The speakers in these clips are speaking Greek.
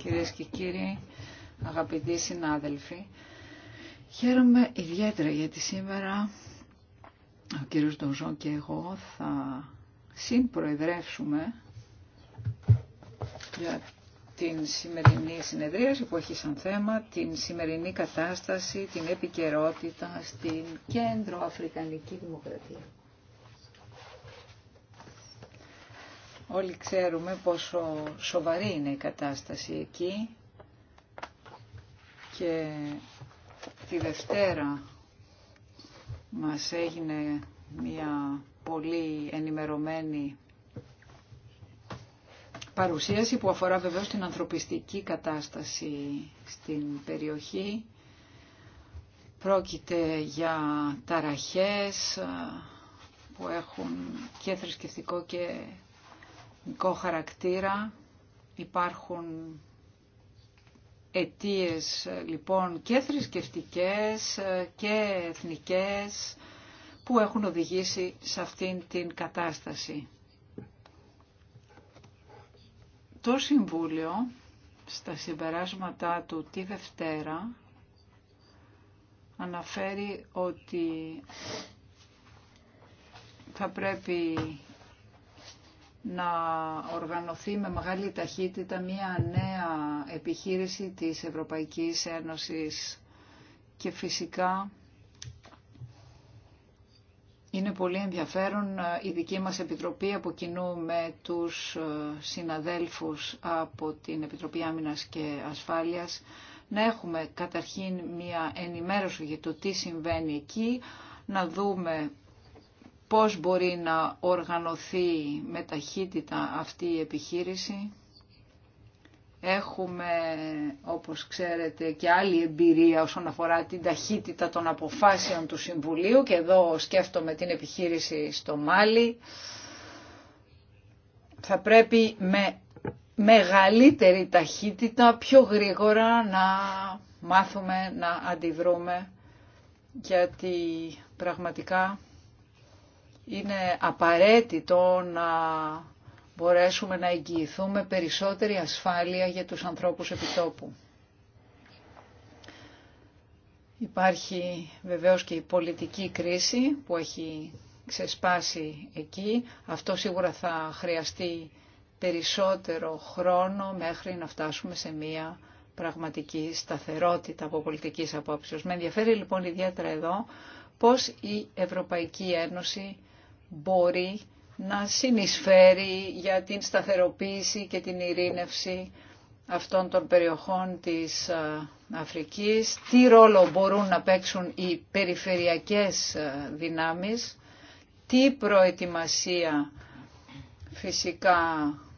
Κυρίες και κύριοι, αγαπητοί συνάδελφοι, χαίρομαι ιδιαίτερα γιατί σήμερα ο κύριος Ντοζόν και εγώ θα συμπροεδρεύσουμε για την σημερινή συνεδρίαση που έχει σαν θέμα την σημερινή κατάσταση, την επικαιρότητα στην κέντρο Αφρικανική Δημοκρατία. Όλοι ξέρουμε πόσο σοβαρή είναι η κατάσταση εκεί και τη Δευτέρα μας έγινε μια πολύ ενημερωμένη παρουσίαση που αφορά βεβαίως την ανθρωπιστική κατάσταση στην περιοχή. Πρόκειται για ταραχές που έχουν και θρησκευτικό και χαρακτήρα. Υπάρχουν αιτίες λοιπόν και θρησκευτικές ε, και εθνικές που έχουν οδηγήσει σε αυτήν την κατάσταση. Το Συμβούλιο στα συμπεράσματά του τη Δευτέρα αναφέρει ότι θα πρέπει να οργανωθεί με μεγάλη ταχύτητα μια νέα επιχείρηση της Ευρωπαϊκής Ένωσης και φυσικά είναι πολύ ενδιαφέρον ε, η δική μας Επιτροπή από κοινού με τους ε, συναδέλφους από την Επιτροπή Άμυνας και Ασφάλειας να έχουμε καταρχήν μια ενημέρωση για το τι συμβαίνει εκεί, να δούμε πώς μπορεί να οργανωθεί με ταχύτητα αυτή η επιχείρηση. Έχουμε, όπως ξέρετε, και άλλη εμπειρία όσον αφορά την ταχύτητα των αποφάσεων του Συμβουλίου και εδώ σκέφτομαι την επιχείρηση στο Μάλι. Θα πρέπει με μεγαλύτερη ταχύτητα, πιο γρήγορα να μάθουμε να αντιδρούμε γιατί πραγματικά είναι απαραίτητο να μπορέσουμε να εγγυηθούμε περισσότερη ασφάλεια για τους ανθρώπους επιτόπου. Υπάρχει βεβαίως και η πολιτική κρίση που έχει ξεσπάσει εκεί. Αυτό σίγουρα θα χρειαστεί περισσότερο χρόνο μέχρι να φτάσουμε σε μία πραγματική σταθερότητα από πολιτικής απόψεως. Με ενδιαφέρει λοιπόν ιδιαίτερα εδώ πώς η Ευρωπαϊκή Ένωση μπορεί να συνεισφέρει για την σταθεροποίηση και την ειρήνευση αυτών των περιοχών της Αφρικής, τι ρόλο μπορούν να παίξουν οι περιφερειακές δυνάμεις, τι προετοιμασία φυσικά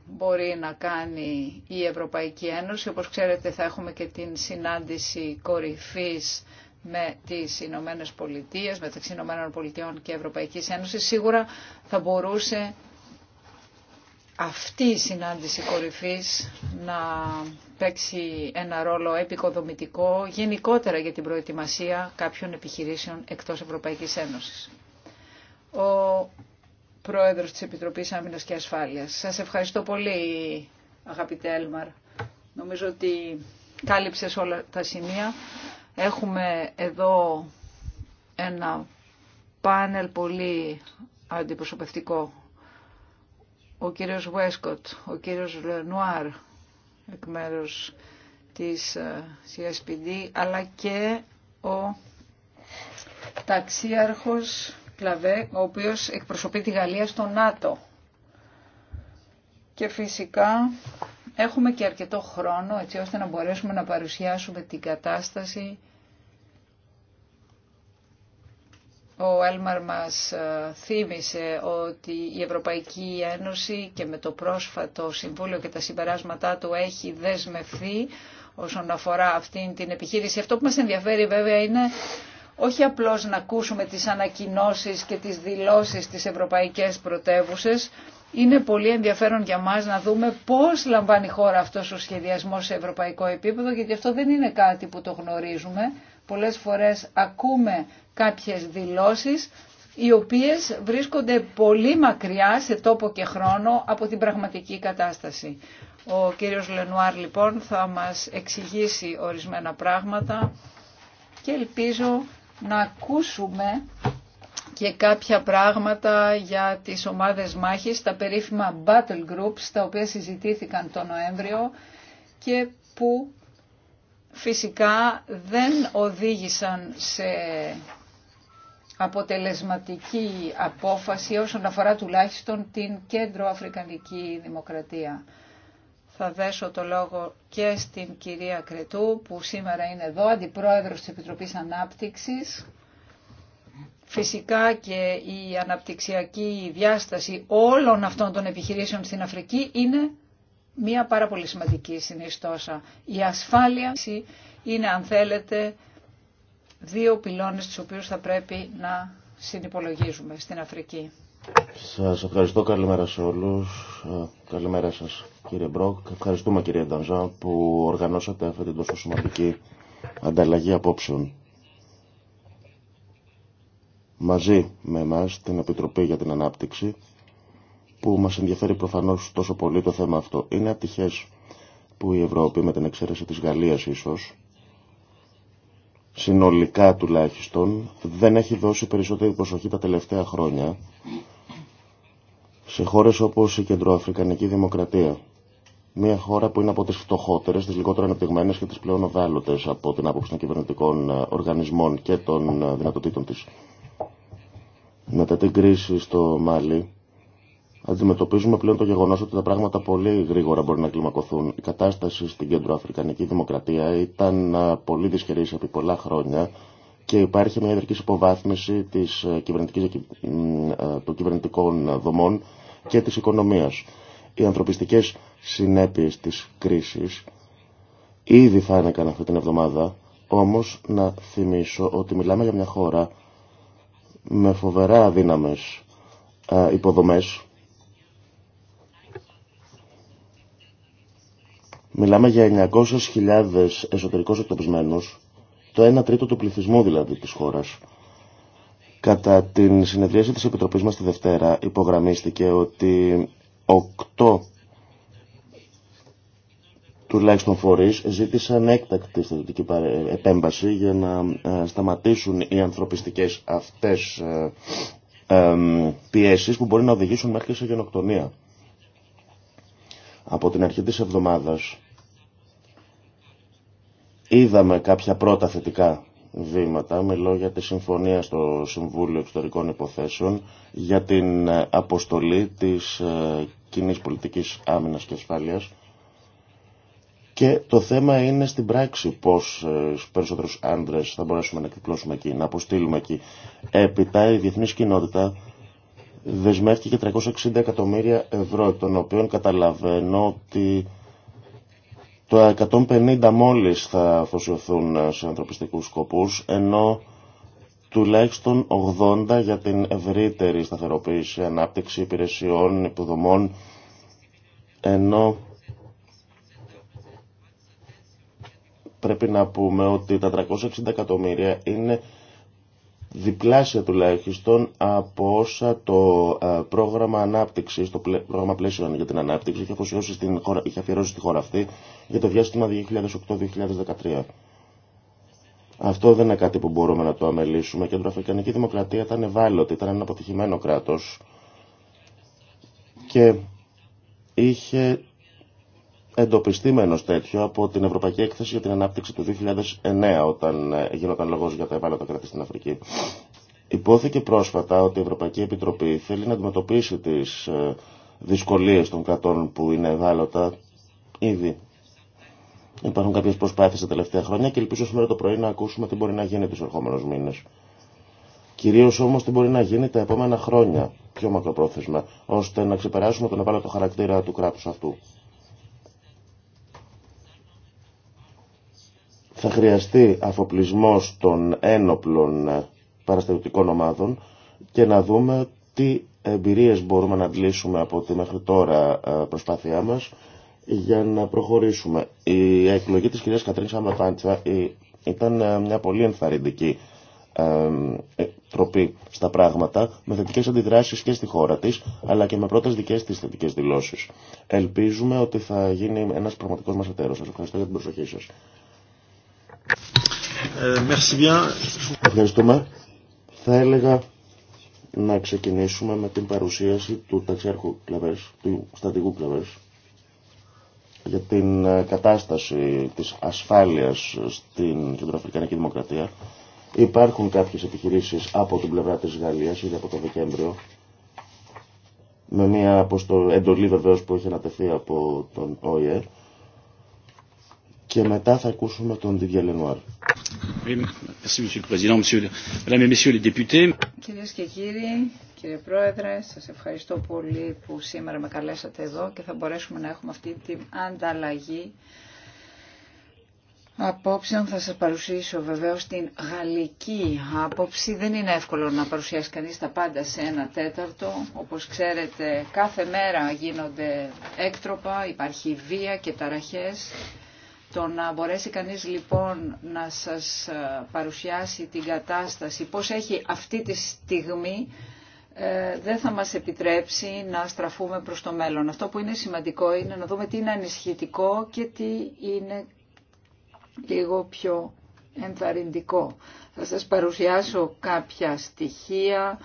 μπορεί να κάνει η Ευρωπαϊκή Ένωση. Όπως ξέρετε θα έχουμε και την συνάντηση κορυφής με τις Ηνωμένε Πολιτείε, μεταξύ Ηνωμένων Πολιτείων και Ευρωπαϊκής Ένωσης, σίγουρα θα μπορούσε αυτή η συνάντηση κορυφής να παίξει ένα ρόλο επικοδομητικό γενικότερα για την προετοιμασία κάποιων επιχειρήσεων εκτός Ευρωπαϊκής Ένωσης. Ο Πρόεδρος της Επιτροπής Άμυνας και Ασφάλειας. Σας ευχαριστώ πολύ αγαπητέ Έλμαρ. Νομίζω ότι κάλυψες όλα τα σημεία. Έχουμε εδώ ένα πάνελ πολύ αντιπροσωπευτικό. Ο κύριος Βέσκοτ, ο κύριος Λενουάρ, εκ μέρους της ε, CSPD, αλλά και ο ταξίαρχος Κλαβέ, ο οποίος εκπροσωπεί τη Γαλλία στο ΝΑΤΟ. Και φυσικά έχουμε και αρκετό χρόνο έτσι ώστε να μπορέσουμε να παρουσιάσουμε την κατάσταση. Ο Έλμαρ μας ε, θύμισε ότι η Ευρωπαϊκή Ένωση και με το πρόσφατο Συμβούλιο και τα συμπεράσματά του έχει δεσμευθεί όσον αφορά αυτήν την επιχείρηση. Αυτό που μας ενδιαφέρει βέβαια είναι όχι απλώς να ακούσουμε τις ανακοινώσεις και τις δηλώσεις της Ευρωπαϊκής Πρωτεύουσας, είναι πολύ ενδιαφέρον για μας να δούμε πώς λαμβάνει η χώρα αυτός ο σχεδιασμός σε ευρωπαϊκό επίπεδο, γιατί αυτό δεν είναι κάτι που το γνωρίζουμε. Πολλές φορές ακούμε κάποιες δηλώσεις, οι οποίες βρίσκονται πολύ μακριά σε τόπο και χρόνο από την πραγματική κατάσταση. Ο κύριος Λενουάρ λοιπόν θα μας εξηγήσει ορισμένα πράγματα και ελπίζω να ακούσουμε και κάποια πράγματα για τις ομάδες μάχης, τα περίφημα battle groups, τα οποία συζητήθηκαν τον Νοέμβριο και που φυσικά δεν οδήγησαν σε αποτελεσματική απόφαση όσον αφορά τουλάχιστον την κέντρο Αφρικανική Δημοκρατία. Θα δέσω το λόγο και στην κυρία Κρετού που σήμερα είναι εδώ, αντιπρόεδρος της Επιτροπής Ανάπτυξης Φυσικά και η αναπτυξιακή διάσταση όλων αυτών των επιχειρήσεων στην Αφρική είναι μία πάρα πολύ σημαντική συνιστόσα. Η ασφάλεια είναι, αν θέλετε, δύο πυλώνες τους οποίους θα πρέπει να συνυπολογίζουμε στην Αφρική. Σας ευχαριστώ. Καλημέρα σε όλους. Ε, καλημέρα σας κύριε Μπρόκ. Ευχαριστούμε κύριε Ντανζά που οργανώσατε αυτή την τόσο σημαντική ανταλλαγή απόψεων μαζί με εμά την Επιτροπή για την Ανάπτυξη που μας ενδιαφέρει προφανώς τόσο πολύ το θέμα αυτό. Είναι ατυχές που η Ευρώπη με την εξαίρεση της Γαλλίας ίσως συνολικά τουλάχιστον δεν έχει δώσει περισσότερη προσοχή τα τελευταία χρόνια σε χώρες όπως η Κεντροαφρικανική Δημοκρατία. Μια χώρα που είναι από τις φτωχότερες, τις λιγότερο ανεπτυγμένες και τις πλέον ευάλωτες από την άποψη των κυβερνητικών ε, οργανισμών και των ε, δυνατοτήτων τη μετά την κρίση στο Μάλι, αντιμετωπίζουμε πλέον το γεγονό ότι τα πράγματα πολύ γρήγορα μπορεί να κλιμακωθούν. Η κατάσταση στην κεντροαφρικανική δημοκρατία ήταν πολύ δυσχερή επί πολλά χρόνια και υπάρχει μια ιδρική υποβάθμιση της των κυβερνητικών δομών και της οικονομίας. Οι ανθρωπιστικές συνέπειες της κρίσης ήδη φάνηκαν αυτή την εβδομάδα, όμως να θυμίσω ότι μιλάμε για μια χώρα με φοβερά αδύναμες ε, υποδομές. Μιλάμε για 900.000 εσωτερικώς εκτοπισμένους, το 1 τρίτο του πληθυσμού δηλαδή της χώρας. Κατά την συνεδρίαση της Επιτροπής μας τη Δευτέρα υπογραμμίστηκε ότι 8 τουλάχιστον φορείς ζήτησαν έκτακτη στρατιωτική επέμβαση για να ε, σταματήσουν οι ανθρωπιστικές αυτές ε, πιέσεις που μπορεί να οδηγήσουν μέχρι σε γενοκτονία. Από την αρχή της εβδομάδας είδαμε κάποια πρώτα θετικά βήματα, με λόγια τη συμφωνία στο Συμβούλιο Εξωτερικών Υποθέσεων, για την ε, αποστολή της κοινή πολιτικής άμυνας και ασφάλειας, και το θέμα είναι στην πράξη πώς ε, περισσότερου άντρε θα μπορέσουμε να κυκλώσουμε εκεί, να αποστείλουμε εκεί. Έπειτα η διεθνή κοινότητα δεσμεύτηκε 360 εκατομμύρια ευρώ, των οποίων καταλαβαίνω ότι το 150 μόλις θα αφοσιωθούν ε, σε ανθρωπιστικούς σκοπούς, ενώ τουλάχιστον 80 για την ευρύτερη σταθεροποίηση, ανάπτυξη υπηρεσιών, υποδομών, ενώ πρέπει να πούμε ότι τα 360 εκατομμύρια είναι διπλάσια τουλάχιστον από όσα το ε, πρόγραμμα ανάπτυξη, το πρόγραμμα πλαίσιο για την ανάπτυξη είχε, αφιερώσει στην χώρα, είχε αφιερώσει στη χώρα αυτή για το διάστημα 2008-2013. Αυτό δεν είναι κάτι που μπορούμε να το αμελήσουμε. Η Κεντροαφρικανική Δημοκρατία ήταν ευάλωτη, ήταν ένα αποτυχημένο κράτος και είχε εντοπιστεί τέτοιο από την Ευρωπαϊκή Έκθεση για την Ανάπτυξη του 2009 όταν ε, γινόταν λόγος για τα ευάλωτα κράτη στην Αφρική. Υπόθηκε πρόσφατα ότι η Ευρωπαϊκή Επιτροπή θέλει να αντιμετωπίσει τις ε, δυσκολίες των κρατών που είναι ευάλωτα ήδη. Υπάρχουν κάποιε προσπάθειε τα τελευταία χρόνια και ελπίζω σήμερα το πρωί να ακούσουμε τι μπορεί να γίνει του ερχόμενου μήνε. Κυρίω όμω τι μπορεί να γίνει τα επόμενα χρόνια, πιο μακροπρόθεσμα, ώστε να ξεπεράσουμε τον ευάλωτο χαρακτήρα του κράτου αυτού. Θα χρειαστεί αφοπλισμός των ένοπλων παραστατικών ομάδων και να δούμε τι εμπειρίες μπορούμε να αντλήσουμε από τη μέχρι τώρα ε, προσπάθειά μας για να προχωρήσουμε. Η εκλογή της κυρίας Κατρίνης Σαμπαπάντσα ήταν ε, μια πολύ ενθαρρυντική ε, τροπή στα πράγματα, με θετικέ αντιδράσεις και στη χώρα της αλλά και με πρώτε δικές της θετικέ δηλώσεις. Ελπίζουμε ότι θα γίνει ένας πραγματικό μας εταίρος. ευχαριστώ για την προσοχή σα. Ε, merci bien. Ευχαριστούμε. Θα έλεγα να ξεκινήσουμε με την παρουσίαση του ταξιάρχου Κλαβές, του στατικού Κλαβές, για την ε, κατάσταση της ασφάλειας στην Κεντροαφρικανική Δημοκρατία. Υπάρχουν κάποιες επιχειρήσεις από την πλευρά της Γαλλίας, ήδη από το Δεκέμβριο, με μια εντολή βεβαίως που είχε ανατεθεί από τον ΟΗΕ, και μετά θα ακούσουμε τον Διδιέ Λενουάρ. Κυρίες και κύριοι, κύριε Πρόεδρε, σας ευχαριστώ πολύ που σήμερα με καλέσατε εδώ και θα μπορέσουμε να έχουμε αυτή την ανταλλαγή Απόψεων θα σας παρουσιάσω βεβαίως την γαλλική άποψη. Δεν είναι εύκολο να παρουσιάσει κανείς τα πάντα σε ένα τέταρτο. Όπως ξέρετε κάθε μέρα γίνονται έκτροπα, υπάρχει βία και ταραχές. Το να μπορέσει κανείς λοιπόν να σας ε, παρουσιάσει την κατάσταση, πώς έχει αυτή τη στιγμή, ε, δεν θα μας επιτρέψει να στραφούμε προς το μέλλον. Αυτό που είναι σημαντικό είναι να δούμε τι είναι ανισχυτικό και τι είναι λίγο πιο ενθαρρυντικό. Θα σας παρουσιάσω κάποια στοιχεία,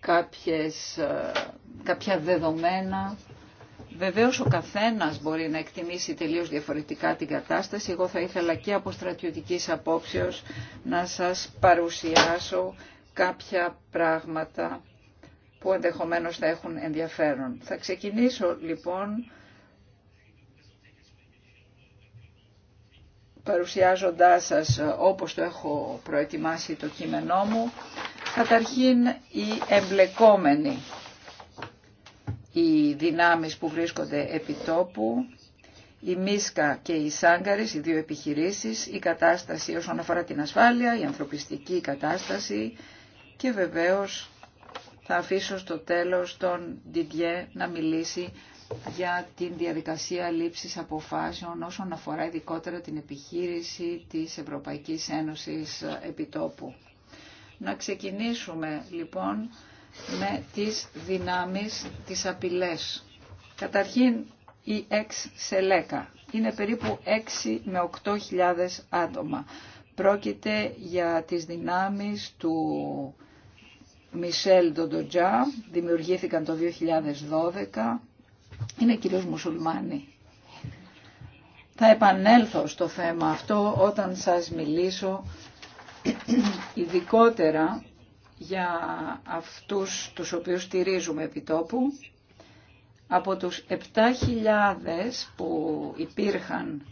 κάποιες, ε, κάποια δεδομένα. Βεβαίω ο καθένα μπορεί να εκτιμήσει τελείω διαφορετικά την κατάσταση. Εγώ θα ήθελα και από στρατιωτική απόψεω να σας παρουσιάσω κάποια πράγματα που ενδεχομένω θα έχουν ενδιαφέρον. Θα ξεκινήσω λοιπόν παρουσιάζοντάς σας όπως το έχω προετοιμάσει το κείμενό μου. Καταρχήν οι εμπλεκόμενοι οι δυνάμεις που βρίσκονται επί τόπου, η Μίσκα και οι Σάγκαρες, οι δύο επιχειρήσεις, η κατάσταση όσον αφορά την ασφάλεια, η ανθρωπιστική κατάσταση και βεβαίως θα αφήσω στο τέλος τον Διδιέ να μιλήσει για την διαδικασία λήψης αποφάσεων όσον αφορά ειδικότερα την επιχείρηση της Ευρωπαϊκής Ένωσης Επιτόπου. Να ξεκινήσουμε λοιπόν με τις δυνάμεις, τις απειλές. Καταρχήν η εξ σελέκα. Είναι περίπου 6 με 8.000 άτομα. Πρόκειται για τις δυνάμεις του Μισελ Ντοντοτζά, δημιουργήθηκαν το 2012, είναι κυρίως μουσουλμάνοι. Θα επανέλθω στο θέμα αυτό όταν σας μιλήσω ειδικότερα για αυτούς τους οποίους στηρίζουμε επί τόπου. Από τους 7.000 που υπήρχαν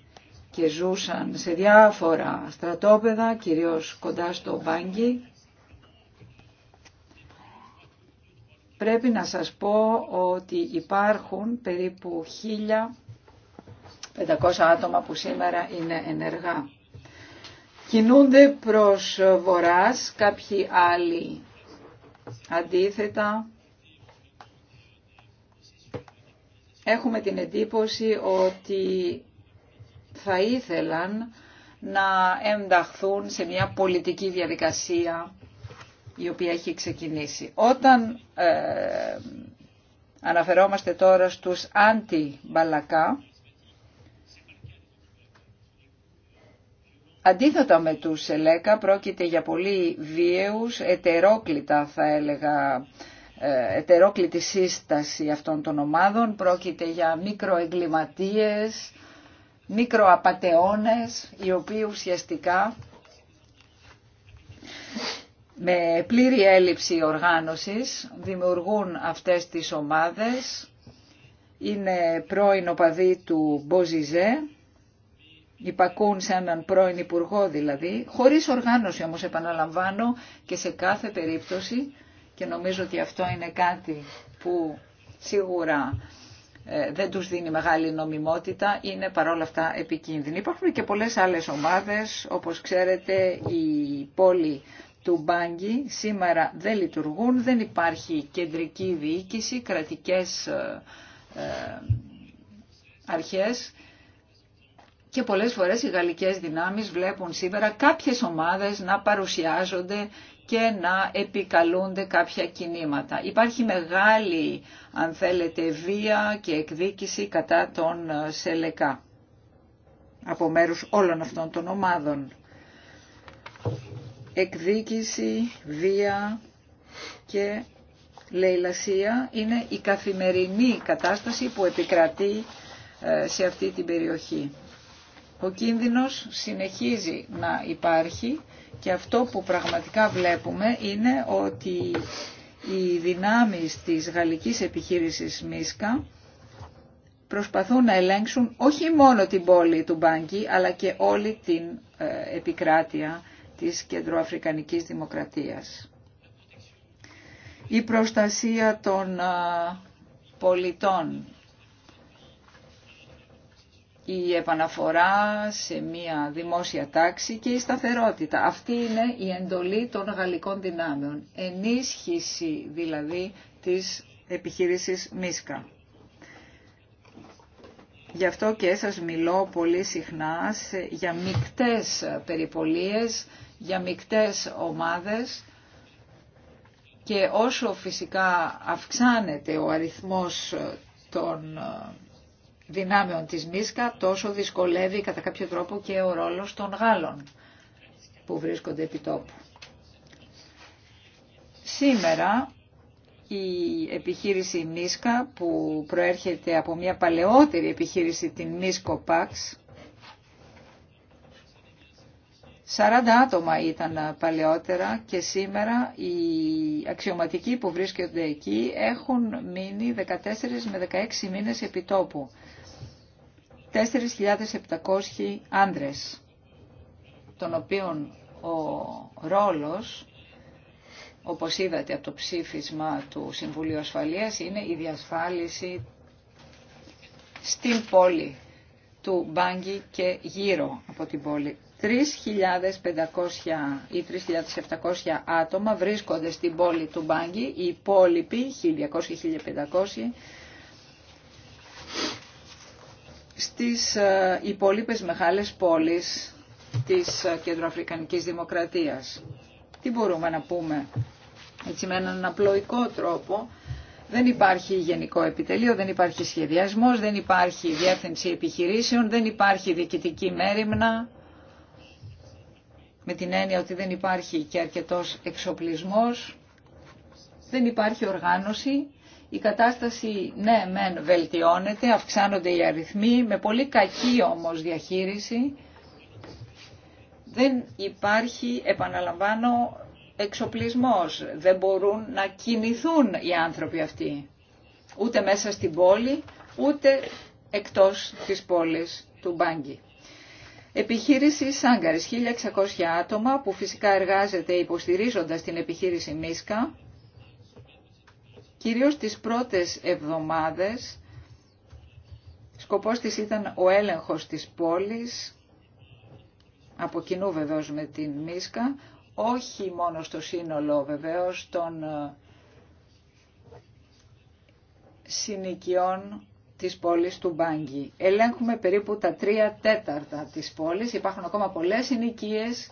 και ζούσαν σε διάφορα στρατόπεδα, κυρίως κοντά στο Μπάγκι, πρέπει να σας πω ότι υπάρχουν περίπου 1.500 άτομα που σήμερα είναι ενεργά κινούνται προς βοράς, κάποιοι άλλοι αντίθετα. Έχουμε την εντύπωση ότι θα ήθελαν να ενταχθούν σε μια πολιτική διαδικασία η οποία έχει ξεκινήσει. Όταν ε, αναφερόμαστε τώρα στους αντιμπαλακά, Αντίθετα με τους Σελέκα πρόκειται για πολύ βίαιους, ετερόκλητα θα έλεγα, ε, ετερόκλητη σύσταση αυτών των ομάδων. Πρόκειται για μικροεγκληματίες, μικροαπατεώνες, οι οποίοι ουσιαστικά με πλήρη έλλειψη οργάνωσης δημιουργούν αυτές τις ομάδες. Είναι πρώην οπαδοί του Μποζιζέ, υπακούν σε έναν πρώην υπουργό δηλαδή, χωρίς οργάνωση όμως επαναλαμβάνω και σε κάθε περίπτωση και νομίζω ότι αυτό είναι κάτι που σίγουρα ε, δεν τους δίνει μεγάλη νομιμότητα, είναι παρόλα αυτά επικίνδυνο. Υπάρχουν και πολλές άλλες ομάδες, όπως ξέρετε η πόλη του Μπάγκη σήμερα δεν λειτουργούν, δεν υπάρχει κεντρική διοίκηση, κρατικές ε, ε, αρχές και πολλές φορές οι γαλλικές δυνάμεις βλέπουν σήμερα κάποιες ομάδες να παρουσιάζονται και να επικαλούνται κάποια κινήματα. Υπάρχει μεγάλη, αν θέλετε, βία και εκδίκηση κατά τον ε, Σελεκά από μέρους όλων αυτών των ομάδων. Εκδίκηση, βία και λαιλασία είναι η καθημερινή κατάσταση που επικρατεί ε, σε αυτή την περιοχή. Ο κίνδυνος συνεχίζει να υπάρχει και αυτό που πραγματικά βλέπουμε είναι ότι οι δυνάμεις της γαλλικής επιχείρησης Μίσκα προσπαθούν να ελέγξουν όχι μόνο την πόλη του Μπάνκι αλλά και όλη την ε, επικράτεια της Κεντροαφρικανικής Δημοκρατίας. Η προστασία των ε, πολιτών η επαναφορά σε μια δημόσια τάξη και η σταθερότητα. Αυτή είναι η εντολή των γαλλικών δυνάμεων. Ενίσχυση δηλαδή της επιχείρησης Μίσκα. Γι' αυτό και σας μιλώ πολύ συχνά για μικτές περιπολίες, για μικτές ομάδες και όσο φυσικά αυξάνεται ο αριθμός των δυνάμεων της Μίσκα, τόσο δυσκολεύει κατά κάποιο τρόπο και ο ρόλος των Γάλλων που βρίσκονται επιτόπου. Σήμερα η επιχείρηση Μίσκα που προέρχεται από μια παλαιότερη επιχείρηση την Μίσκο Παξ 40 άτομα ήταν παλαιότερα και σήμερα οι αξιωματικοί που βρίσκονται εκεί έχουν μείνει 14 με 16 μήνες επιτόπου. 4.700 άντρες, των οποίων ο ρόλος, όπως είδατε από το ψήφισμα του Συμβουλίου Ασφαλείας, είναι η διασφάλιση στην πόλη του Μπάγκη και γύρω από την πόλη. 3.500 ή 3.700 άτομα βρίσκονται στην πόλη του Μπάγκη, οι υπόλοιποι 1.200-1.500 στις ε, υπόλοιπες μεγάλες πόλεις της ε, Κεντροαφρικανικής Δημοκρατίας. Τι μπορούμε να πούμε έτσι με έναν απλοϊκό τρόπο. Δεν υπάρχει γενικό επιτελείο, δεν υπάρχει σχεδιασμός, δεν υπάρχει διεύθυνση επιχειρήσεων, δεν υπάρχει διοικητική μέρημνα με την έννοια ότι δεν υπάρχει και αρκετός εξοπλισμός, δεν υπάρχει οργάνωση η κατάσταση, ναι, μεν βελτιώνεται, αυξάνονται οι αριθμοί, με πολύ κακή όμως διαχείριση. Δεν υπάρχει, επαναλαμβάνω, εξοπλισμός. Δεν μπορούν να κινηθούν οι άνθρωποι αυτοί. Ούτε μέσα στην πόλη, ούτε εκτός της πόλης του Μπάγκη. Επιχείρηση Σάγκαρης, 1600 άτομα που φυσικά εργάζεται υποστηρίζοντας την επιχείρηση Μίσκα. Κυρίως τις πρώτες εβδομάδες σκοπός της ήταν ο έλεγχος της πόλης, από κοινού βεβαίως με την Μίσκα, όχι μόνο στο σύνολο βεβαίως των ε, συνοικιών της πόλης του Μπάγκη. Ελέγχουμε περίπου τα τρία τέταρτα της πόλης. Υπάρχουν ακόμα πολλές συνοικίες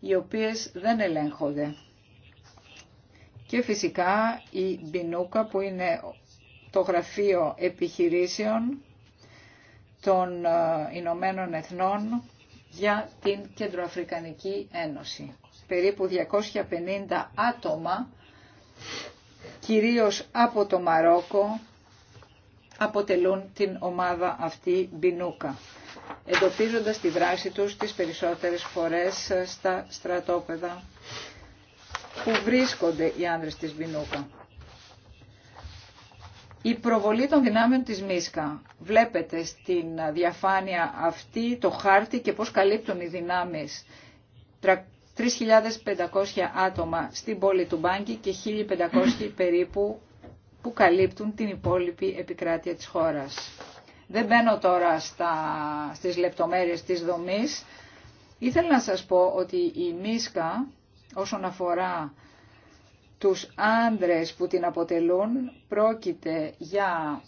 οι οποίες δεν ελέγχονται και φυσικά η Μπινούκα που είναι το γραφείο επιχειρήσεων των ε, Ηνωμένων Εθνών για την Κεντροαφρικανική Ένωση. Περίπου 250 άτομα, κυρίως από το Μαρόκο, αποτελούν την ομάδα αυτή Μπινούκα, εντοπίζοντας τη δράση τους τις περισσότερες φορές ε, στα στρατόπεδα που βρίσκονται οι άνδρες της Μπινούκα. Η προβολή των δυνάμεων της Μίσκα. Βλέπετε στην διαφάνεια αυτή το χάρτη και πώς καλύπτουν οι δυνάμεις. 3.500 άτομα στην πόλη του Μπάνκι και 1.500 περίπου που καλύπτουν την υπόλοιπη επικράτεια της χώρας. Δεν μπαίνω τώρα στα, στις λεπτομέρειες της δομής. Ήθελα να σας πω ότι η Μίσκα όσον αφορά τους άντρες που την αποτελούν, πρόκειται για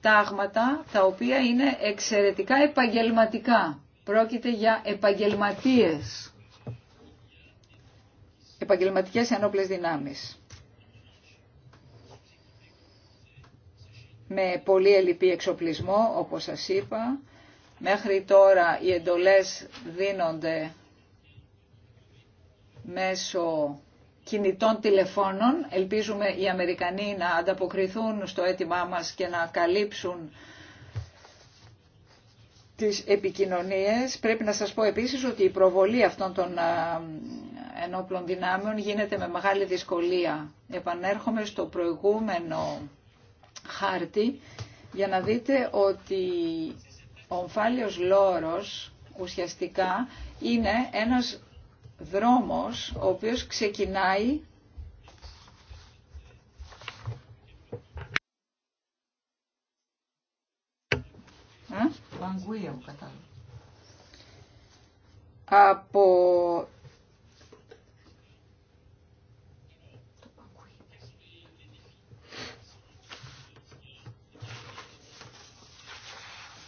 τάγματα τα οποία είναι εξαιρετικά επαγγελματικά. Πρόκειται για επαγγελματίες, επαγγελματικές ενόπλες δυνάμεις. με πολύ ελλειπή εξοπλισμό, όπως σας είπα. Μέχρι τώρα οι εντολές δίνονται μέσω κινητών τηλεφώνων. Ελπίζουμε οι Αμερικανοί να ανταποκριθούν στο αίτημά μας και να καλύψουν τις επικοινωνίες. Πρέπει να σας πω επίσης ότι η προβολή αυτών των ενόπλων δυνάμεων γίνεται με μεγάλη δυσκολία. Επανέρχομαι στο προηγούμενο χάρτη για να δείτε ότι ο ομφάλιος λόρος ουσιαστικά είναι ένας δρόμος ο οποίος ξεκινάει από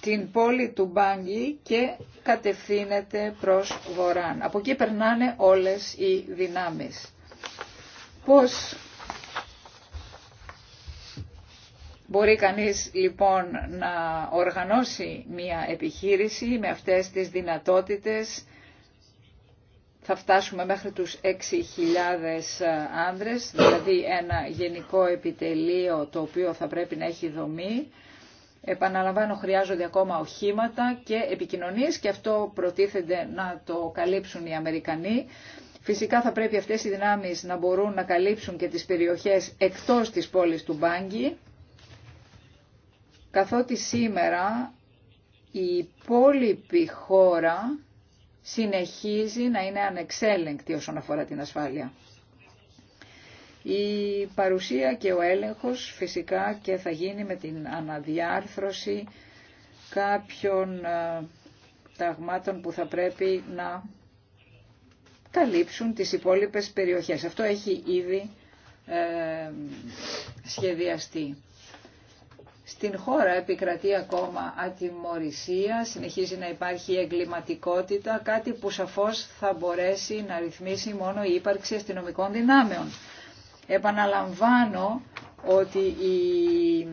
την πόλη του Μπάγκη και κατευθύνεται προς Βοράν. Από εκεί περνάνε όλες οι δυνάμεις. Πώς Μπορεί κανείς λοιπόν να οργανώσει μια επιχείρηση με αυτές τις δυνατότητες. Θα φτάσουμε μέχρι τους 6.000 άνδρες, δηλαδή ένα γενικό επιτελείο το οποίο θα πρέπει να έχει δομή. Επαναλαμβάνω, χρειάζονται ακόμα οχήματα και επικοινωνίες και αυτό προτίθεται να το καλύψουν οι Αμερικανοί. Φυσικά θα πρέπει αυτές οι δυνάμεις να μπορούν να καλύψουν και τις περιοχές εκτός της πόλης του Μπάγκη, καθότι σήμερα η υπόλοιπη χώρα συνεχίζει να είναι ανεξέλεγκτη όσον αφορά την ασφάλεια. Η παρουσία και ο έλεγχος φυσικά και θα γίνει με την αναδιάρθρωση κάποιων ε, ταγμάτων που θα πρέπει να καλύψουν τις υπόλοιπες περιοχές. Αυτό έχει ήδη ε, σχεδιαστεί. Στην χώρα επικρατεί ακόμα ατιμορρησία, συνεχίζει να υπάρχει εγκληματικότητα, κάτι που σαφώς θα μπορέσει να ρυθμίσει μόνο η ύπαρξη αστυνομικών δυνάμεων. Επαναλαμβάνω ότι η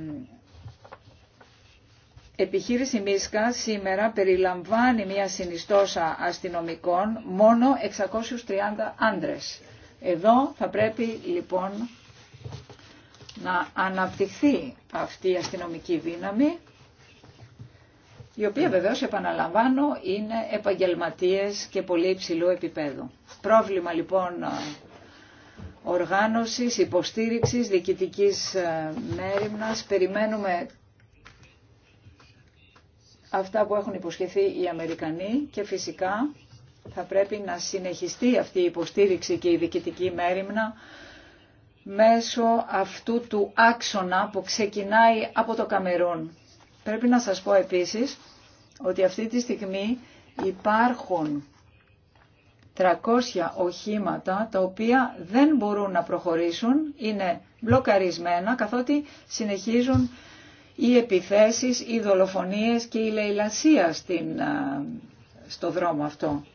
επιχείρηση Μίσκα σήμερα περιλαμβάνει μια συνιστόσα αστυνομικών μόνο 630 άντρες. Εδώ θα πρέπει λοιπόν να αναπτυχθεί αυτή η αστυνομική δύναμη, η οποία βεβαίως επαναλαμβάνω είναι επαγγελματίες και πολύ υψηλού επίπεδου. Πρόβλημα λοιπόν οργάνωσης, υποστήριξης, διοικητικής ε, μέρημνας. Περιμένουμε αυτά που έχουν υποσχεθεί οι Αμερικανοί και φυσικά θα πρέπει να συνεχιστεί αυτή η υποστήριξη και η διοικητική μέρημνα μέσω αυτού του άξονα που ξεκινάει από το Καμερούν. Πρέπει να σας πω επίσης ότι αυτή τη στιγμή υπάρχουν 300 οχήματα τα οποία δεν μπορούν να προχωρήσουν, είναι μπλοκαρισμένα καθότι συνεχίζουν οι επιθέσεις, οι δολοφονίες και η λαιλασία στην, στο δρόμο αυτό.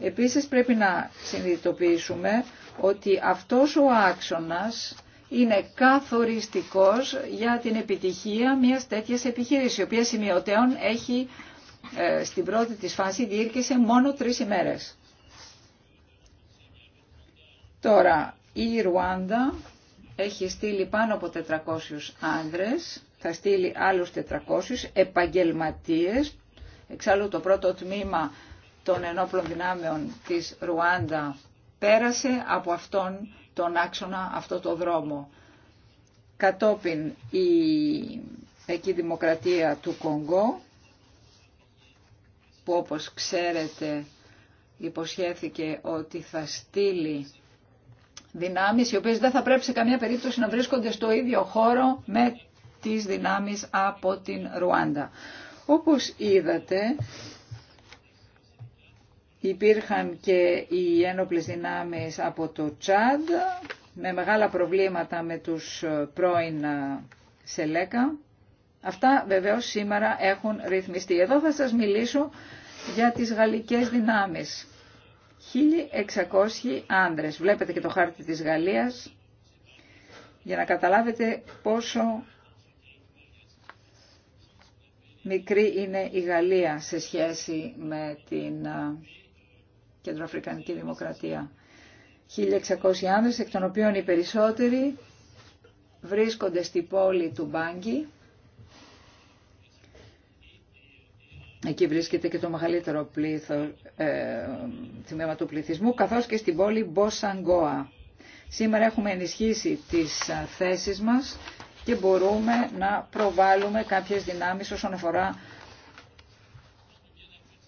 Επίσης πρέπει να συνειδητοποιήσουμε ότι αυτός ο άξονας είναι καθοριστικός για την επιτυχία μιας τέτοιας επιχείρησης, η οποία σημειωτέων έχει ε, στην πρώτη της φάση διήρκησε μόνο τρεις ημέρες. Τώρα, η Ρουάντα έχει στείλει πάνω από 400 άνδρες, θα στείλει άλλους 400 επαγγελματίες. Εξάλλου το πρώτο τμήμα των ενόπλων δυνάμεων της Ρουάντα πέρασε από αυτόν τον άξονα, αυτό το δρόμο. Κατόπιν η εκεί δημοκρατία του Κονγκό, που όπως ξέρετε υποσχέθηκε ότι θα στείλει δυνάμεις οι οποίε δεν θα πρέπει σε καμία περίπτωση να βρίσκονται στο ίδιο χώρο με τι δυνάμει από την Ρουάντα. Όπω είδατε, υπήρχαν και οι ένοπλες δυνάμεις από το Τσάντ με μεγάλα προβλήματα με τους πρώην Σελέκα. Αυτά βεβαίως σήμερα έχουν ρυθμιστεί. Εδώ θα σας μιλήσω για τις γαλλικές δυνάμεις. 1.600 άνδρες. Βλέπετε και το χάρτη της Γαλλίας για να καταλάβετε πόσο μικρή είναι η Γαλλία σε σχέση με την Κεντροαφρικανική Δημοκρατία. 1.600 άνδρες, εκ των οποίων οι περισσότεροι βρίσκονται στη πόλη του Μπάγκη, Εκεί βρίσκεται και το μεγαλύτερο πλήθο, ε, τμήμα του πληθυσμού, καθώς και στην πόλη Μποσανγκόα. Σήμερα έχουμε ενισχύσει τις ε, θέσεις μας και μπορούμε να προβάλλουμε κάποιες δυνάμεις όσον αφορά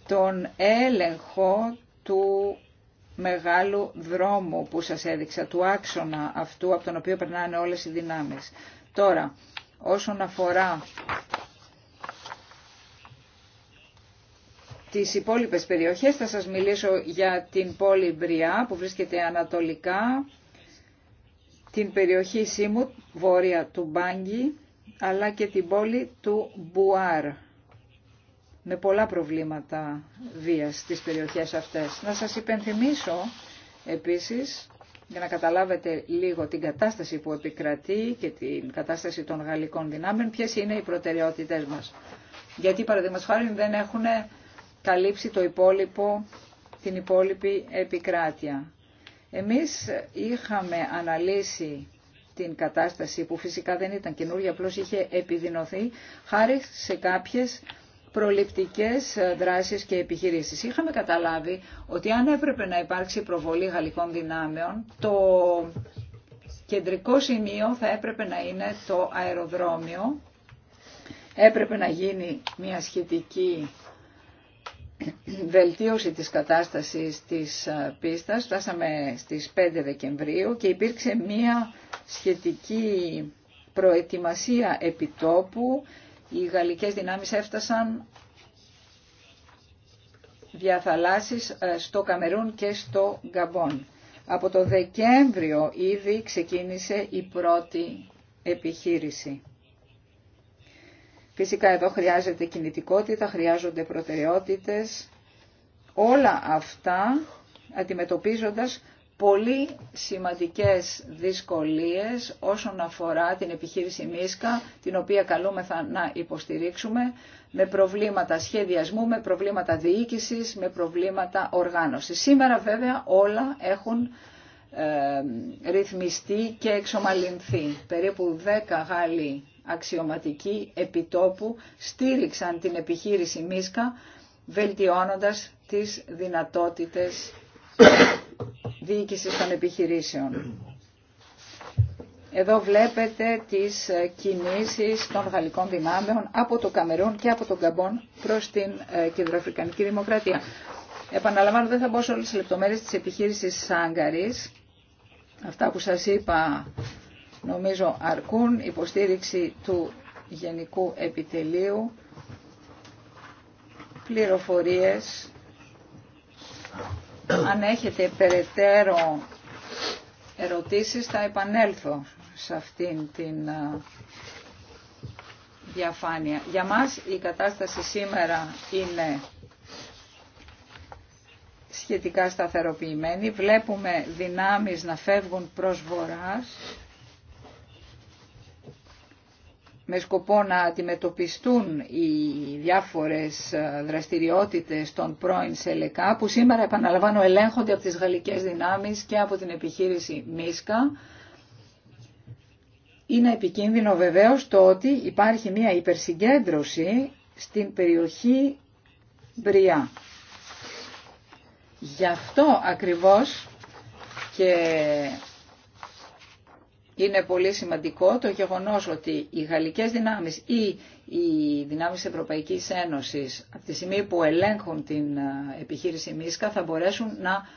τον έλεγχο του μεγάλου δρόμου που σας έδειξα, του άξονα αυτού από τον οποίο περνάνε όλες οι δυνάμεις. Τώρα, όσον αφορά τις υπόλοιπες περιοχές. Θα σας μιλήσω για την πόλη Μπριά που βρίσκεται ανατολικά, την περιοχή Σίμουτ, βόρεια του Μπάνγκη αλλά και την πόλη του Μπουάρ με πολλά προβλήματα βίας στις περιοχές αυτές. Να σας υπενθυμίσω επίσης, για να καταλάβετε λίγο την κατάσταση που επικρατεί και την κατάσταση των γαλλικών δυνάμεων, ποιες είναι οι προτεραιότητες μας. Γιατί παραδείγματος χάρη δεν έχουν καλύψει το υπόλοιπο, την υπόλοιπη επικράτεια. Εμείς είχαμε αναλύσει την κατάσταση που φυσικά δεν ήταν καινούργια, απλώς είχε επιδεινωθεί χάρη σε κάποιες προληπτικές ε, δράσεις και επιχειρήσεις. Είχαμε καταλάβει ότι αν έπρεπε να υπάρξει προβολή γαλλικών δυνάμεων, το κεντρικό σημείο θα έπρεπε να είναι το αεροδρόμιο. Έπρεπε να γίνει μια σχετική βελτίωση της κατάστασης της ε, πίστας. Φτάσαμε στις 5 Δεκεμβρίου και υπήρξε μία σχετική προετοιμασία επιτόπου. Οι γαλλικές δυνάμεις έφτασαν διαθαλάσσεις ε, στο Καμερούν και στο Γκαμπόν. Από το Δεκέμβριο ήδη ξεκίνησε η πρώτη επιχείρηση. Φυσικά εδώ χρειάζεται κινητικότητα, χρειάζονται προτεραιότητες. Όλα αυτά αντιμετωπίζοντας πολύ σημαντικές δυσκολίες όσον αφορά την επιχείρηση Μίσκα, την οποία καλούμεθα να υποστηρίξουμε, με προβλήματα σχεδιασμού, με προβλήματα διοίκησης, με προβλήματα οργάνωσης. Σήμερα βέβαια όλα έχουν ε, ρυθμιστεί και εξομαλυνθεί. Περίπου 10 Γάλλοι αξιωματικοί επιτόπου στήριξαν την επιχείρηση Μίσκα βελτιώνοντας τις δυνατότητες διοίκησης των επιχειρήσεων. Εδώ βλέπετε τις κινήσεις των γαλλικών δυνάμεων από το Καμερούν και από τον Καμπόν προς την ε, Κεντροαφρικανική Δημοκρατία. Επαναλαμβάνω, δεν θα μπω σε όλες τις λεπτομέρειες της επιχείρησης Σάγκαρης. Αυτά που σας είπα νομίζω αρκούν υποστήριξη του Γενικού Επιτελείου, πληροφορίες, αν έχετε περαιτέρω ερωτήσεις θα επανέλθω σε αυτήν την διαφάνεια. Για μας η κατάσταση σήμερα είναι σχετικά σταθεροποιημένη. Βλέπουμε δυνάμεις να φεύγουν προς βοράς με σκοπό να αντιμετωπιστούν οι διάφορες ε, δραστηριότητες των πρώην ΣΕΛΕΚΑ που σήμερα επαναλαμβάνω ελέγχονται από τις γαλλικές δυνάμεις και από την επιχείρηση ΜΙΣΚΑ. Είναι επικίνδυνο βεβαίως το ότι υπάρχει μια υπερσυγκέντρωση στην περιοχή Μπριά. Γι' αυτό ακριβώς και είναι πολύ σημαντικό το γεγονός ότι οι γαλλικές δυνάμεις ή οι δυνάμεις Ευρωπαϊκής Ένωσης από τη στιγμή που ελέγχουν την ε, επιχείρηση Μίσκα θα μπορέσουν να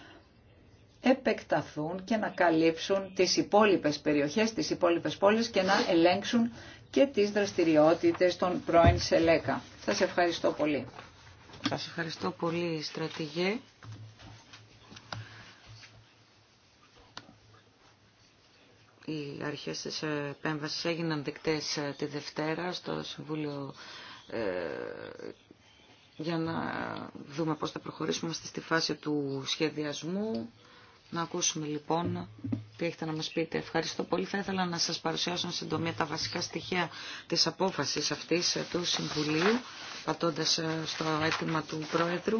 επεκταθούν και να καλύψουν τις υπόλοιπες περιοχές, τις υπόλοιπες πόλεις και να ελέγξουν και τις δραστηριότητες των πρώην Σελέκα. Σας ευχαριστώ πολύ. Σας ευχαριστώ πολύ στρατηγέ. οι αρχές της επέμβασης έγιναν δεκτές ε, τη Δευτέρα στο Συμβούλιο ε, για να δούμε πώς θα προχωρήσουμε στη φάση του σχεδιασμού. Να ακούσουμε λοιπόν τι έχετε να μας πείτε. Ευχαριστώ πολύ. Θα ήθελα να σας παρουσιάσω συντομία τα βασικά στοιχεία της απόφασης αυτής ε, του Συμβουλίου, πατώντας στο αίτημα του Πρόεδρου.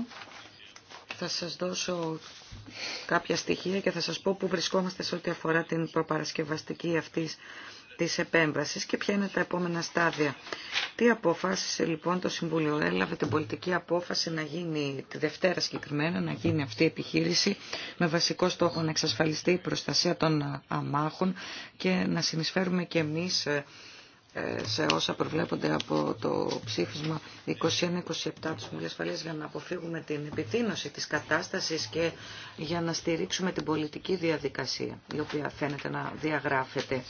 Θα σας δώσω κάποια στοιχεία και θα σας πω που βρισκόμαστε σε ό,τι αφορά την προπαρασκευαστική αυτής της επέμβασης και ποια είναι τα επόμενα στάδια. Τι αποφάσισε λοιπόν το Συμβούλιο. Έλαβε την πολιτική απόφαση να γίνει τη Δευτέρα συγκεκριμένα, να γίνει αυτή η επιχείρηση με βασικό στόχο να εξασφαλιστεί η προστασία των αμάχων και να συνεισφέρουμε και εμείς ε, σε όσα προβλέπονται από το ψήφισμα 21-27 της για να αποφύγουμε την επιθύνωση της κατάστασης και για να στηρίξουμε την πολιτική διαδικασία η οποία φαίνεται να διαγράφεται.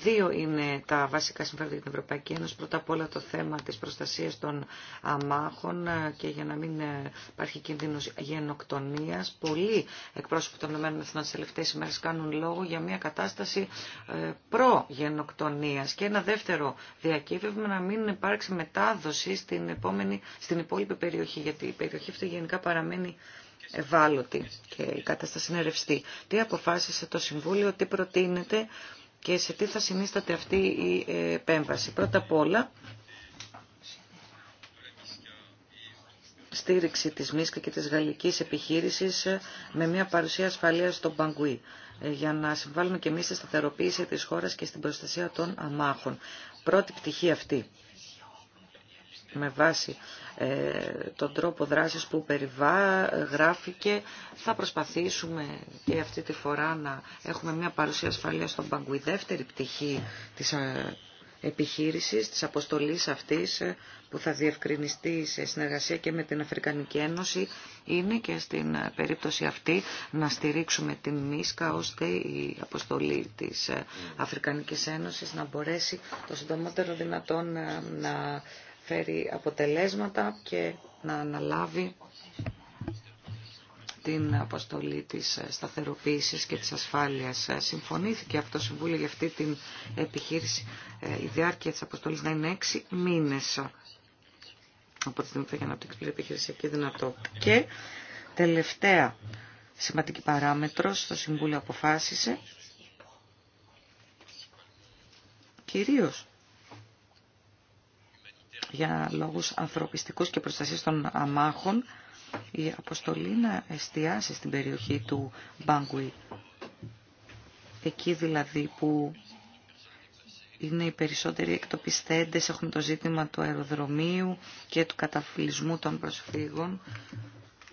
Δύο είναι τα βασικά συμφέροντα για την Ευρωπαϊκή Ένωση. Πρώτα απ' όλα το θέμα της προστασίας των αμάχων ε, και για να μην ε, υπάρχει κίνδυνος γενοκτονίας. Πολλοί εκπρόσωποι των ΗΠΑ τις τελευταίες ημέρες κάνουν λόγο για μια κατάσταση ε, προ-γενοκτονίας. Και ένα δεύτερο διακύβευμα να μην υπάρξει μετάδοση στην, επόμενη, στην υπόλοιπη περιοχή, γιατί η περιοχή αυτή γενικά παραμένει ευάλωτη και η κατάσταση είναι ρευστή. Τι αποφάσισε το Συμβούλιο, τι προτείνεται και σε τι θα συνίσταται αυτή η ε, επέμβαση. Πρώτα απ' όλα, στήριξη της ΜΙΣΚΑ και της γαλλικής επιχείρησης ε, με μια παρουσία ασφαλείας στον Παγκουή ε, για να συμβάλλουμε και εμείς στη σταθεροποίηση της χώρας και στην προστασία των αμάχων. Πρώτη πτυχή αυτή με βάση ε, τον τρόπο δράσης που περιβά, γράφηκε. Θα προσπαθήσουμε και αυτή τη φορά να έχουμε μια παρουσία ασφαλείας στον Παγκού. Η δεύτερη πτυχή της ε, επιχείρησης, της αποστολής αυτής ε, που θα διευκρινιστεί σε συνεργασία και με την Αφρικανική Ένωση είναι και στην περίπτωση αυτή να στηρίξουμε την ΜΙΣΚΑ ώστε η αποστολή της Αφρικανικής Ένωσης να μπορέσει το συντομότερο δυνατόν να φέρει αποτελέσματα και να αναλάβει την αποστολή της σταθεροποίησης και της ασφάλειας. Συμφωνήθηκε από το Συμβούλιο για αυτή την επιχείρηση ε, η διάρκεια της αποστολής να είναι έξι μήνες από τη στιγμή που θα αναπτύξει επιχείρηση επιχειρησιακή δυνατότητα. Και τελευταία σημαντική παράμετρος, το Συμβούλιο αποφάσισε κυρίως για λόγους ανθρωπιστικούς και προστασίας των αμάχων η αποστολή να εστιάσει στην περιοχή του Μπάνγκουι. Εκεί δηλαδή που είναι οι περισσότεροι εκτοπιστέντες, έχουμε το ζήτημα του αεροδρομίου και του καταφυλισμού των προσφύγων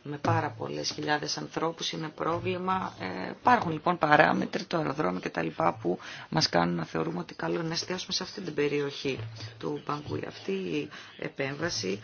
με πάρα πολλέ χιλιάδες ανθρώπους, είναι πρόβλημα. Ε, υπάρχουν λοιπόν παράμετροι, το αεροδρόμιο κτλ. που μας κάνουν να θεωρούμε ότι καλό είναι να εστιάσουμε σε αυτή την περιοχή του Μπαγκούι. Αυτή η επέμβαση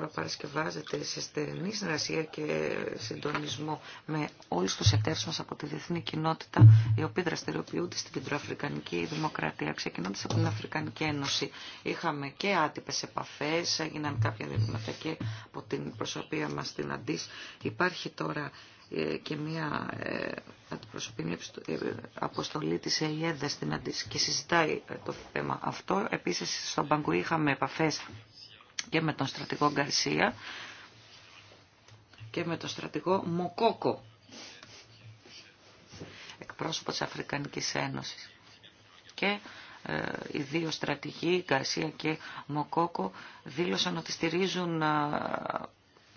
παρασκευάζεται σε στενή συνεργασία και συντονισμό με όλου του εταίρου μα από τη διεθνή κοινότητα, οι οποίοι δραστηριοποιούνται στην Κεντροαφρικανική Δημοκρατία. ξεκινώντα από την Αφρικανική Ένωση, είχαμε και άτυπε επαφέ, έγιναν κάποια διαβήματα και από την προσωπία μα στην αντί. Υπάρχει τώρα ε, και μια ε, αντιπροσωπή ε, αποστολή της ΕΙΕΔΕ στην Αντίς και συζητάει το θέμα αυτό. Επίσης, στον Παγκού είχαμε επαφές και με τον στρατηγό Γκαρσία και με τον στρατηγό Μοκόκο, εκπρόσωπο της Αφρικανικής Ένωσης. Και ε, οι δύο στρατηγοί, Γκαρσία και Μοκόκο, δήλωσαν ότι στηρίζουν ε,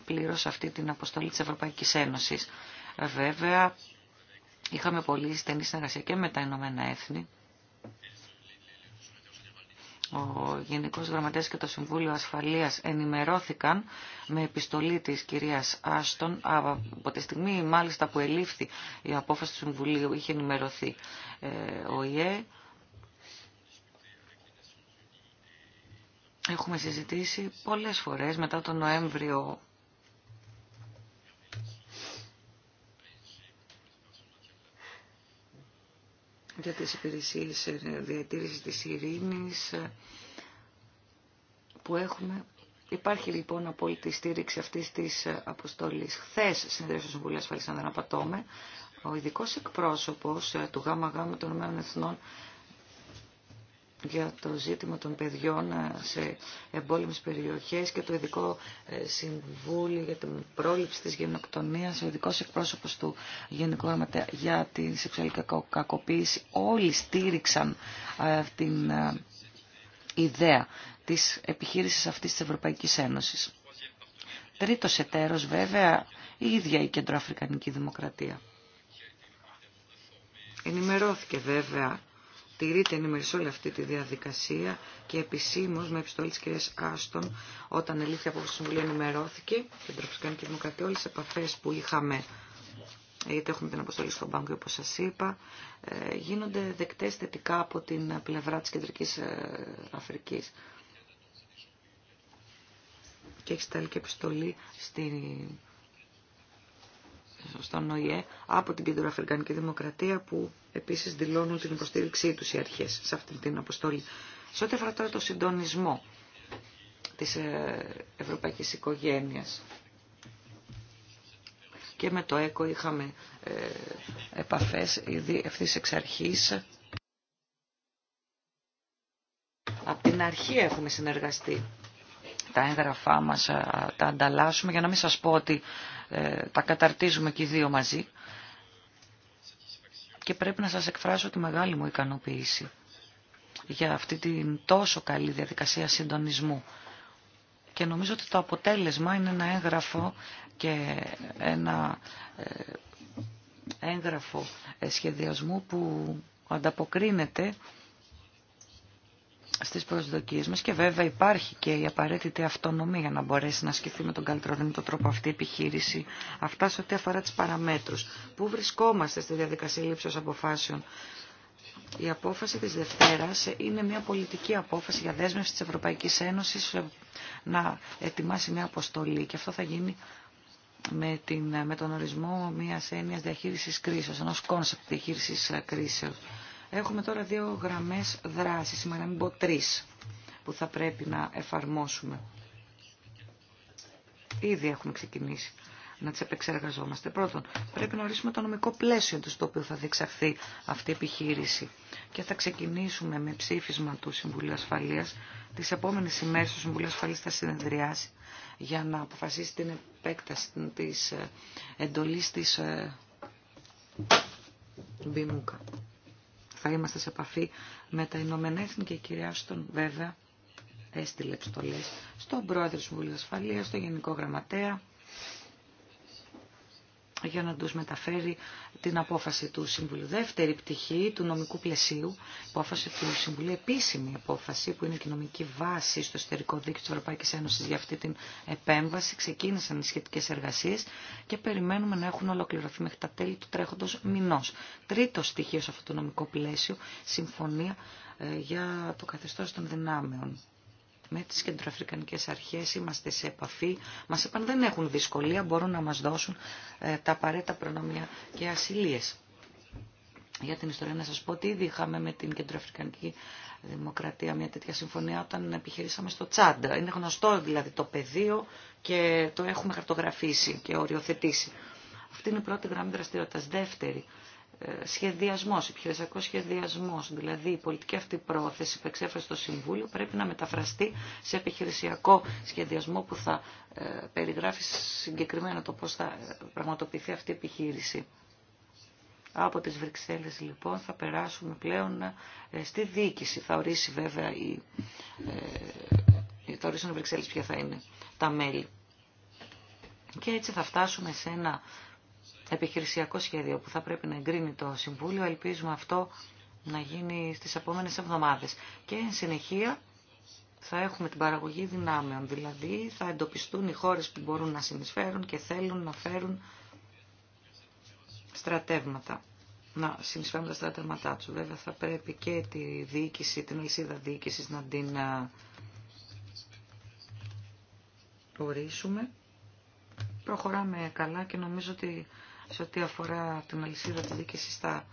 πλήρως αυτή την αποστολή της Ευρωπαϊκής Ένωσης. Ε, βέβαια, είχαμε πολύ στενή συνεργασία και με τα Ηνωμένα Έθνη, ο Γενικός Γραμματέας και το Συμβούλιο Ασφαλείας ενημερώθηκαν με επιστολή της κυρίας Άστον από τη στιγμή μάλιστα που ελήφθη η απόφαση του Συμβουλίου είχε ενημερωθεί ε, ο ΙΕ Έχουμε συζητήσει πολλές φορές μετά τον Νοέμβριο για τις υπηρεσίες ε, διατήρησης της ειρήνης ε, που έχουμε. Υπάρχει λοιπόν απόλυτη στήριξη αυτής της ε, αποστολής. Χθες συνεδρίασε του Συμβουλίο Ασφαλή, αν δεν ο ειδικό εκπρόσωπος του ΓΑΜΑΓΑΜΑ των ΟΕΕ Εθνών για το ζήτημα των παιδιών ε, σε εμπόλεμες περιοχές και το Ειδικό ε, Συμβούλιο για την πρόληψη της γενοκτονίας, ο ειδικό εκπρόσωπος του Γενικού για τη σεξουαλική κακοποίηση. Όλοι στήριξαν ε, την ιδέα της επιχείρησης αυτής της Ευρωπαϊκής Ένωσης. Τρίτος εταίρος βέβαια η ίδια η Κεντροαφρικανική Δημοκρατία. Ενημερώθηκε βέβαια τηρείται ενημερή όλη αυτή τη διαδικασία και επισήμω με επιστολή τη κυρία Άστον, όταν ελήφθη από το Συμβουλίο, ενημερώθηκε και την και Δημοκρατία όλε τι επαφέ που είχαμε είτε έχουμε την αποστολή στον Πάγκο, όπως σας είπα, ε, γίνονται δεκτές θετικά από την πλευρά της Κεντρικής ε, Αφρικής. Και έχει στέλνει και επιστολή στην στον ΟΗΕ από την Κεντροαφρικανική Δημοκρατία που επίσης δηλώνουν την υποστήριξή τους οι αρχές σε αυτή την αποστολή. Σε ό,τι αφορά τώρα το συντονισμό της ε, ευρωπαϊκής οικογένειας και με το ΕΚΟ είχαμε ε, επαφές ήδη ευθύς εξ αρχής. Από την αρχή έχουμε συνεργαστεί τα έγγραφά μας ε, τα ανταλλάσσουμε για να μην σας πω ότι ε, τα καταρτίζουμε και οι δύο μαζί. Και πρέπει να σας εκφράσω τη μεγάλη μου ικανοποίηση για αυτή την τόσο καλή διαδικασία συντονισμού. Και νομίζω ότι το αποτέλεσμα είναι ένα έγγραφο και ένα ε, έγγραφο σχεδιασμού που ανταποκρίνεται στις προσδοκίες μας και βέβαια υπάρχει και η απαραίτητη αυτονομία για να μπορέσει να ασκηθεί με τον καλύτερο δυνατό τρόπο αυτή η επιχείρηση. Αυτά σε ό,τι αφορά τις παραμέτρους. Πού βρισκόμαστε στη διαδικασία λήψης αποφάσεων. Η απόφαση της Δευτέρας είναι μια πολιτική απόφαση για δέσμευση της Ευρωπαϊκής Ένωσης να ετοιμάσει μια αποστολή και αυτό θα γίνει με, την, με τον ορισμό μιας έννοιας διαχείρισης κρίσεως, ενός κόνσεπτ διαχείρισης κρίσεως. Έχουμε τώρα δύο γραμμές δράσης, σήμερα μην πω τρεις, που θα πρέπει να εφαρμόσουμε. Ήδη έχουμε ξεκινήσει να τις επεξεργαζόμαστε. Πρώτον, πρέπει να ορίσουμε το νομικό πλαίσιο του στο οποίο θα διεξαχθεί αυτή η επιχείρηση. Και θα ξεκινήσουμε με ψήφισμα του Συμβουλίου Ασφαλείας. Τις επόμενες ημέρες το Συμβουλίο Ασφαλείας θα συνεδριάσει για να αποφασίσει την επέκταση της ε, εντολής της ε, Μπιμούκα θα είμαστε σε επαφή με τα Ηνωμένα Έθνη και η κυρία Άστον, βέβαια έστειλε επιστολές στον πρόεδρο της Συμβουλίου Ασφαλείας, στον Γενικό Γραμματέα, για να τους μεταφέρει την απόφαση του Συμβουλίου. Δεύτερη πτυχή του νομικού πλαισίου, απόφαση του Συμβουλίου, επίσημη απόφαση που είναι η νομική βάση στο εσωτερικό δίκτυο της Ευρωπαϊκής Ένωσης για αυτή την επέμβαση. Ξεκίνησαν οι σχετικές εργασίες και περιμένουμε να έχουν ολοκληρωθεί μέχρι τα τέλη του τρέχοντος μηνός. Τρίτο στοιχείο σε αυτό το νομικό πλαίσιο, συμφωνία ε, για το καθεστώς των δυνάμεων με τις κεντροαφρικανικές αρχές είμαστε σε επαφή. Μας είπαν δεν έχουν δυσκολία, μπορούν να μας δώσουν ε, τα απαραίτητα προνομιά και ασυλίες. Για την ιστορία να σας πω ότι ήδη είχαμε με την κεντροαφρικανική δημοκρατία μια τέτοια συμφωνία όταν επιχειρήσαμε στο Τσάντα. Είναι γνωστό δηλαδή το πεδίο και το έχουμε χαρτογραφήσει και οριοθετήσει. Αυτή είναι η πρώτη γραμμή δραστηριότητας. Δεύτερη, σχεδιασμός, επιχειρησιακός σχεδιασμός, δηλαδή η πολιτική αυτή πρόθεση που εξέφρασε στο Συμβούλιο πρέπει να μεταφραστεί σε επιχειρησιακό σχεδιασμό που θα ε, περιγράφει συγκεκριμένα το πώς θα ε, πραγματοποιηθεί αυτή η επιχείρηση. Από τις Βρυξέλλες λοιπόν θα περάσουμε πλέον ε, στη διοίκηση. Θα ορίσει βέβαια η, θα ορίσουν οι Βρυξέλλες ποια θα είναι τα μέλη. Και έτσι θα φτάσουμε σε ένα επιχειρησιακό σχέδιο που θα πρέπει να εγκρίνει το Συμβούλιο. Ελπίζουμε αυτό να γίνει στις επόμενες εβδομάδες. Και εν συνεχεία θα έχουμε την παραγωγή δυνάμεων, δηλαδή θα εντοπιστούν οι χώρες που μπορούν να συνεισφέρουν και θέλουν να φέρουν στρατεύματα, να συνεισφέρουν τα στρατεύματά τους. Βέβαια θα πρέπει και τη διοίκηση, την αλυσίδα διοίκηση να την ε, ορίσουμε. Προχωράμε καλά και νομίζω ότι σε ό,τι αφορά την αλυσίδα της δίκησης θα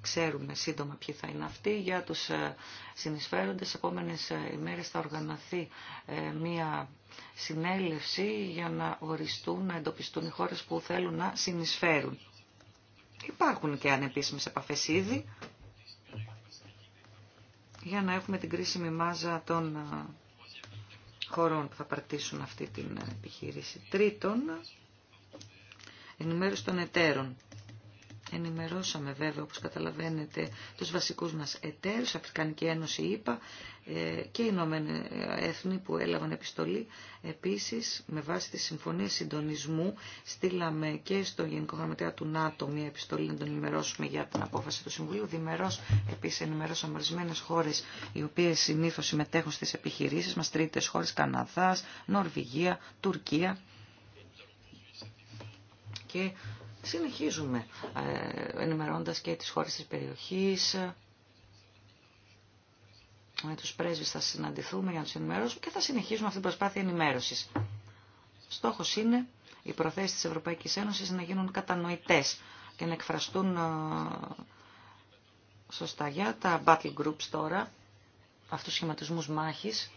ξέρουμε σύντομα ποιοι θα είναι αυτοί. Για τους ε, συνεισφέροντες, επόμενες ε, ημέρες θα οργανωθεί ε, μία συνέλευση για να οριστούν, να εντοπιστούν οι χώρες που θέλουν να συνεισφέρουν. Υπάρχουν και ανεπίσημες επαφές ήδη, για να έχουμε την κρίσιμη μάζα των χωρών που θα παρτίσουν αυτή την επιχείρηση. Τρίτον, ενημέρωση των εταίρων. Ενημερώσαμε βέβαια, όπως καταλαβαίνετε, τους βασικούς μας εταίρους, Αφρικανική Ένωση, ΗΠΑ ε, και οι Έθνη που έλαβαν επιστολή. Επίσης, με βάση τη Συμφωνία Συντονισμού, στείλαμε και στο Γενικό Γραμματέα του ΝΑΤΟ μια επιστολή να τον ενημερώσουμε για την απόφαση του Συμβουλίου. Δημερός, επίσης, ενημερώσαμε ορισμένε χώρες οι οποίες συνήθως συμμετέχουν στις επιχειρήσεις μας, τρίτες χώρες, Καναδάς, Νορβηγία, Τουρκία και συνεχίζουμε ε, ενημερώνοντας και τις χώρες της περιοχής. Με τους πρέσβεις θα συναντηθούμε για να τους ενημερώσουμε και θα συνεχίσουμε αυτή την προσπάθεια ενημέρωσης. Στόχος είναι οι προθέσεις της Ευρωπαϊκής Ένωσης να γίνουν κατανοητές και να εκφραστούν ε, σωστά για τα battle groups τώρα, αυτούς τους σχηματισμούς μάχης.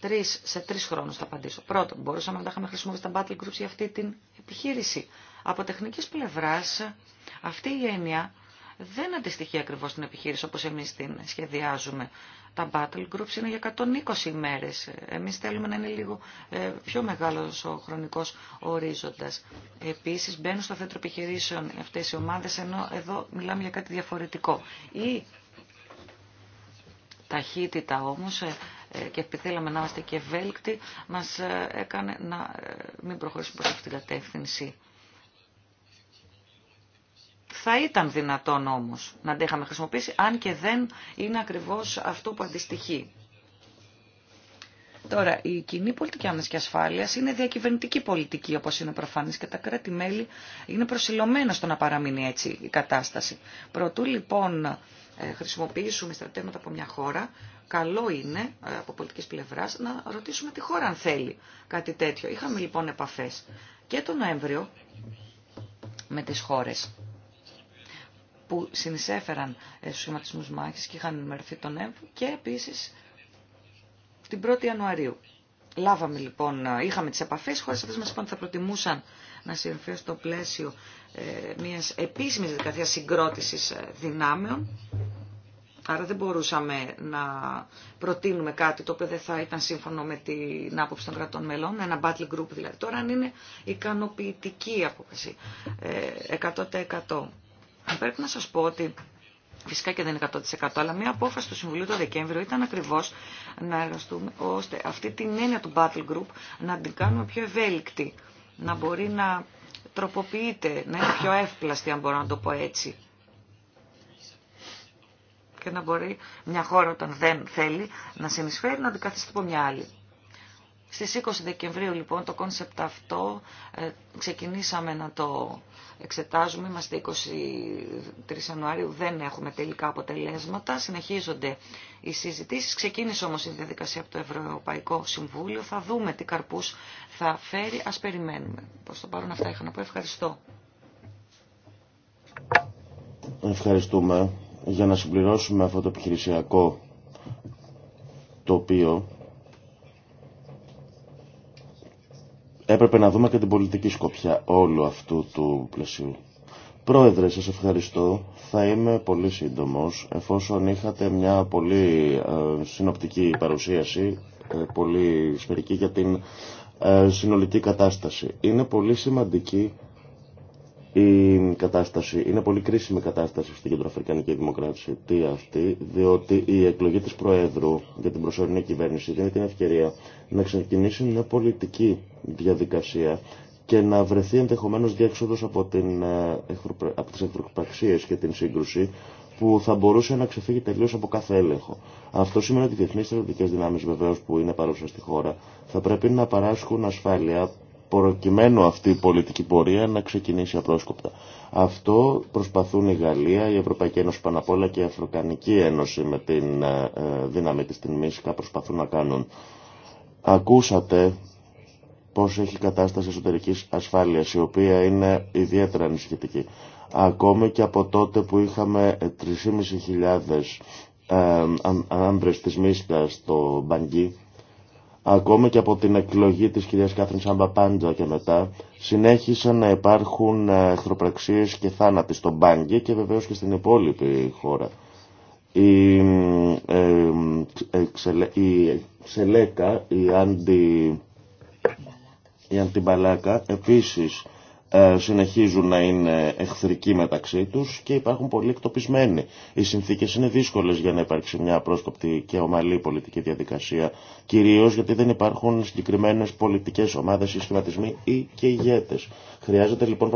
Τρεις, σε τρει χρόνους θα απαντήσω. Πρώτον, μπορούσαμε να τα είχαμε χρησιμοποιήσει τα battle groups για αυτή την επιχείρηση. Από τεχνική πλευρά, αυτή η έννοια δεν αντιστοιχεί ακριβώς στην επιχείρηση όπως εμείς την σχεδιάζουμε. Τα battle groups είναι για 120 ημέρε. Εμείς θέλουμε να είναι λίγο ε, πιο μεγάλος ο χρονικός ορίζοντας. Επίσης, μπαίνουν στο θέτρο επιχειρήσεων αυτές οι ομάδες... ενώ εδώ μιλάμε για κάτι διαφορετικό. Η ταχύτητα όμως ε, ε, και επιθέλαμε να είμαστε και ευέλικτοι, μας ε, έκανε να ε, μην προχωρήσουμε προς αυτήν την κατεύθυνση. Θα ήταν δυνατόν όμως να την είχαμε χρησιμοποιήσει, αν και δεν είναι ακριβώς αυτό που αντιστοιχεί. Τώρα, η κοινή πολιτική άμεση και ασφάλεια είναι διακυβερνητική πολιτική, όπω είναι προφανή, και τα κράτη-μέλη είναι προσιλωμένα στο να παραμείνει έτσι η κατάσταση. Προτού λοιπόν χρησιμοποιήσουμε στρατεύματα από μια χώρα, καλό είναι ε, από πολιτικής πλευράς να ρωτήσουμε τη χώρα αν θέλει κάτι τέτοιο. Είχαμε λοιπόν επαφές και τον Νοέμβριο με τις χώρες που συνεισέφεραν ε, στους σχηματισμούς μάχης και είχαν ενημερωθεί τον Νοέμβριο και επίσης την 1η Ιανουαρίου. Λάβαμε λοιπόν, ε, είχαμε τις επαφές, χώρες αυτές μας είπαν ότι θα προτιμούσαν να συμφέρει στο πλαίσιο ε, μιας επίσημης δικασίας συγκρότησης δυνάμεων Άρα δεν μπορούσαμε να προτείνουμε κάτι το οποίο δεν θα ήταν σύμφωνο με την άποψη των κρατών μελών, ένα battle group δηλαδή. Τώρα αν είναι ικανοποιητική η απόφαση, 100%. Ε, Πρέπει να σας πω ότι Φυσικά και δεν είναι 100%, αλλά μια απόφαση του Συμβουλίου το Δεκέμβριο ήταν ακριβώ να εργαστούμε ώστε αυτή την έννοια του Battle Group να την κάνουμε πιο ευέλικτη, να μπορεί να τροποποιείται, να είναι πιο εύπλαστη, αν μπορώ να το πω έτσι και να μπορεί μια χώρα όταν δεν θέλει να συνεισφέρει να αντικαθιστεί από μια άλλη. Στις 20 Δεκεμβρίου λοιπόν το κόνσεπτ αυτό ε, ξεκινήσαμε να το εξετάζουμε, είμαστε 23 Ιανουαρίου, δεν έχουμε τελικά αποτελέσματα, συνεχίζονται οι συζητήσεις, ξεκίνησε όμως η διαδικασία από το Ευρωπαϊκό Συμβούλιο, θα δούμε τι καρπούς θα φέρει, ας περιμένουμε. Πώς το παρόν αυτά είχα να πω, ευχαριστώ. Ευχαριστούμε για να συμπληρώσουμε αυτό το επιχειρησιακό τοπίο έπρεπε να δούμε και την πολιτική σκοπιά όλου αυτού του πλαισίου. Πρόεδρε, σας ευχαριστώ. Θα είμαι πολύ σύντομος, εφόσον είχατε μια πολύ ε, συνοπτική παρουσίαση, ε, πολύ σφαιρική για την ε, συνολική κατάσταση. Είναι πολύ σημαντική η κατάσταση. Είναι πολύ κρίσιμη κατάσταση στην Κεντροαφρικανική Δημοκρατία αυτή, διότι η εκλογή της Προέδρου για την προσωρινή κυβέρνηση δίνει την ευκαιρία να ξεκινήσει μια πολιτική διαδικασία και να βρεθεί ενδεχομένω διέξοδο από, την, ε, από τις εχθροπραξίες και την σύγκρουση που θα μπορούσε να ξεφύγει τελείω από κάθε έλεγχο. Αυτό σημαίνει ότι οι διεθνεί στρατιωτικέ δυνάμει βεβαίω που είναι παρούσα στη χώρα θα πρέπει να παράσχουν ασφάλεια προκειμένου αυτή η πολιτική πορεία να ξεκινήσει απρόσκοπτα. Αυτό προσπαθούν η Γαλλία, η Ευρωπαϊκή Ένωση πάνω απ' όλα και η Αφροκανική Ένωση με την ε, ε, δύναμη της την Μίσκα προσπαθούν να κάνουν. Ακούσατε πώς έχει κατάσταση εσωτερικής ασφάλειας, η οποία είναι ιδιαίτερα ανησυχητική. Ακόμη και από τότε που είχαμε 3.500 ε, άνδρες της Μίσκα στο Μπανγκή Ακόμη και από την εκλογή της κυρίας Κάθριν Σαμπαπάντζα και μετά συνέχισαν να υπάρχουν ε, εχθροπραξίες και θάνατοι στον Μπάνγκη και βεβαίως και στην υπόλοιπη χώρα. Η, ε, ε η Σελέκα, η, αντι, η Αντιμπαλάκα επίσης ε, συνεχίζουν να είναι εχθρικοί μεταξύ τους και υπάρχουν πολλοί εκτοπισμένοι. Οι συνθήκες είναι δύσκολες για να υπάρξει μια πρόσκοπτη και ομαλή πολιτική διαδικασία, κυρίως γιατί δεν υπάρχουν συγκεκριμένες πολιτικές ομάδες, συστηματισμοί ή και ηγέτες. Χρειάζεται λοιπόν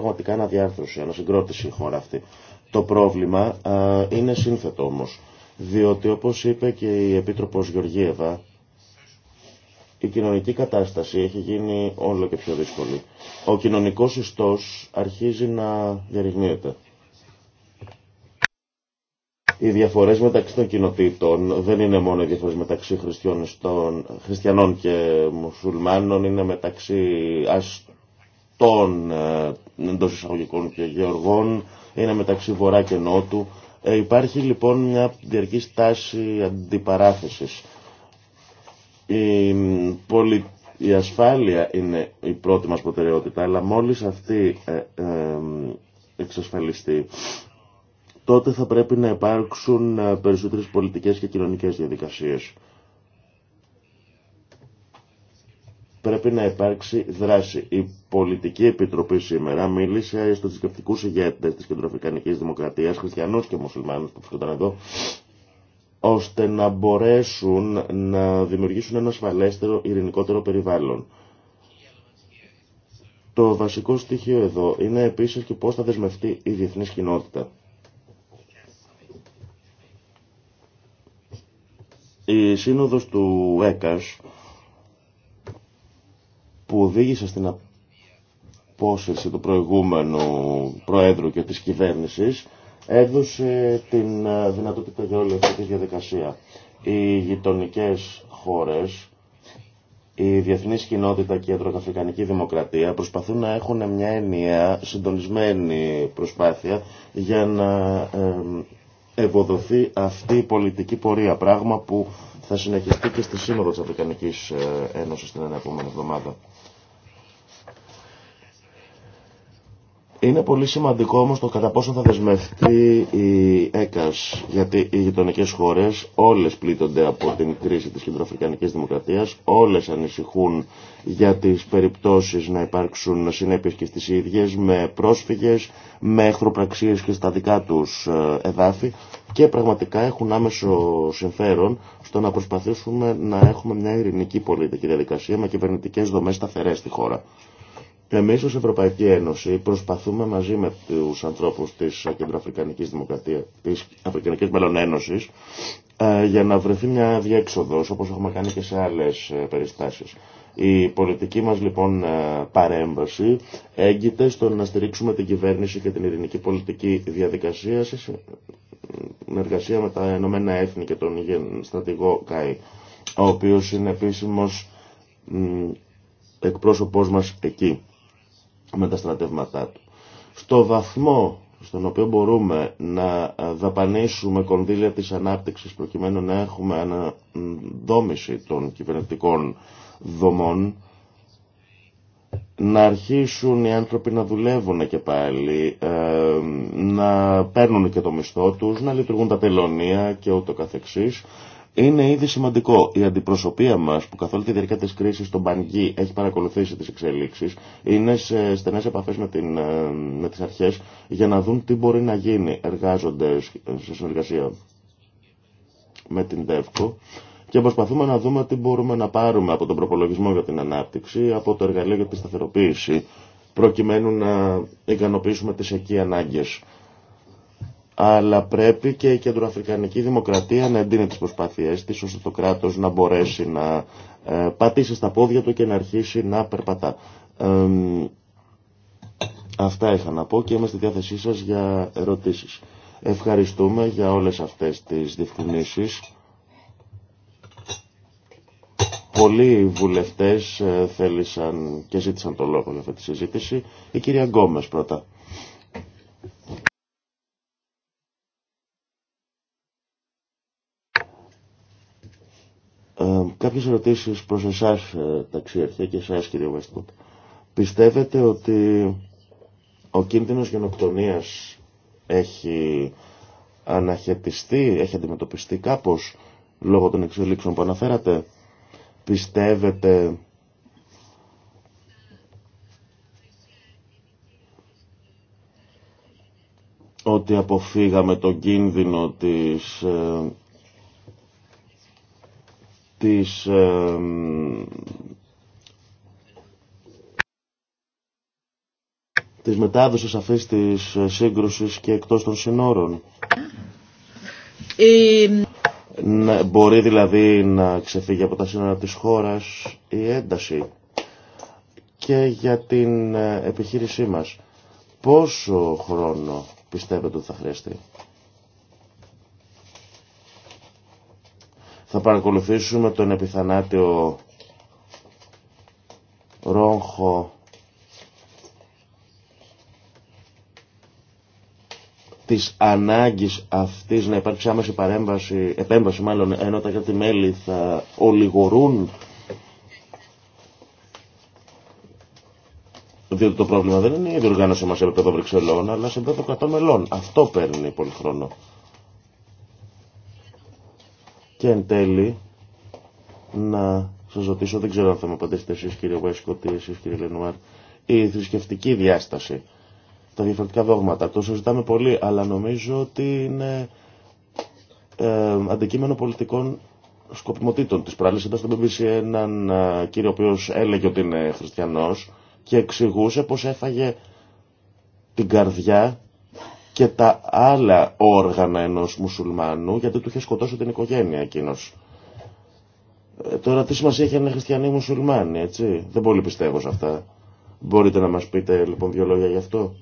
σχηματισμοί η χώρα αυτή. Το πρόβλημα ε, είναι σύνθετο όμως, διότι όπως είπε και η Επίτροπος Γεωργίευα, η κοινωνική κατάσταση έχει γίνει όλο και πιο δύσκολη. Ο κοινωνικός ιστός αρχίζει να διαρριγνύεται. Οι διαφορές μεταξύ των κοινοτήτων δεν είναι μόνο οι διαφορές μεταξύ χριστιανών και μουσουλμάνων, είναι μεταξύ αστών ε, εντός εισαγωγικών και γεωργών, είναι μεταξύ βορρά και νότου. Ε, υπάρχει λοιπόν μια διαρκή στάση αντιπαράθεσης η, πολι... η ασφάλεια είναι η πρώτη μας προτεραιότητα, αλλά μόλις αυτή ε, ε, εξασφαλιστεί, τότε θα πρέπει να υπάρξουν ε, περισσότερες πολιτικές και κοινωνικές διαδικασίες. πρέπει να υπάρξει δράση. Η Πολιτική Επιτροπή σήμερα μίλησε στους θρησκευτικού ηγέτες της Κεντροαφρικανικής Δημοκρατίας, χριστιανούς και μουσουλμάνους που βρίσκονταν εδώ, ώστε να μπορέσουν να δημιουργήσουν ένα ασφαλέστερο, ειρηνικότερο περιβάλλον. Το βασικό στοιχείο εδώ είναι επίσης και πώς θα δεσμευτεί η διεθνής κοινότητα. Η σύνοδος του ΕΚΑΣ που οδήγησε στην απόσυρση του προηγούμενου Προέδρου και της κυβέρνησης έδωσε την ε, δυνατότητα για όλη αυτή τη διαδικασία. Οι γειτονικέ χώρες, η διεθνή κοινότητα και η Αντροαφρικανική Δημοκρατία προσπαθούν να έχουν μια ενιαία συντονισμένη προσπάθεια για να ευοδοθεί αυτή η πολιτική πορεία. Πράγμα που θα συνεχιστεί και στη Σύνοδο της Αφρικανικής ε, Ένωσης την επόμενη εβδομάδα. Είναι πολύ σημαντικό όμως το κατά πόσο θα δεσμευτεί η ΕΚΑΣ, γιατί οι γειτονικές χώρες όλες πλήττονται από την κρίση της κεντροαφρικανικής δημοκρατίας, όλες ανησυχούν για τις περιπτώσεις να υπάρξουν συνέπειες και στις ίδιες με πρόσφυγες, με εχθροπραξίες και στα δικά τους ε, εδάφη και πραγματικά έχουν άμεσο συμφέρον στο να προσπαθήσουμε να έχουμε μια ειρηνική πολιτική διαδικασία με κυβερνητικές δομές σταθερές στη χώρα. Εμείς ως Ευρωπαϊκή Ένωση προσπαθούμε μαζί με τους ανθρώπους της Κεντροαφρικανικής Δημοκρατίας, της Αφρικανικής Μέλλον ε, για να βρεθεί μια διέξοδο όπως έχουμε κάνει και σε άλλες ε, περιστάσεις. Η πολιτική μας λοιπόν ε, παρέμβαση έγκυται στο να στηρίξουμε την κυβέρνηση και την ειρηνική πολιτική διαδικασία σε συνεργασία με τα Ηνωμένα Έθνη και τον στρατηγό ΚΑΙ, ο οποίος είναι επίσημος εκπρόσωπός μας εκεί με τα στρατεύματά του. Στο βαθμό στον οποίο μπορούμε να δαπανίσουμε κονδύλια της ανάπτυξης προκειμένου να έχουμε αναδόμηση των κυβερνητικών δομών, να αρχίσουν οι άνθρωποι να δουλεύουν και πάλι, ε, να παίρνουν και το μισθό τους, να λειτουργούν τα τελωνία και ούτω καθεξής, είναι ήδη σημαντικό. Η αντιπροσωπεία μα που καθ' όλη τη διάρκεια τη κρίση στον Πανγκή έχει παρακολουθήσει τι εξελίξει, είναι σε στενέ επαφέ με, ε, με τι αρχέ για να δουν τι μπορεί να γίνει. Εργάζονται σε συνεργασία με την ΔΕΦΚΟ και προσπαθούμε να δούμε τι μπορούμε να πάρουμε από τον προπολογισμό για την ανάπτυξη, από το εργαλείο για τη σταθεροποίηση, προκειμένου να ικανοποιήσουμε τι εκεί ανάγκε αλλά πρέπει και η κεντροαφρικανική δημοκρατία να εντείνει τις προσπάθειές της ώστε το κράτος να μπορέσει να ε, πατήσει στα πόδια του και να αρχίσει να περπατά. αυτά είχα να πω και είμαι στη διάθεσή σας για ερωτήσεις. Ευχαριστούμε για όλες αυτές τις διευκρινήσεις. Πολλοί βουλευτές ε, θέλησαν και ζήτησαν το λόγο για αυτή τη συζήτηση. Η κυρία Γκόμες πρώτα. Κάποιες ερωτήσεις προς εσάς ε, ταξιερχέ και εσάς κύριε Βαστκούτ. Πιστεύετε ότι ο κίνδυνος γενοκτονίας έχει αναχαιτιστεί, έχει αντιμετωπιστεί κάπως λόγω των εξελίξεων που αναφέρατε. Πιστεύετε ότι αποφύγαμε τον κίνδυνο της ε, της της μετάδοσης αυτής της ε, σύγκρουσης και εκτός των συνόρων. Ε... Μπορεί δηλαδή να ξεφύγει από τα σύνορα της χώρας η ένταση και για την ε, επιχείρησή μας. Πόσο χρόνο πιστεύετε ότι θα χρειαστεί. Θα παρακολουθήσουμε τον επιθανάτιο ρόγχο της ανάγκης αυτής να υπάρξει άμεση παρέμβαση, επέμβαση μάλλον, ενώ τα κάτι μέλη θα ολιγορούν διότι το πρόβλημα δεν είναι η διοργάνωση μας σε επίπεδο Βρυξελών, αλλά σε επίπεδο κρατών μελών. Αυτό παίρνει πολύ χρόνο. Και εν τέλει, να σα ρωτήσω, δεν ξέρω αν θα μου απαντήσετε εσείς εσεί ή εσείς Βέσκο, η κυριε λενουαρ διάσταση, τα διαφορετικά δόγματα. Το συζητάμε πολύ, αλλά νομίζω ότι είναι ε, αντικείμενο πολιτικών σκοπιμοτήτων τη πράλης. Εδώ BBC έναν ε, κύριο ο οποίο έλεγε ότι είναι χριστιανό και εξηγούσε πώ έφαγε την καρδιά και τα άλλα όργανα ενός μουσουλμάνου γιατί του είχε σκοτώσει την οικογένεια εκείνος. Ε, τώρα τι σημασία έχει ένα χριστιανοί μουσουλμάνοι, έτσι. Δεν πολύ πιστεύω σε αυτά. Μπορείτε να μας πείτε λοιπόν δύο λόγια γι' αυτό,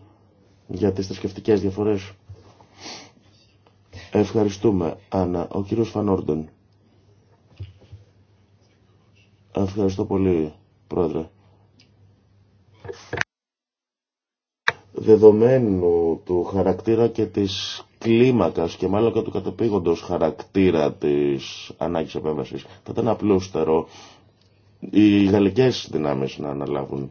για τις θρησκευτικέ διαφορές. Ευχαριστούμε, Άννα. Ο κύριος Φανόρντον. Ευχαριστώ πολύ, Πρόεδρε δεδομένου του χαρακτήρα και της κλίμακας και μάλλον και του κατεπήγοντος χαρακτήρα της ανάγκης επέμβασης θα ήταν απλούστερο οι γαλλικές δυνάμεις να αναλάβουν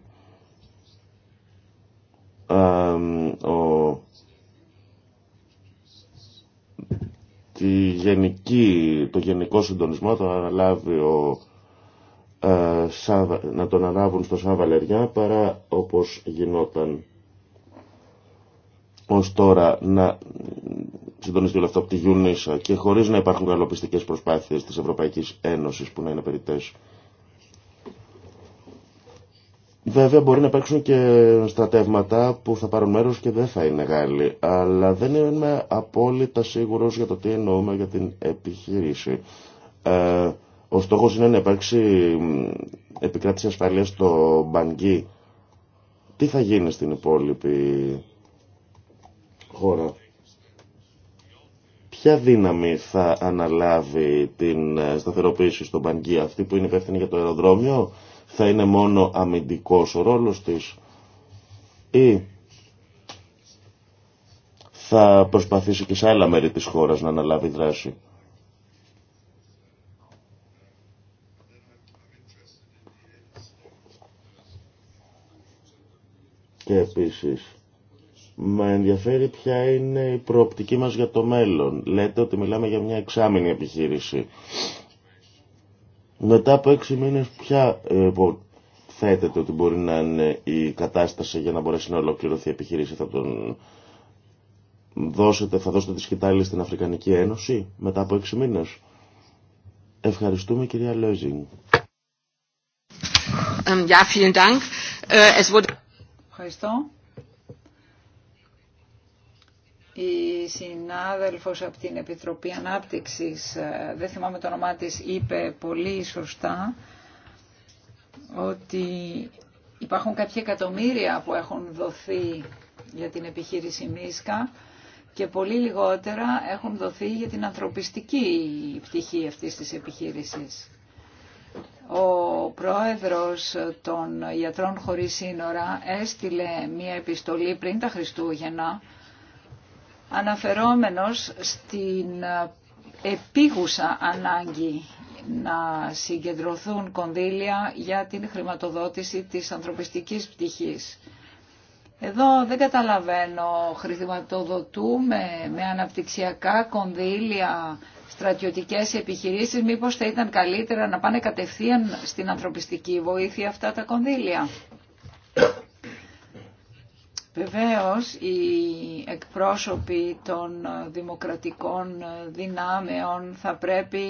τη γενική, το γενικό συντονισμό θα αναλάβει ο, ε, να τον αναλάβουν στο Σαν παρά όπως γινόταν ως τώρα να συντονιστεί όλα αυτά από τη Γιουνίσα και χωρίς να υπάρχουν καλοπιστικές προσπάθειες της Ευρωπαϊκής Ένωσης που να είναι περιττές. Βέβαια μπορεί να υπάρξουν και στρατεύματα που θα πάρουν μέρος και δεν θα είναι Γάλλοι, αλλά δεν είμαι απόλυτα σίγουρος για το τι εννοούμε για την επιχείρηση. Ε, ο στόχος είναι να υπάρξει επικράτηση ασφαλείας στο Μπανγκί. Τι θα γίνει στην υπόλοιπη ποια δύναμη θα αναλάβει την ε, σταθεροποίηση στον Παγκία αυτή που είναι υπεύθυνη για το αεροδρόμιο θα είναι μόνο αμυντικός ο ρόλος της ή θα προσπαθήσει και σε άλλα μέρη της χώρας να αναλάβει δράση. Και επίσης με ενδιαφέρει ποια είναι η προοπτική μας για το μέλλον. Λέτε ότι μιλάμε για μια εξάμεινη επιχείρηση. Μετά από έξι μήνες ποια ε, θέτεται ότι μπορεί να είναι η κατάσταση για να μπορέσει να ολοκληρωθεί η επιχείρηση. Θα τον δώσετε, θα δώσετε τη σκητάλη στην Αφρικανική Ένωση μετά από έξι μήνες. Ευχαριστούμε κυρία Λέζινγκ. Ε, ε, Ευχαριστώ η συνάδελφος από την Επιτροπή Ανάπτυξης, ε, δεν θυμάμαι το όνομά της, είπε πολύ σωστά ότι υπάρχουν κάποια εκατομμύρια που έχουν δοθεί για την επιχείρηση Μίσκα και πολύ λιγότερα έχουν δοθεί για την ανθρωπιστική πτυχή αυτής της επιχείρησης. Ο πρόεδρος των γιατρών Χωρίς Σύνορα έστειλε μία επιστολή πριν τα Χριστούγεννα αναφερόμενος στην επίγουσα ανάγκη να συγκεντρωθούν κονδύλια για την χρηματοδότηση της ανθρωπιστικής πτυχής. Εδώ δεν καταλαβαίνω, χρηματοδοτούμε με αναπτυξιακά κονδύλια στρατιωτικές επιχειρήσεις, μήπως θα ήταν καλύτερα να πάνε κατευθείαν στην ανθρωπιστική βοήθεια αυτά τα κονδύλια. Βεβαίως οι εκπρόσωποι των δημοκρατικών δυνάμεων θα πρέπει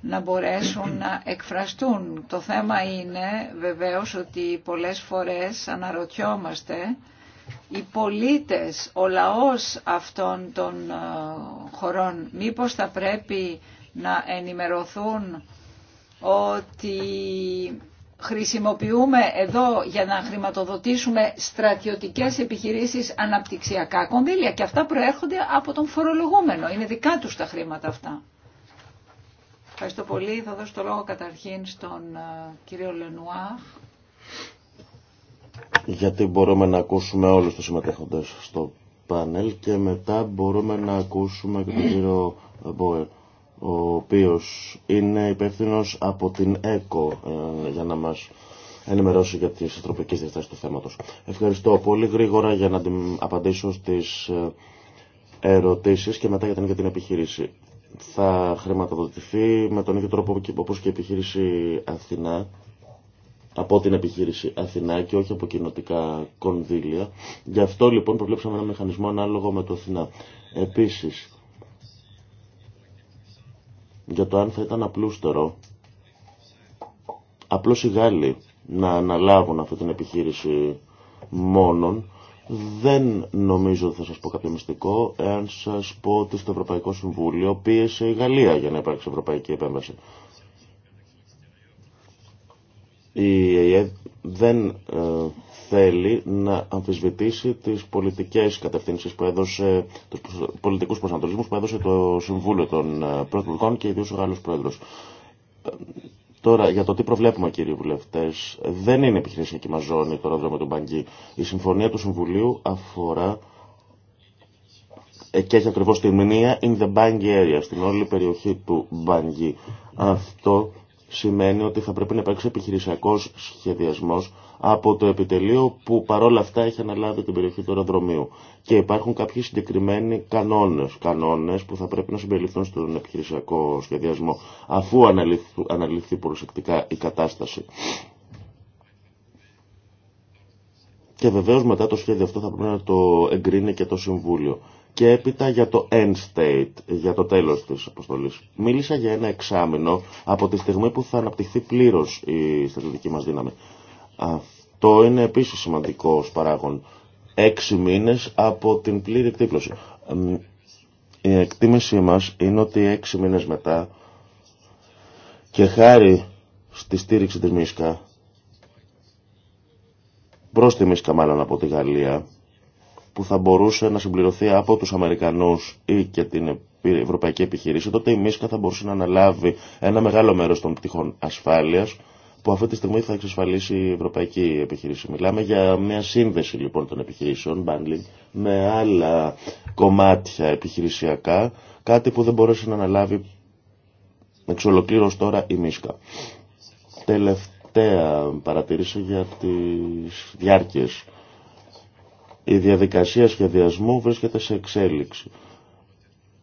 να μπορέσουν να εκφραστούν. Το θέμα είναι βεβαίως ότι πολλές φορές αναρωτιόμαστε οι πολίτες, ο λαός αυτών των ε, χωρών μήπως θα πρέπει να ενημερωθούν ότι χρησιμοποιούμε εδώ για να χρηματοδοτήσουμε στρατιωτικές επιχειρήσεις αναπτυξιακά κονδύλια και αυτά προέρχονται από τον φορολογούμενο. Είναι δικά τους τα χρήματα αυτά. Ευχαριστώ πολύ. Θα δώσω το λόγο καταρχήν στον ε, κύριο Λενουάχ. Γιατί μπορούμε να ακούσουμε όλους τους συμμετέχοντες στο πάνελ και μετά μπορούμε να ακούσουμε και τον κύριο Μπόερ ο οποίος είναι υπεύθυνος από την ΕΚΟ ε, για να μας ενημερώσει για τις ανθρωπικές διαστάσεις του θέματος. Ευχαριστώ πολύ γρήγορα για να απαντήσω στις ε, ερωτήσεις και μετά για την, επιχείρηση. Θα χρηματοδοτηθεί με τον ίδιο τρόπο όπως και η επιχείρηση Αθηνά, από την επιχείρηση Αθηνά και όχι από κοινοτικά κονδύλια. Γι' αυτό λοιπόν προβλέψαμε ένα μηχανισμό ανάλογο με το Αθηνά. Επίσης, για το αν θα ήταν απλούστερο απλώς οι Γάλλοι να αναλάβουν αυτή την επιχείρηση μόνον δεν νομίζω ότι θα σας πω κάποιο μυστικό εάν σας πω ότι στο Ευρωπαϊκό Συμβούλιο πίεσε η Γαλλία για να υπάρξει ευρωπαϊκή επέμβαση. Η ΕΕ δεν ε, θέλει να αμφισβητήσει τις πολιτικές κατευθύνσεις που έδωσε, τους πολιτικούς προσανατολισμούς που έδωσε το Συμβούλιο των ε, Πρωθυπουργών και ιδίως ο Γάλλος Πρόεδρος. Τώρα, για το τι προβλέπουμε, κύριοι βουλευτέ, δεν είναι επιχειρησιακή μα ζώνη το ρόδρομο του Μπαγκή. Η συμφωνία του Συμβουλίου αφορά ε, και έχει ακριβώ τη μνήμα in the Bangui area, στην όλη περιοχή του Μπαγκή. Αυτό σημαίνει ότι θα πρέπει να υπάρξει επιχειρησιακό σχεδιασμός από το επιτελείο που παρόλα αυτά έχει αναλάβει την περιοχή του αεροδρομίου. Και υπάρχουν κάποιοι συγκεκριμένοι κανόνες, κανόνες που θα πρέπει να συμπεριληφθούν στον επιχειρησιακό σχεδιασμό αφού αναλυθεί προσεκτικά η κατάσταση. Και βεβαίω μετά το σχέδιο αυτό θα πρέπει να το εγκρίνει και το Συμβούλιο και έπειτα για το end state, για το τέλος της αποστολής. Μίλησα για ένα εξάμεινο από τη στιγμή που θα αναπτυχθεί πλήρως η στρατιωτική μας δύναμη. Αυτό είναι επίσης σημαντικό ως παράγον. Έξι μήνες από την πλήρη εκτύπωση. Η εκτίμησή μας είναι ότι έξι μήνες μετά και χάρη στη στήριξη της Μίσκα, προς τη Μίσκα μάλλον από τη Γαλλία, που θα μπορούσε να συμπληρωθεί από τους Αμερικανούς ή και την ευρωπαϊκή επιχειρήση, τότε η ΜΙΣΚΑ θα μπορούσε να αναλάβει ένα μεγάλο μέρος των πτυχών ασφάλειας που αυτή τη στιγμή θα εξασφαλίσει η ευρωπαϊκή επιχειρήση. Μιλάμε για μια σύνδεση λοιπόν των επιχειρήσεων, bundling, με άλλα κομμάτια επιχειρησιακά, κάτι που δεν μπορέσει να αναλάβει εξ τώρα η ΜΙΣΚΑ. Τελευταία παρατηρήση για τις διάρκειες η διαδικασία σχεδιασμού βρίσκεται σε εξέλιξη.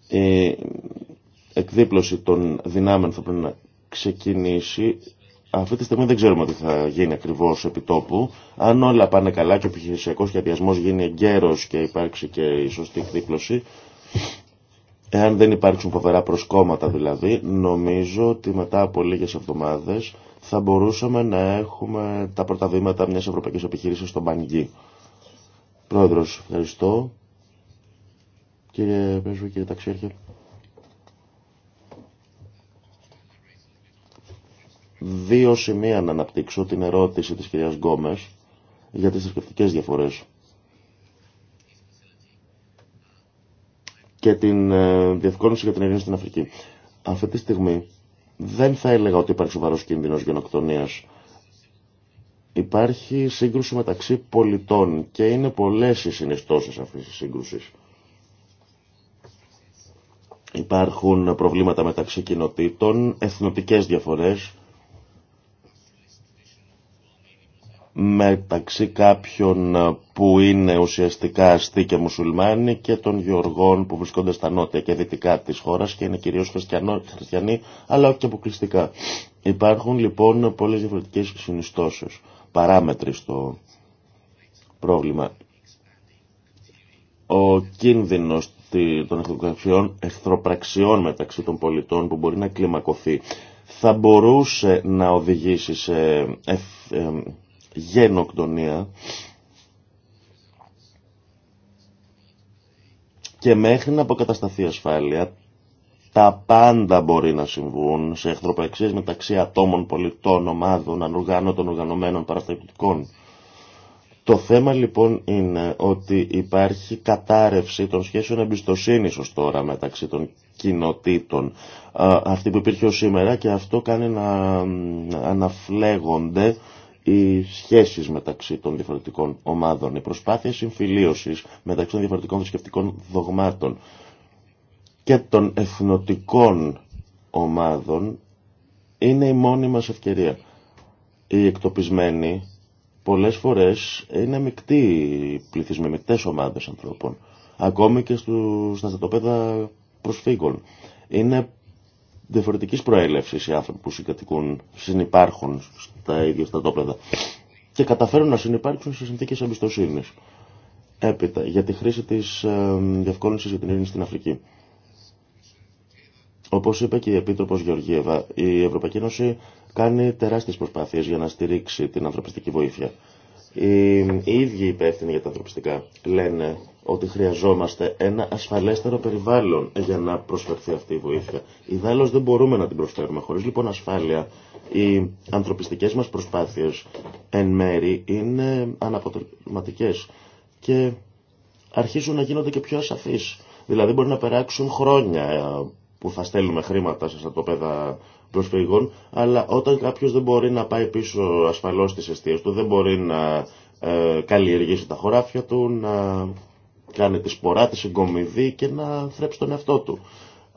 Η εκδίπλωση των δυνάμεων θα πρέπει να ξεκινήσει. Αυτή τη στιγμή δεν ξέρουμε τι θα γίνει ακριβώ επί τόπου. Αν όλα πάνε καλά και ο επιχειρησιακό σχεδιασμό γίνει εγκαίρο και υπάρξει και η σωστή εκδίπλωση, εάν δεν υπάρξουν φοβερά προσκόμματα δηλαδή, νομίζω ότι μετά από λίγε εβδομάδε θα μπορούσαμε να έχουμε τα πρώτα βήματα μια ευρωπαϊκή επιχείρηση στον Πανγκή. Πρόεδρος, ευχαριστώ. Κύριε Πρέσβη, κύριε Ταξίρχε. Δύο σημεία να αναπτύξω την ερώτηση της κυρίας Γκόμες για τις θρησκευτικέ διαφορές. και την ε, διευκόλυνση για την ειρήνη στην Αφρική. Αυτή τη στιγμή δεν θα έλεγα ότι υπάρχει σοβαρό κίνδυνο γενοκτονία Υπάρχει σύγκρουση μεταξύ πολιτών και είναι πολλές οι συνιστώσεις αυτής της σύγκρουσης. Υπάρχουν προβλήματα μεταξύ κοινοτήτων, εθνοτικές διαφορές, μεταξύ κάποιων που είναι ουσιαστικά αστεί και μουσουλμάνοι και των γεωργών που βρισκόνται στα νότια και δυτικά της χώρας και είναι κυρίως χριστιανοί αλλά όχι αποκλειστικά. Υπάρχουν λοιπόν πολλές διαφορετικές συνιστώσεις παράμετροι στο πρόβλημα. Ο κίνδυνος των εχθροπραξιών μεταξύ των πολιτών που μπορεί να κλιμακωθεί θα μπορούσε να οδηγήσει σε γενοκτονία και μέχρι να αποκατασταθεί ασφάλεια τα πάντα μπορεί να συμβούν σε εχθροπαξίες μεταξύ ατόμων, πολιτών, ομάδων, ανοργάνωτων, οργανωμένων, παραστατικών. Το θέμα λοιπόν είναι ότι υπάρχει κατάρρευση των σχέσεων εμπιστοσύνης ως τώρα μεταξύ των κοινοτήτων. Αυτή που υπήρχε ως σήμερα και αυτό κάνει να αναφλέγονται οι σχέσεις μεταξύ των διαφορετικών ομάδων, οι προσπάθειες συμφιλίωσης μεταξύ των διαφορετικών θρησκευτικών δογμάτων και των εθνοτικών ομάδων είναι η μόνη μας ευκαιρία. Οι εκτοπισμένοι πολλές φορές είναι μεικτοί πληθυσμοί, μεικτές ομάδες ανθρώπων, ακόμη και στους στα στρατοπέδα προσφύγων. Είναι διαφορετική προέλευση οι άνθρωποι που συγκατοικούν, συνυπάρχουν στα ίδια στρατόπεδα και καταφέρουν να συνεπάρξουν σε συνθήκε εμπιστοσύνη. Έπειτα, για τη χρήση τη ε, για την ειρήνη στην Αφρική. Όπως είπε και η Επίτροπος Γεωργίευα, η Ευρωπαϊκή Ένωση κάνει τεράστιες προσπάθειες για να στηρίξει την ανθρωπιστική βοήθεια. Οι, οι ίδιοι υπεύθυνοι για τα ανθρωπιστικά λένε ότι χρειαζόμαστε ένα ασφαλέστερο περιβάλλον για να προσφερθεί αυτή η βοήθεια. Ιδάλλως δεν μπορούμε να την προσφέρουμε. Χωρίς λοιπόν ασφάλεια, οι ανθρωπιστικές μας προσπάθειες εν μέρη είναι αναποτελεσματικές και αρχίζουν να γίνονται και πιο ασαφείς. Δηλαδή μπορεί να περάξουν χρόνια ε, που θα στέλνουμε χρήματα σε στρατοπέδα προσφύγων, αλλά όταν κάποιο δεν μπορεί να πάει πίσω ασφαλώ στι αιστείε του, δεν μπορεί να ε, καλλιεργήσει τα χωράφια του, να κάνει τη σπορά, τη συγκομιδή και να θρέψει τον εαυτό του.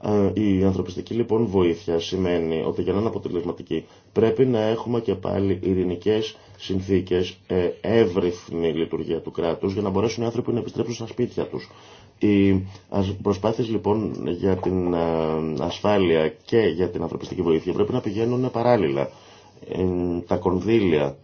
Ε, η ανθρωπιστική λοιπόν βοήθεια σημαίνει ότι για να είναι αποτελεσματική πρέπει να έχουμε και πάλι ειρηνικέ συνθήκε, ε, εύρυθμη λειτουργία του κράτου για να μπορέσουν οι άνθρωποι να επιστρέψουν στα σπίτια του. Οι προσπάθειες λοιπόν για την ε, ασφάλεια και για την ανθρωπιστική βοήθεια πρέπει να πηγαίνουν παράλληλα. Ε, τα κονδύλια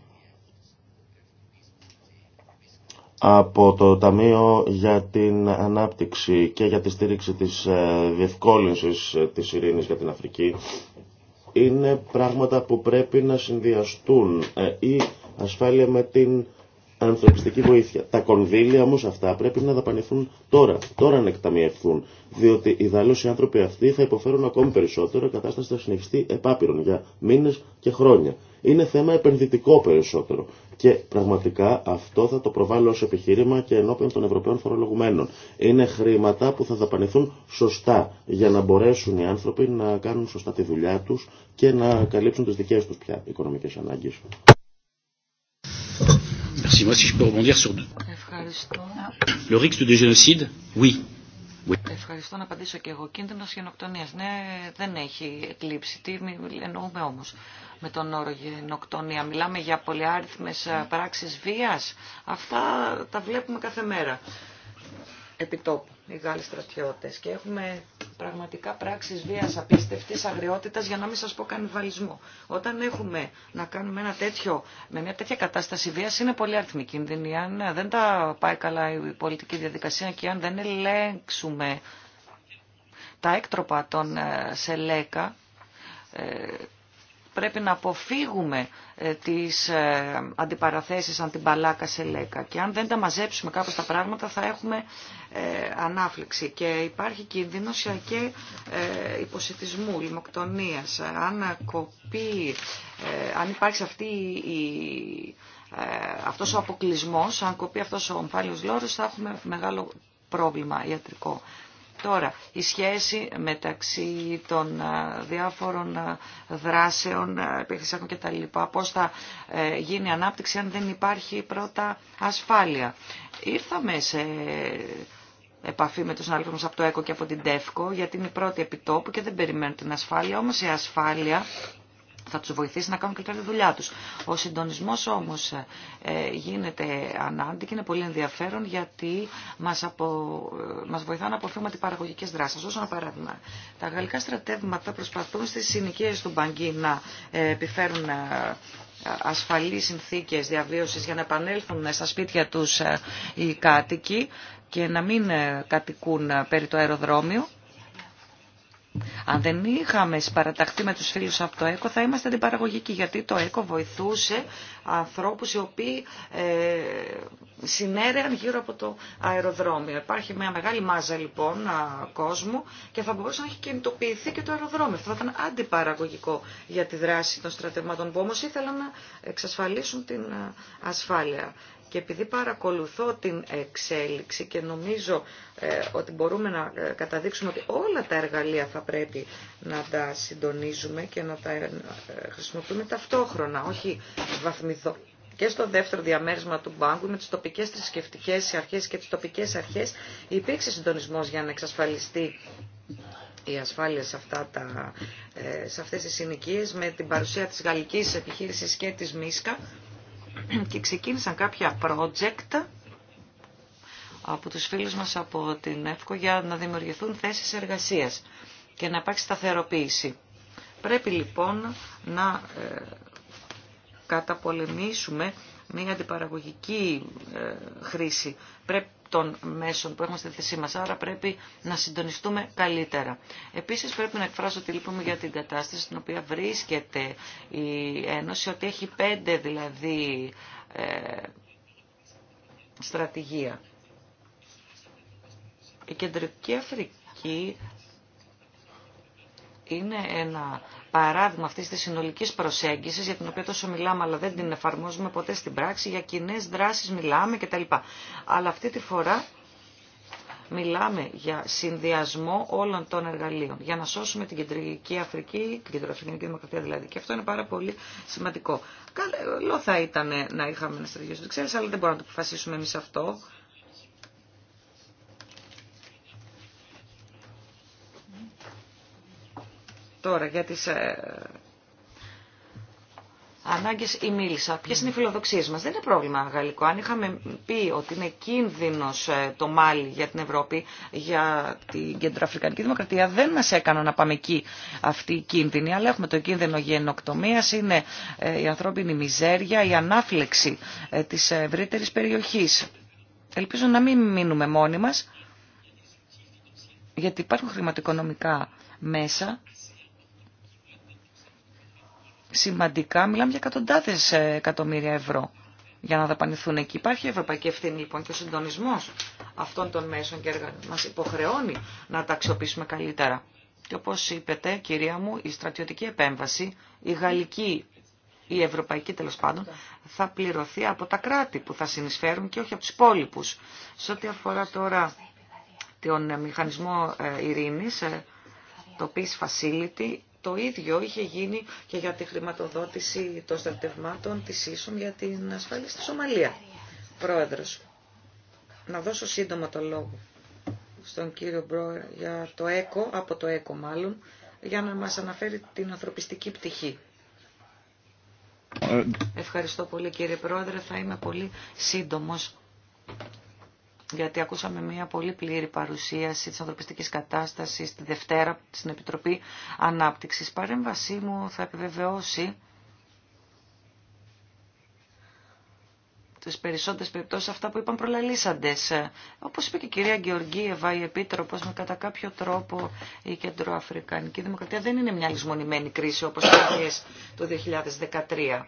από το Ταμείο για την Ανάπτυξη και για τη στήριξη της ε, διευκόλυνσης της ειρήνης για την Αφρική είναι πράγματα που πρέπει να συνδυαστούν η ασφάλεια με την ανθρωπιστική βοήθεια. Τα κονδύλια όμω αυτά πρέπει να δαπανηθούν τώρα, τώρα να εκταμιευθούν, διότι οι δαλώς οι άνθρωποι αυτοί θα υποφέρουν ακόμη περισσότερο, η κατάσταση θα συνεχιστεί επάπειρον για μήνε και χρόνια. Είναι θέμα επενδυτικό περισσότερο και πραγματικά αυτό θα το προβάλλω ω επιχείρημα και ενώπιον των Ευρωπαίων φορολογουμένων. Είναι χρήματα που θα δαπανηθούν σωστά για να μπορέσουν οι άνθρωποι να κάνουν σωστά τη δουλειά του και να καλύψουν τι δικέ του πια οικονομικέ ανάγκε. Moi, si je peux rebondir sur le risque de génocide, oui. Ευχαριστώ να απαντήσω και εγώ. Κίνδυνο γενοκτονία. Ναι, δεν έχει εκλείψει. Τι εννοούμε όμω με τον όρο γενοκτονία. Μιλάμε για πολυάριθμε ε, πράξει βία. Αυτά τα βλέπουμε κάθε μέρα. Επιτόπου οι Γάλλοι στρατιώτες και έχουμε πραγματικά πράξεις βίας απίστευτης αγριότητας για να μην σας πω κανιβαλισμό. Όταν έχουμε να κάνουμε ένα τέτοιο, με μια τέτοια κατάσταση βίας είναι πολύ αριθμή κίνδυνη. Αν δεν τα πάει καλά η πολιτική διαδικασία και αν δεν ελέγξουμε τα έκτροπα των ε, Σελέκα, ε, πρέπει να αποφύγουμε ε, τις ε, αντιπαραθέσεις αντιμπαλάκα σε λέκα και αν δεν τα μαζέψουμε κάπως τα πράγματα θα έχουμε ε, ανάφλεξη και υπάρχει κίνδυνος και υποσυτισμού, λιμοκτονίας. Αν κοπεί, αν υπάρχει αυτή η... αυτός ο αποκλεισμός, αν κοπεί αυτός ο ομφάλιος λόρος θα έχουμε μεγάλο πρόβλημα ιατρικό. Τώρα, η σχέση μεταξύ των ε, διάφορων ε, δράσεων, ε, τα κτλ. Πώς θα γίνει η ανάπτυξη αν δεν υπάρχει πρώτα ασφάλεια. Ήρθαμε σε επαφή με τους συναδέλφους από το ΕΚΟ και από την ΤΕΦΚΟ, γιατί είναι η πρώτη επιτόπου και δεν περιμένουν την ασφάλεια. Όμως η ασφάλεια θα τους βοηθήσει να κάνουν καλύτερα τη δουλειά τους. Ο συντονισμός όμως ε, ε, γίνεται ανάντη και είναι πολύ ενδιαφέρον γιατί μας, απο... Ε, μας βοηθά να αποφύγουμε παραγωγικές δράσεις. Όσο ένα παράδειγμα. Τα γαλλικά στρατεύματα προσπαθούν στις συνοικίες του Μπαγκή να επιφέρουν ασφαλείς συνθήκες διαβίωση για να επανέλθουν στα σπίτια τους οι κάτοικοι και να μην κατοικούν περί το αεροδρόμιο. Αν δεν είχαμε συμπαραταχθεί με τους φίλους από το ΕΚΟ θα είμαστε αντιπαραγωγικοί γιατί το ΕΚΟ βοηθούσε ανθρώπους οι οποίοι ε, συνέρεαν γύρω από το αεροδρόμιο. Υπάρχει μια μεγάλη μάζα λοιπόν κόσμου και θα μπορούσε να έχει κινητοποιηθεί και το αεροδρόμιο. Αυτό θα ήταν αντιπαραγωγικό για τη δράση των στρατευμάτων που όμως ήθελαν να εξασφαλίσουν την ασφάλεια. Και επειδή παρακολουθώ την εξέλιξη και νομίζω ε, ότι μπορούμε να ε, καταδείξουμε ότι όλα τα εργαλεία θα πρέπει να τα συντονίζουμε και να τα ε, χρησιμοποιούμε ταυτόχρονα, όχι βαθμιδό. Και στο δεύτερο διαμέρισμα του μπάνκου με τις τοπικές θρησκευτικέ αρχές και τις τοπικές αρχές υπήρξε συντονισμός για να εξασφαλιστεί η ασφάλεια σε, αυτά τα, σε αυτές τις συνοικίες με την παρουσία της γαλλικής επιχείρησης και της ΜΙΣΚΑ και ξεκίνησαν κάποια project από τους φίλους μας από την ΕΦΚΟ για να δημιουργηθούν θέσεις εργασίας και να υπάρξει σταθεροποίηση. Πρέπει λοιπόν να ε, καταπολεμήσουμε μια αντιπαραγωγική ε, χρήση πρέπει των μέσων που έχουμε στη θέση μας, άρα πρέπει να συντονιστούμε καλύτερα. Επίσης πρέπει να εκφράσω ότι λύπη για την κατάσταση στην οποία βρίσκεται η Ένωση, ότι έχει πέντε δηλαδή ε, στρατηγία. Η Κεντρική Αφρική είναι ένα παράδειγμα αυτής της συνολικής προσέγγισης για την οποία τόσο μιλάμε αλλά δεν την εφαρμόζουμε ποτέ στην πράξη, για κοινέ δράσεις μιλάμε κτλ. Αλλά αυτή τη φορά μιλάμε για συνδυασμό όλων των εργαλείων για να σώσουμε την Κεντρική Αφρική, την Κεντροαφρικανική Δημοκρατία δηλαδή. Και αυτό είναι πάρα πολύ σημαντικό. Καλό θα ήταν να είχαμε ένα στρατηγείο στις αλλά δεν μπορούμε να το αποφασίσουμε εμείς αυτό. Τώρα για τις ε, ανάγκες ή μίλησα. Ποιες είναι οι φιλοδοξίες μας. Δεν είναι πρόβλημα γαλλικό. Αν είχαμε πει ότι είναι κίνδυνος ε, το Μάλι για την Ευρώπη, για την Κεντροαφρικανική Δημοκρατία, δεν μας έκαναν να πάμε εκεί αυτή η κίνδυνη. Αλλά έχουμε το κίνδυνο γενοκτομίας, είναι ε, η ανθρώπινη μιζέρια, η ανάφλεξη της ευρύτερη περιοχής. Ελπίζω να μην μείνουμε μόνοι μας, γιατί υπάρχουν χρηματοοικονομικά μέσα σημαντικά, μιλάμε για εκατοντάδε ε, εκατομμύρια ευρώ για να δαπανηθούν εκεί. Υπάρχει η ευρωπαϊκή ευθύνη λοιπόν και ο συντονισμό αυτών των μέσων και έργων μα υποχρεώνει να τα αξιοποιήσουμε καλύτερα. Και όπω είπετε, κυρία μου, η στρατιωτική επέμβαση, η γαλλική ή η ευρωπαϊκή τέλο πάντων, θα πληρωθεί από τα κράτη που θα συνεισφέρουν και όχι από του υπόλοιπου. Σε ό,τι αφορά τώρα τον μηχανισμό ε, ειρήνη, ε, το Peace Facility, το ίδιο είχε γίνει και για τη χρηματοδότηση των στρατευμάτων της ίσων για την ασφάλεια στη Σομαλία. Πρόεδρος, να δώσω σύντομα το λόγο στον κύριο Μπρόερ για το ΕΚΟ, από το ΕΚΟ μάλλον, για να μας αναφέρει την ανθρωπιστική πτυχή. Ε, Ευχαριστώ πολύ κύριε Πρόεδρε, θα είμαι πολύ σύντομος γιατί ακούσαμε μια πολύ πλήρη παρουσίαση της ανθρωπιστικής κατάστασης τη Δευτέρα στην Επιτροπή Ανάπτυξης. Η παρέμβασή μου θα επιβεβαιώσει τις περισσότερες περιπτώσεις αυτά που είπαν προλαλήσαντες. Όπως είπε και η κυρία Γεωργίευα, η Επίτροπος, με κατά κάποιο τρόπο η Κεντροαφρικανική Δημοκρατία δεν είναι μια λησμονημένη κρίση όπως το 2013.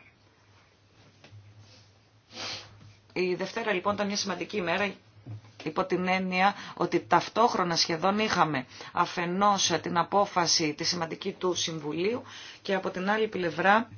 Η Δευτέρα λοιπόν ήταν μια σημαντική ημέρα υπό την έννοια ότι ταυτόχρονα σχεδόν είχαμε αφενός την απόφαση τη σημαντική του Συμβουλίου και από την άλλη πλευρά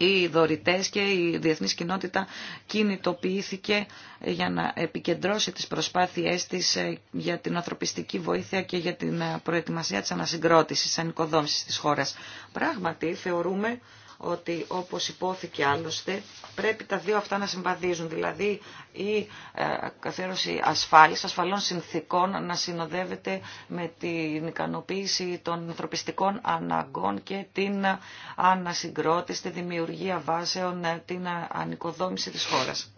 οι δωρητές και η διεθνής κοινότητα κινητοποιήθηκε για να επικεντρώσει τις προσπάθειές της ε, για την ανθρωπιστική βοήθεια και για την ε, προετοιμασία της ανασυγκρότησης, της ανοικοδόμησης της χώρας. Πράγματι θεωρούμε ότι όπως υπόθηκε άλλωστε πρέπει τα δύο αυτά να συμβαδίζουν, δηλαδή η ε, καθέρωση ασφάλειας, ασφαλών συνθήκων να συνοδεύεται με την ικανοποίηση των ανθρωπιστικών αναγκών και την ανασυγκρότηση, τη δημιουργία βάσεων, ε, την ανοικοδόμηση της χώρας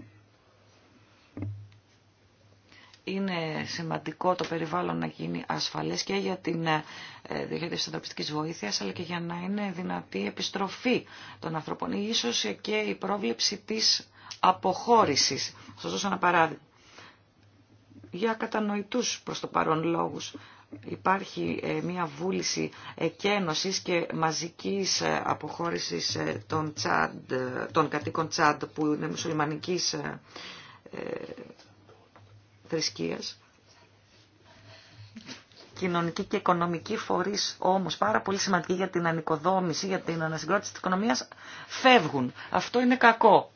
είναι σημαντικό το περιβάλλον να γίνει ασφαλές και για την ε, διαχείριση ανθρωπιστικής βοήθειας, αλλά και για να είναι δυνατή η επιστροφή των ανθρώπων, ίσως και η πρόβλεψη της αποχώρησης. Θα σας δώσω ένα παράδειγμα. Για κατανοητούς προς το παρόν λόγους υπάρχει ε, μια βούληση εκένωσης και μαζικής ε, αποχώρησης των, τσάντ, των κατοίκων Τσάντ που είναι μουσουλμανικής θρησκείας. Κοινωνική και οικονομική φορείς όμως πάρα πολύ σημαντική για την ανοικοδόμηση, για την ανασυγκρότηση της οικονομίας, φεύγουν. Αυτό είναι κακό.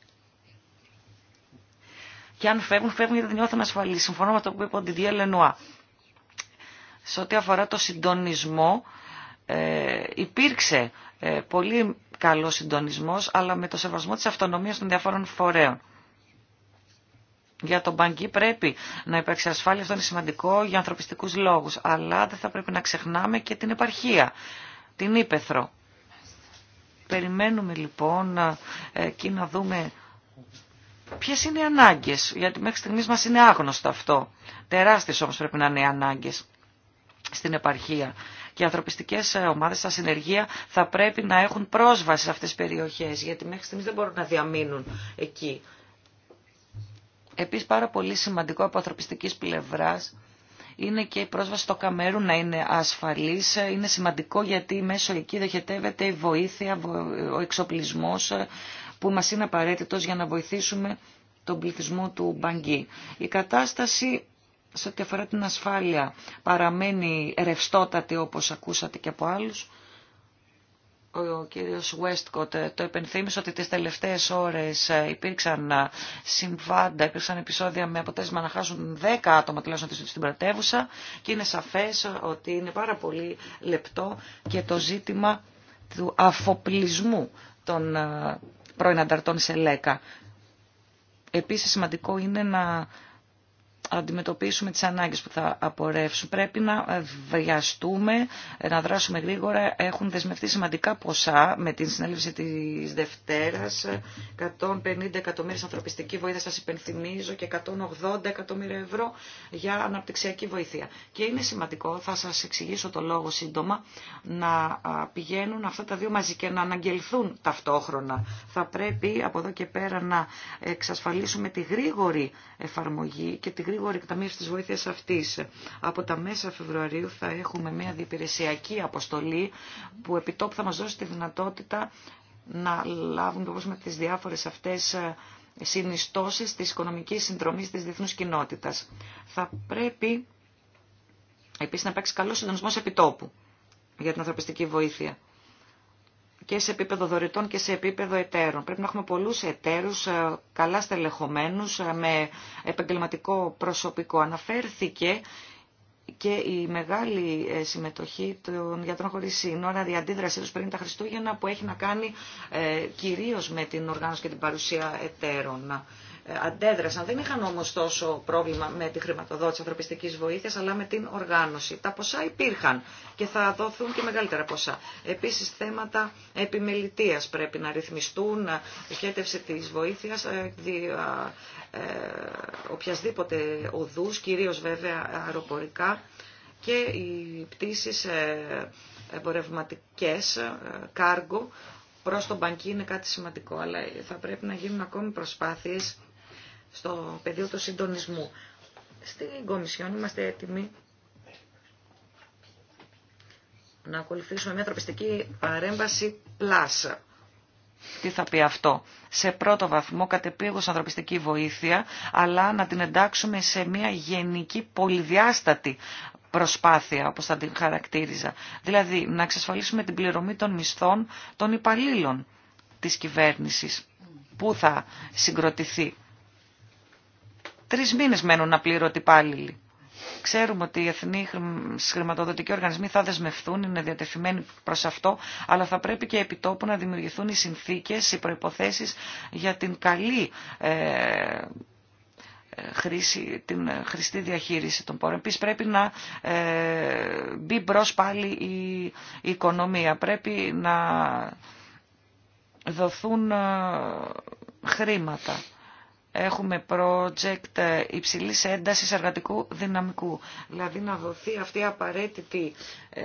Και αν φεύγουν, φεύγουν γιατί δεν νιώθουν ασφαλείς. Συμφωνώ με το που είπε ο Ντιδιέ Λενουά. Σε ό,τι αφορά το συντονισμό, ε, υπήρξε ε, πολύ καλό συντονισμός, αλλά με το σεβασμό της αυτονομίας των διαφόρων φορέων για τον Μπαγκή πρέπει να υπάρξει ασφάλεια, αυτό είναι σημαντικό για ανθρωπιστικούς λόγους. Αλλά δεν θα πρέπει να ξεχνάμε και την επαρχία, την Ήπεθρο. Περιμένουμε λοιπόν εκεί να δούμε ποιες είναι οι ανάγκες, γιατί μέχρι στιγμής μας είναι άγνωστο αυτό. Τεράστιες όμως πρέπει να είναι οι ανάγκες στην επαρχία. Και οι ανθρωπιστικέ ομάδε στα συνεργεία θα πρέπει να έχουν πρόσβαση σε αυτές τις περιοχές, γιατί μέχρι στιγμής δεν μπορούν να διαμείνουν εκεί. Επίσης πάρα πολύ σημαντικό από ανθρωπιστικής πλευράς είναι και η πρόσβαση στο Καμέρου να είναι ασφαλής. Είναι σημαντικό γιατί μέσω εκεί δεχετεύεται η βοήθεια, ο εξοπλισμός ε, που μας είναι απαραίτητος για να βοηθήσουμε τον πληθυσμό του Μπαγκή. Η κατάσταση σε ό,τι αφορά την ασφάλεια παραμένει ρευστότατη όπως ακούσατε και από άλλους ο κύριος Βέστκοτ ε, το επενθύμισε ότι τις τελευταίες ώρες ε, υπήρξαν ε, συμβάντα, υπήρξαν επεισόδια με αποτέλεσμα να χάσουν 10 άτομα τουλάχιστον στην πρωτεύουσα και είναι σαφές ότι είναι πάρα πολύ λεπτό και το ζήτημα του αφοπλισμού των πρώην ανταρτών σε λέκα. Επίσης σημαντικό είναι να αντιμετωπίσουμε τις ανάγκες που θα απορρεύσουν. Πρέπει να βιαστούμε, να δράσουμε γρήγορα. Έχουν δεσμευτεί σημαντικά ποσά με την συνέλευση της Δευτέρας. 150 εκατομμύρια ανθρωπιστική βοήθεια σας υπενθυμίζω και 180 εκατομμύρια ευρώ για αναπτυξιακή βοήθεια. Και είναι σημαντικό, θα σας εξηγήσω το λόγο σύντομα, να πηγαίνουν αυτά τα δύο μαζί και να αναγγελθούν ταυτόχρονα. Θα πρέπει από εδώ και πέρα να εξασφαλίσουμε τη γρήγορη εφαρμογή και τη γρήγορη εκταμείωση της βοήθειας αυτής. Από τα μέσα Φεβρουαρίου θα έχουμε μια διπηρεσιακή αποστολή που επιτόπου θα μας δώσει τη δυνατότητα να λάβουμε όπως με τις διάφορες αυτές ε, συνιστώσεις της οικονομικής συνδρομής της διεθνούς κοινότητας. Θα πρέπει επίσης να υπάρξει καλό συντονισμός επιτόπου για την ανθρωπιστική βοήθεια και σε επίπεδο δωρητών και σε επίπεδο εταίρων. Πρέπει να έχουμε πολλούς εταίρους ε, καλά στελεχωμένους ε, με επαγγελματικό προσωπικό. Αναφέρθηκε και η μεγάλη ε, συμμετοχή των γιατρών χωρί σύνορα, η αντίδρασή του πριν τα Χριστούγεννα, που έχει να κάνει κυρίω με την οργάνωση και την παρουσία εταίρων αντέδρασαν. Δεν είχαν όμως τόσο πρόβλημα με τη χρηματοδότηση ανθρωπιστικής βοήθειας, αλλά με την οργάνωση. Τα ποσά υπήρχαν και θα δοθούν και μεγαλύτερα ποσά. Επίσης θέματα επιμελητίας πρέπει να ρυθμιστούν, σχέτευση της βοήθειας, ε, ε, οποιασδήποτε οδούς, κυρίως βέβαια αεροπορικά και οι πτήσεις ε, εμπορευματικές, κάργο, προς τον Πανκί είναι κάτι σημαντικό, αλλά θα πρέπει να γίνουν ακόμη προσπάθειες στο πεδίο του συντονισμού. Στην Κομισιόν είμαστε έτοιμοι να ακολουθήσουμε μια ανθρωπιστική παρέμβαση πλάσα. Τι θα πει αυτό. Σε πρώτο βαθμό κατεπίγουσα ανθρωπιστική βοήθεια, αλλά να την εντάξουμε σε μια γενική πολυδιάστατη προσπάθεια, όπως θα την χαρακτήριζα. Δηλαδή, να εξασφαλίσουμε την πληρωμή των μισθών των υπαλλήλων της κυβέρνησης. Πού θα συγκροτηθεί Τρει μήνε μένουν απλήρωτοι πάλι. Ξέρουμε ότι οι εθνοί χρηματοδοτικοί οργανισμοί θα δεσμευθούν, είναι διατεθειμένοι προς αυτό, αλλά θα πρέπει και επιτόπου να δημιουργηθούν οι συνθήκες, οι προϋποθέσεις για την καλή ε, ε χρήση, την χρηστή διαχείριση των πόρων. Επίση, πρέπει να ε, μπει μπρο πάλι η, οικονομία. Πρέπει να δοθούν ε, χρήματα έχουμε project υψηλής έντασης εργατικού δυναμικού. Δηλαδή να δοθεί αυτή η απαραίτητη ε,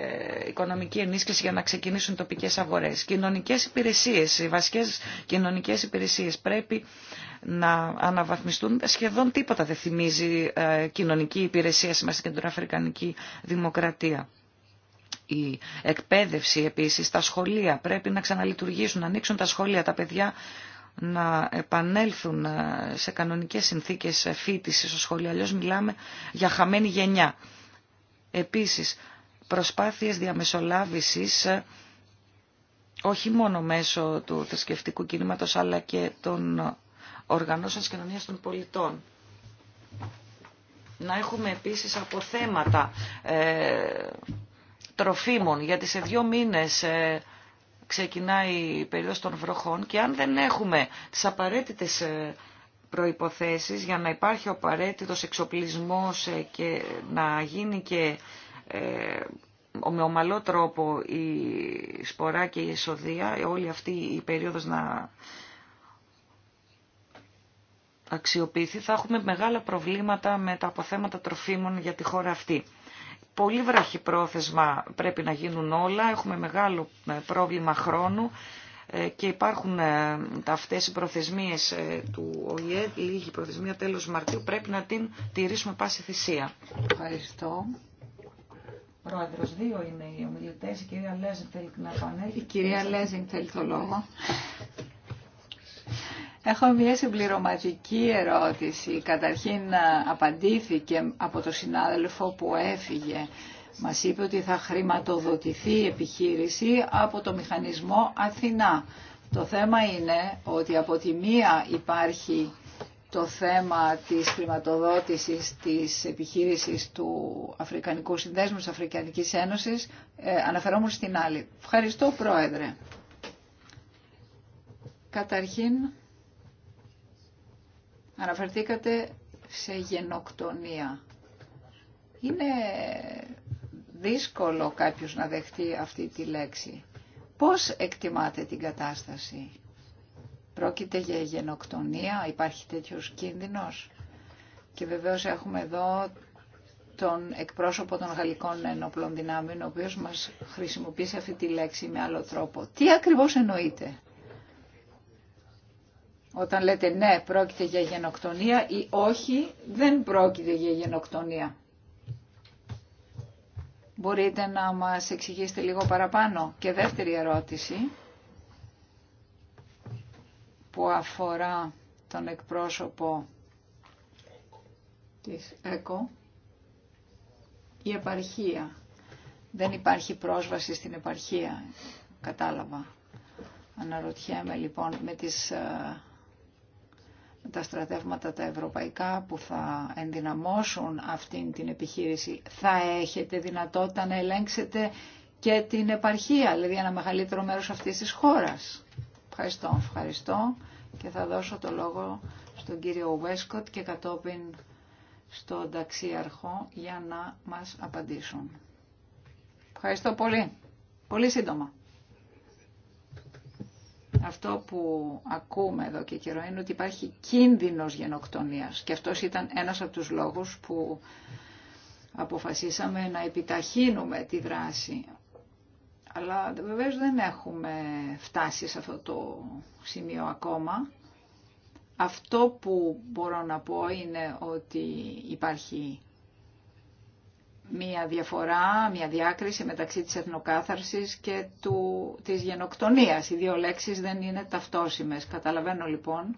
οικονομική ενίσχυση για να ξεκινήσουν τοπικές αγορές. Κοινωνικές υπηρεσίες, οι βασικές κοινωνικές υπηρεσίες πρέπει να αναβαθμιστούν. Σχεδόν τίποτα δεν θυμίζει ε, κοινωνική υπηρεσία σήμερα στην κεντροαφρικανική δημοκρατία. Η εκπαίδευση επίσης, τα σχολεία πρέπει να ξαναλειτουργήσουν, να ανοίξουν τα σχολεία. Τα παιδιά να επανέλθουν ε, σε κανονικές συνθήκες ε, φύτηση στο σχολείο. Αλλιώς μιλάμε για χαμένη γενιά. Επίσης, προσπάθειες διαμεσολάβησης ε, όχι μόνο μέσω του θρησκευτικού κινήματος αλλά και των οργανώσεων της κοινωνίας των πολιτών. Να έχουμε επίσης αποθέματα ε, τροφίμων, γιατί σε δύο μήνες ξεκινάει η περίοδος των βροχών και αν δεν έχουμε τις απαραίτητες ε, προϋποθέσεις για να υπάρχει ο απαραίτητος εξοπλισμός ε, και να γίνει και ε, με ομαλό τρόπο η σπορά και η εσοδεία, όλη αυτή η περίοδος να αξιοποιηθεί, θα έχουμε μεγάλα προβλήματα με τα αποθέματα τροφίμων για τη χώρα αυτή πολύ πρόθεσμα πρέπει να γίνουν όλα. Έχουμε μεγάλο ε, πρόβλημα χρόνου ε, και υπάρχουν ε, αυτές οι προθεσμίες του ΟΗΕ, λίγη προθεσμία τέλος Μαρτίου, πρέπει να την τηρήσουμε πάση θυσία. Ευχαριστώ. Πρόεδρος, δύο είναι οι ομιλητές. Η κυρία θέλει να Η κυρία Λέζινγκ θέλει το λόγο. Έχω μια συμπληρωματική ερώτηση. Καταρχήν ε, απαντήθηκε από το συνάδελφο που έφυγε. Μας είπε ότι θα χρηματοδοτηθεί η επιχείρηση από το μηχανισμό Αθηνά. Το θέμα είναι ότι από τη μία υπάρχει το θέμα της χρηματοδότησης της επιχείρησης του Αφρικανικού Συνδέσμου της Αφρικανικής Ένωσης. Ε, αναφερόμουν στην άλλη. Ευχαριστώ, Πρόεδρε. Καταρχήν, Αναφερθήκατε σε γενοκτονία. Είναι δύσκολο κάποιος να δεχτεί αυτή τη λέξη. Πώς εκτιμάτε την κατάσταση. Πρόκειται για γενοκτονία, υπάρχει τέτοιος κίνδυνος. Και βεβαίως έχουμε εδώ τον εκπρόσωπο των Γαλλικών Ενόπλων Δυνάμεων, ο οποίος μας χρησιμοποίησε αυτή τη λέξη με άλλο τρόπο. Τι ακριβώς εννοείται. Όταν λέτε ναι πρόκειται για γενοκτονία ή όχι δεν πρόκειται για γενοκτονία. Μπορείτε να μας εξηγήσετε λίγο παραπάνω. Και δεύτερη ερώτηση που αφορά τον εκπρόσωπο της ΕΚΟ, η επαρχία. Δεν υπάρχει πρόσβαση στην επαρχία, κατάλαβα. Αναρωτιέμαι λοιπόν με τις ε, τα στρατεύματα τα ευρωπαϊκά που θα ενδυναμώσουν αυτήν την επιχείρηση, θα έχετε δυνατότητα να ελέγξετε και την επαρχία, δηλαδή ένα μεγαλύτερο μέρος αυτής της χώρας. Ευχαριστώ, ευχαριστώ και θα δώσω το λόγο στον κύριο Βέσκοτ και κατόπιν στον ταξίαρχο για να μας απαντήσουν. Ευχαριστώ πολύ. Πολύ σύντομα. Αυτό που ακούμε εδώ και καιρό είναι ότι υπάρχει κίνδυνος γενοκτονίας και αυτός ήταν ένας από τους λόγους που αποφασίσαμε να επιταχύνουμε τη δράση. Αλλά βεβαίως δεν έχουμε φτάσει σε αυτό το σημείο ακόμα. Αυτό που μπορώ να πω είναι ότι υπάρχει μία διαφορά, μία διάκριση μεταξύ της εθνοκάθαρσης και του, της γενοκτονίας. Οι δύο λέξεις δεν είναι ταυτόσιμες. Καταλαβαίνω λοιπόν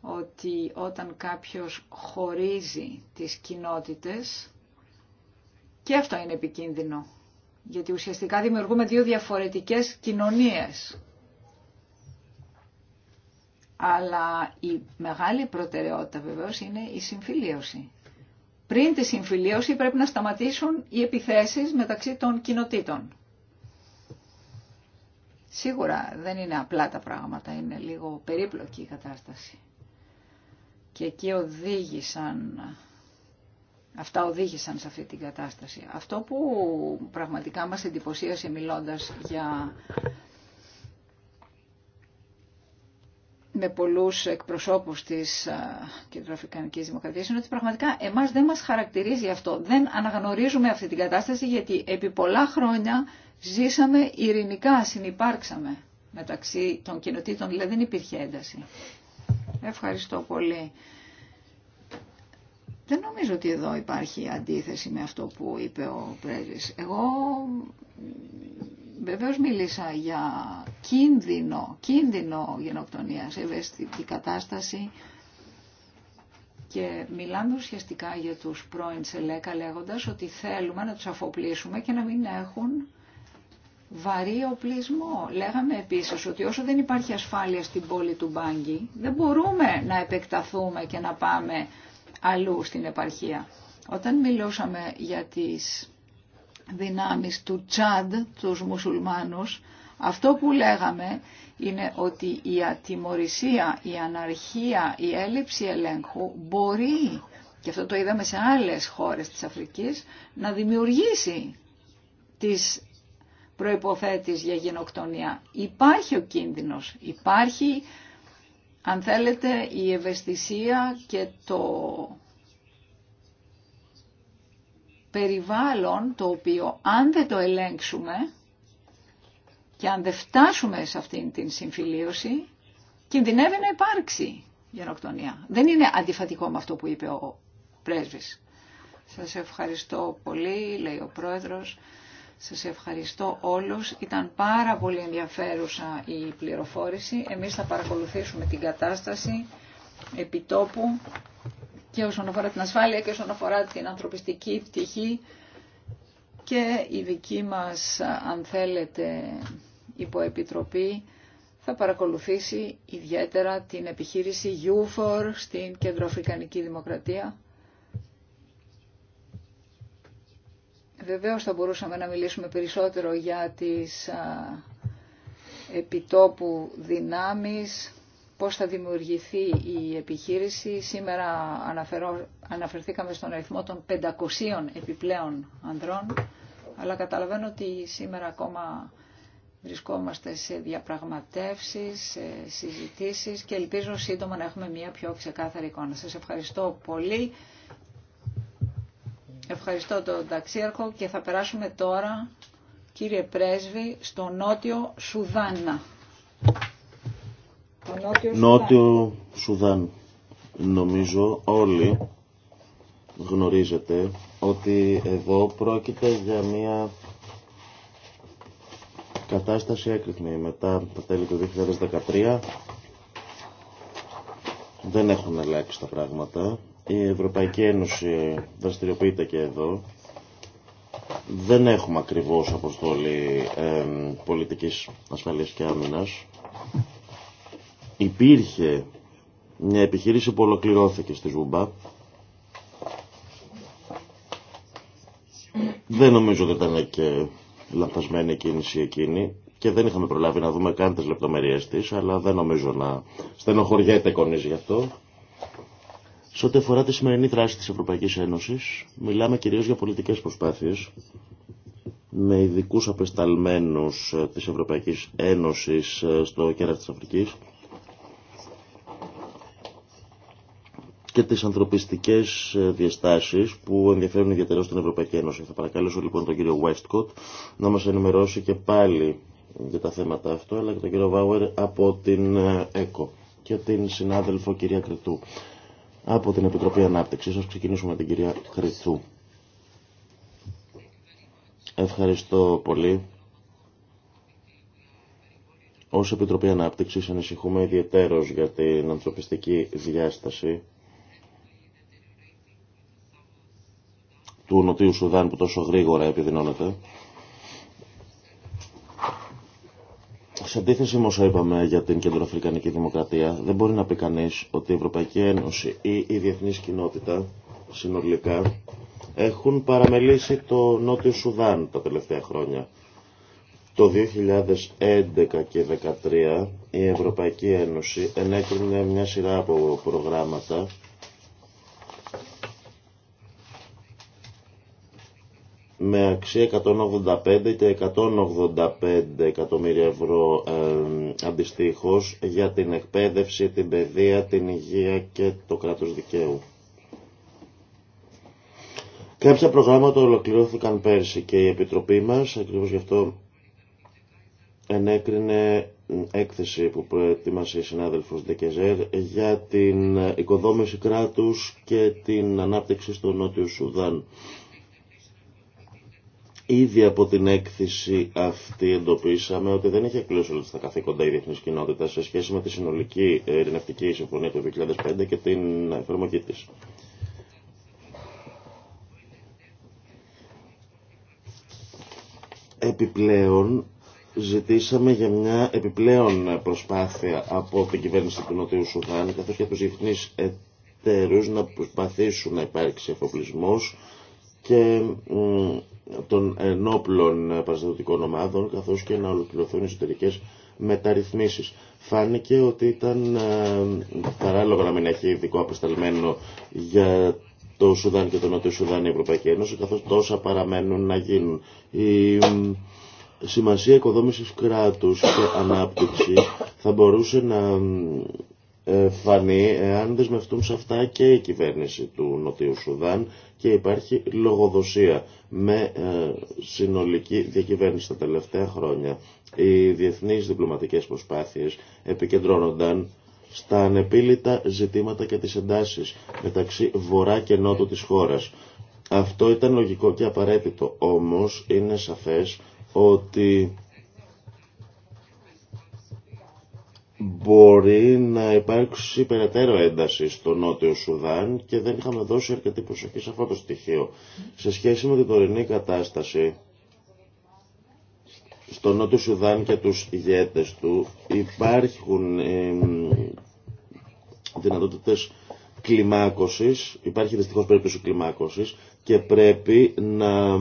ότι όταν κάποιος χωρίζει τις κοινότητες και αυτό είναι επικίνδυνο. Γιατί ουσιαστικά δημιουργούμε δύο διαφορετικές κοινωνίες. Αλλά η μεγάλη προτεραιότητα βεβαίως είναι η συμφιλίωση πριν τη συμφιλίωση πρέπει να σταματήσουν οι επιθέσεις μεταξύ των κοινοτήτων. Σίγουρα δεν είναι απλά τα πράγματα, είναι λίγο περίπλοκη η κατάσταση. Και εκεί οδήγησαν, αυτά οδήγησαν σε αυτή την κατάσταση. Αυτό που πραγματικά μας εντυπωσίασε μιλώντας για με πολλούς εκπροσώπους της Κεντροαφρικανικής Δημοκρατίας είναι ότι πραγματικά εμάς δεν μας χαρακτηρίζει αυτό. Δεν αναγνωρίζουμε αυτή την κατάσταση γιατί επί πολλά χρόνια ζήσαμε ειρηνικά, συνεπάρξαμε μεταξύ των κοινοτήτων, δηλαδή δεν υπήρχε ένταση. Ευχαριστώ πολύ. Δεν νομίζω ότι εδώ υπάρχει αντίθεση με αυτό που είπε ο πρέσβης. Εγώ Βεβαίως μίλησα για κίνδυνο, κίνδυνο γενοκτονίας, ευαίσθητη κατάσταση και μιλάμε ουσιαστικά για τους πρώην Σελέκα λέγοντας ότι θέλουμε να τους αφοπλίσουμε και να μην έχουν βαρύ οπλισμό. Λέγαμε επίσης ότι όσο δεν υπάρχει ασφάλεια στην πόλη του Μπάγκη δεν μπορούμε να επεκταθούμε και να πάμε αλλού στην επαρχία. Όταν μιλούσαμε για τις δυνάμεις του Τσάντ, τους μουσουλμάνους, αυτό που λέγαμε είναι ότι η ατιμορρησία, η αναρχία, η έλλειψη ελέγχου μπορεί, και αυτό το είδαμε σε άλλες χώρες της Αφρικής, να δημιουργήσει τις προϋποθέτης για γενοκτονία. Υπάρχει ο κίνδυνος, υπάρχει αν θέλετε η ευαισθησία και το περιβάλλον το οποίο αν δεν το ελέγξουμε και αν δεν φτάσουμε σε αυτήν την συμφιλίωση, κινδυνεύει να υπάρξει γενοκτονία. Δεν είναι αντιφατικό με αυτό που είπε ο πρέσβης. Σας ευχαριστώ πολύ, λέει ο πρόεδρος. Σας ευχαριστώ όλους. Ήταν πάρα πολύ ενδιαφέρουσα η πληροφόρηση. Εμείς θα παρακολουθήσουμε την κατάσταση επιτόπου και όσον αφορά την ασφάλεια και όσον αφορά την ανθρωπιστική πτυχή και η δική μας, αν θέλετε, υποεπιτροπή θα παρακολουθήσει ιδιαίτερα την επιχειρηση UFOR στην Κεντροαφρικανική Δημοκρατία. Βεβαίως θα μπορούσαμε να μιλήσουμε περισσότερο για τις επιτόπου δυνάμεις πώς θα δημιουργηθεί η επιχείρηση. Σήμερα αναφερό, αναφερθήκαμε στον αριθμό των 500 επιπλέον ανδρών, αλλά καταλαβαίνω ότι σήμερα ακόμα βρισκόμαστε σε διαπραγματεύσεις, σε συζητήσεις και ελπίζω σύντομα να έχουμε μια πιο ξεκάθαρη εικόνα. Σας ευχαριστώ πολύ. Ευχαριστώ τον ταξίαρχο και θα περάσουμε τώρα, κύριε Πρέσβη, στο νότιο Σουδάνα. Νότιο Σουδάν. Νομίζω όλοι γνωρίζετε ότι εδώ πρόκειται για μια κατάσταση έκρηκνη μετά τα τέλη του 2013 δεν έχουν αλλάξει τα πράγματα η Ευρωπαϊκή Ένωση δραστηριοποιείται και εδώ δεν έχουμε ακριβώς αποστολή ε, πολιτικής ασφαλείας και άμυνας υπήρχε μια επιχειρήση που ολοκληρώθηκε στη Ζούμπα. Δεν νομίζω ότι ήταν και λανθασμένη η κίνηση εκείνη και δεν είχαμε προλάβει να δούμε καν τις λεπτομέρειες της, αλλά δεν νομίζω να στενοχωριέται κονίζει γι' αυτό. Σε ό,τι αφορά τη σημερινή δράση της Ευρωπαϊκής Ένωσης, μιλάμε κυρίως για πολιτικές προσπάθειες με ειδικού απεσταλμένους ε, της Ευρωπαϊκής Ένωσης ε, στο Κέρα της Αφρικής, και τις ανθρωπιστικές ε, διαστάσεις που ενδιαφέρουν ιδιαίτερα στην Ευρωπαϊκή Ένωση. Θα παρακαλέσω λοιπόν τον κύριο Westcott να μας ενημερώσει και πάλι για τα θέματα αυτό, αλλά και τον κύριο Βάουερ από την ε, ΕΚΟ και την συνάδελφο κυρία Κρυτού από την Επιτροπή Ανάπτυξης. Ας ξεκινήσουμε με την κυρία Κρητού. Ευχαριστώ πολύ. Ως Επιτροπή Ανάπτυξης ανησυχούμε ιδιαίτερως για την ανθρωπιστική διάσταση του Νοτιού Σουδάν που τόσο γρήγορα επιδεινώνεται. Σε αντίθεση με όσα είπαμε για την κεντροαφρικανική δημοκρατία, δεν μπορεί να πει κανεί ότι η Ευρωπαϊκή Ένωση ή η διεθνή κοινότητα συνολικά έχουν παραμελήσει το Νότιο Σουδάν τα τελευταία χρόνια. Το 2011 και 2013 η Ευρωπαϊκή Ένωση ενέκρινε μια σειρά από προγράμματα με αξία 185 και 185 εκατομμύρια ευρώ ε, αντιστοίχως για την εκπαίδευση, την παιδεία, την υγεία και το κράτος δικαίου. Κάποια προγράμματα ολοκληρώθηκαν πέρσι και η Επιτροπή μας, ακριβώς γι' αυτό ενέκρινε έκθεση που προετοίμασε η συνάδελφος Ντεκεζέρ για την οικοδόμηση κράτους και την ανάπτυξη στο Νότιο Σουδάν. Ήδη από την έκθεση αυτή εντοπίσαμε ότι δεν είχε κλείσει όλα τα καθήκοντα η διεθνή κοινότητα σε σχέση με τη συνολική ειρηνευτική συμφωνία του 2005 και την εφαρμογή τη. Επιπλέον, ζητήσαμε για μια επιπλέον προσπάθεια από την κυβέρνηση του Νοτιού Σουδάν καθώς και του διεθνεί εταίρου να προσπαθήσουν να υπάρξει εφοπλισμό και των ενόπλων παραστατικών ομάδων καθώς και να ολοκληρωθούν εσωτερικέ μεταρρυθμίσεις. Φάνηκε ότι ήταν ε, παράλογο να μην έχει ειδικό απεσταλμένο για το Σουδάν και το Νότιο Σουδάν η Ευρωπαϊκή Ένωση καθώς τόσα παραμένουν να γίνουν. Η σημασία οικοδόμησης κράτους και ανάπτυξη θα μπορούσε να ε, φανεί εάν δεσμευτούν σε αυτά και η κυβέρνηση του Νοτιού Σουδάν και υπάρχει λογοδοσία με ε, συνολική διακυβέρνηση τα τελευταία χρόνια. Οι διεθνείς διπλωματικές προσπάθειες επικεντρώνονταν στα ανεπίλητα ζητήματα και τις εντάσεις μεταξύ βορρά και νότου της χώρας. Αυτό ήταν λογικό και απαραίτητο, όμως είναι σαφές ότι μπορεί να υπάρξει περαιτέρω ένταση στο Νότιο Σουδάν και δεν είχαμε δώσει αρκετή προσοχή σε αυτό το στοιχείο. Σε σχέση με την τωρινή κατάσταση στο Νότιο Σουδάν και τους ηγέτες του υπάρχουν ε, δυνατότητες υπάρχει δυστυχώς περίπτωση κλιμάκωσης και πρέπει να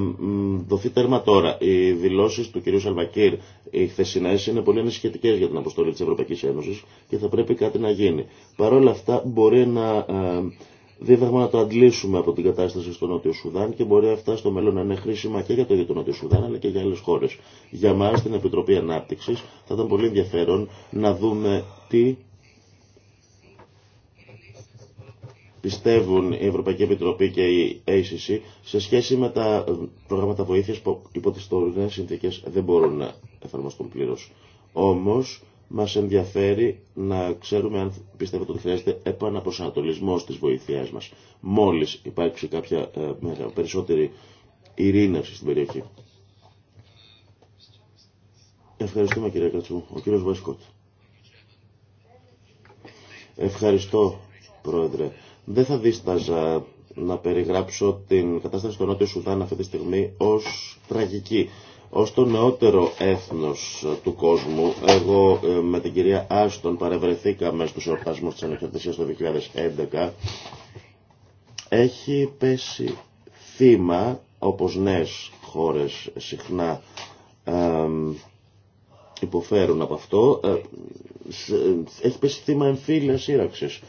δοθεί τέρμα τώρα. Οι δηλώσεις του κυρίου Σαλβακύρ, οι χθεσινές, είναι πολύ ανησυχητικέ για την αποστολή της Ευρωπαϊκής Ένωσης και θα πρέπει κάτι να γίνει. Παρ' όλα αυτά μπορεί να ε, δίδαγμα να το αντλήσουμε από την κατάσταση στο Νότιο Σουδάν και μπορεί αυτά στο μέλλον να είναι χρήσιμα και για το ίδιο το Νότιο Σουδάν αλλά και για άλλε χώρε. Για μα, στην Επιτροπή Ανάπτυξη, θα ήταν πολύ ενδιαφέρον να δούμε τι πιστεύουν η Ευρωπαϊκή Επιτροπή και η ACC σε σχέση με τα προγράμματα βοήθειας που υπό τις τωρινές συνθήκες δεν μπορούν να εφαρμοστούν πλήρως. Όμως μας ενδιαφέρει να ξέρουμε αν πιστεύετε ότι χρειάζεται επαναπροσανατολισμός της βοήθειάς μας μόλις υπάρξει κάποια ε, περισσότερη ειρήνευση στην περιοχή. Ευχαριστούμε κύριε Κατσού. Ο κύριος Βασκότ. Ευχαριστώ πρόεδρε. Δεν θα δίσταζα να περιγράψω την κατάσταση του Νότιου Σουδάν αυτή τη στιγμή ως τραγική. Ως το νεότερο έθνος του κόσμου, εγώ ε, με την κυρία Άστον παρευρεθήκαμε στους εορτασμούς της ανεξαρτησίας το 2011, έχει πέσει θύμα, όπως νέες χώρες συχνά υποφέρουν από αυτό, ε, έχει πέσει θύμα εμφύλιας σύραξης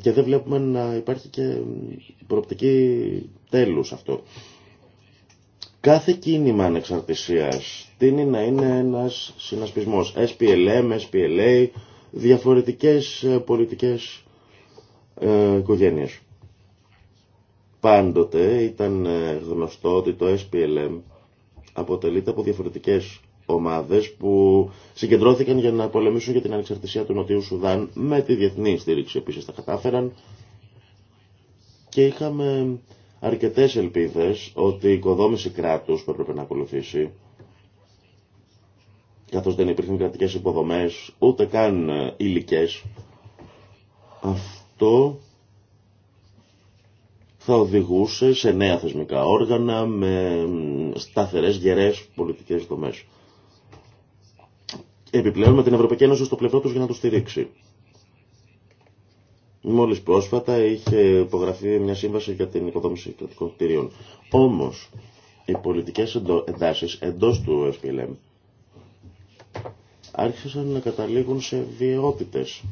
και δεν βλέπουμε να υπάρχει και προοπτική τέλους αυτό. Κάθε κίνημα ανεξαρτησίας τίνει να είναι ένας συνασπισμός. SPLM, SPLA, διαφορετικές ε, πολιτικές ε, οικογένειες. Πάντοτε ήταν ε, γνωστό ότι το SPLM αποτελείται από διαφορετικές ομάδες που συγκεντρώθηκαν για να πολεμήσουν για την ανεξαρτησία του Νοτιού Σουδάν με τη διεθνή στήριξη επίσης τα κατάφεραν και είχαμε αρκετές ελπίδες ότι η οικοδόμηση κράτους που έπρεπε να ακολουθήσει καθώς δεν υπήρχαν κρατικές υποδομές ούτε καν ε, υλικέ. αυτό θα οδηγούσε σε νέα θεσμικά όργανα με σταθερές γερές πολιτικές δομές επιπλέον με την Ευρωπαϊκή Ένωση στο πλευρό τους για να το στηρίξει. Μόλις πρόσφατα είχε υπογραφεί μια σύμβαση για την οικοδόμηση κρατικών κτηρίων. Όμως, οι πολιτικές εντάσεις εντός του FPLM άρχισαν να καταλήγουν σε βιαιότητες.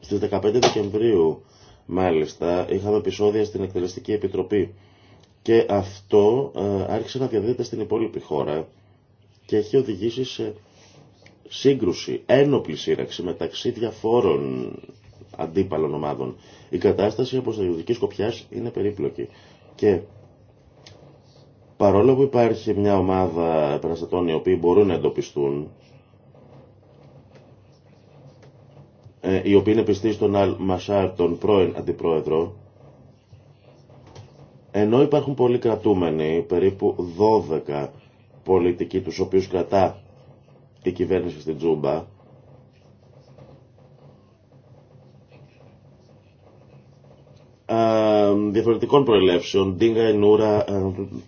Στις 15 Δεκεμβρίου, μάλιστα, είχαμε επεισόδια στην Εκτελεστική Επιτροπή και αυτό ε, άρχισε να διαδίδεται στην υπόλοιπη χώρα και έχει οδηγήσει σε σύγκρουση, ένοπλη σύραξη μεταξύ διαφόρων αντίπαλων ομάδων. Η κατάσταση από στρατιωτική σκοπιά είναι περίπλοκη. Και παρόλο που υπάρχει μια ομάδα επαναστατών οι οποίοι μπορούν να εντοπιστούν, ε, οι οποίοι είναι πιστοί στον Αλ Μασάρ, τον πρώην αντιπρόεδρο, ενώ υπάρχουν πολλοί κρατούμενοι, περίπου 12 πολιτικοί τους οποίους κρατά η κυβέρνηση στην Τζούμπα, διαφορετικών προελεύσεων, Ντίγκα, Ενούρα,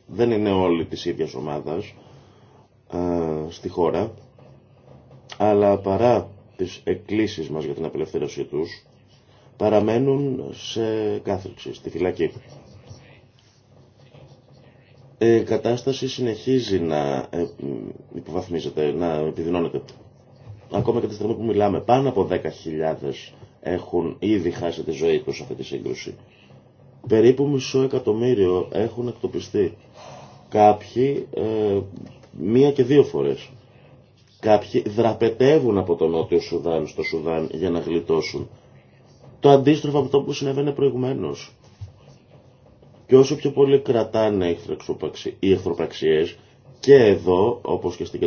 δεν είναι όλοι της ίδιας ομάδας στη χώρα, αλλά παρά τις εκκλήσεις μας για την απελευθέρωσή τους, παραμένουν σε κάθριξη, στη φυλακή. Ε, η κατάσταση συνεχίζει να ε, υποβαθμίζεται, να επιδεινώνεται. Ακόμα και τη στιγμή που μιλάμε, πάνω από 10.000 έχουν ήδη χάσει τη ζωή τους αυτή τη σύγκρουση. Περίπου μισό εκατομμύριο έχουν εκτοπιστεί. Κάποιοι ε, μία και δύο φορές. Κάποιοι δραπετεύουν από τον Νότιο Σουδάν στο Σουδάν για να γλιτώσουν. Το αντίστροφο από το που συνεβαίνει προηγουμένως. Και όσο πιο πολύ κρατάνε οι εχθροπραξίες, και εδώ, όπω και στην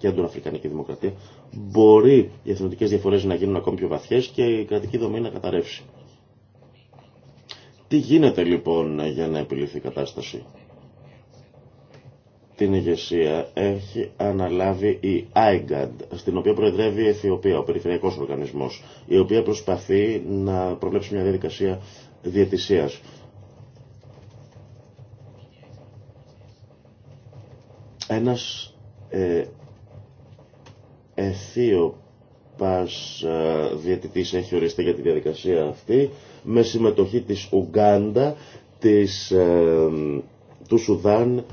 κέντρο-αφρικανική δημοκρατία, μπορεί οι εθνοτικές διαφορέ να γίνουν ακόμη πιο βαθίε και η κρατική δομή να καταρρεύσει. Τι γίνεται λοιπόν για να επιληθεί η κατάσταση. Την ηγεσία έχει αναλάβει η IGAD, στην οποία προεδρεύει η Αιθιοπία, ο περιφερειακός οργανισμός, η οποία προσπαθεί να προβλέψει μια διαδικασία διαιτησίας Ένας ε, πας ε, διαιτητής έχει οριστεί για τη διαδικασία αυτή με συμμετοχή της Ουγκάντα, της, ε, του Σουδάν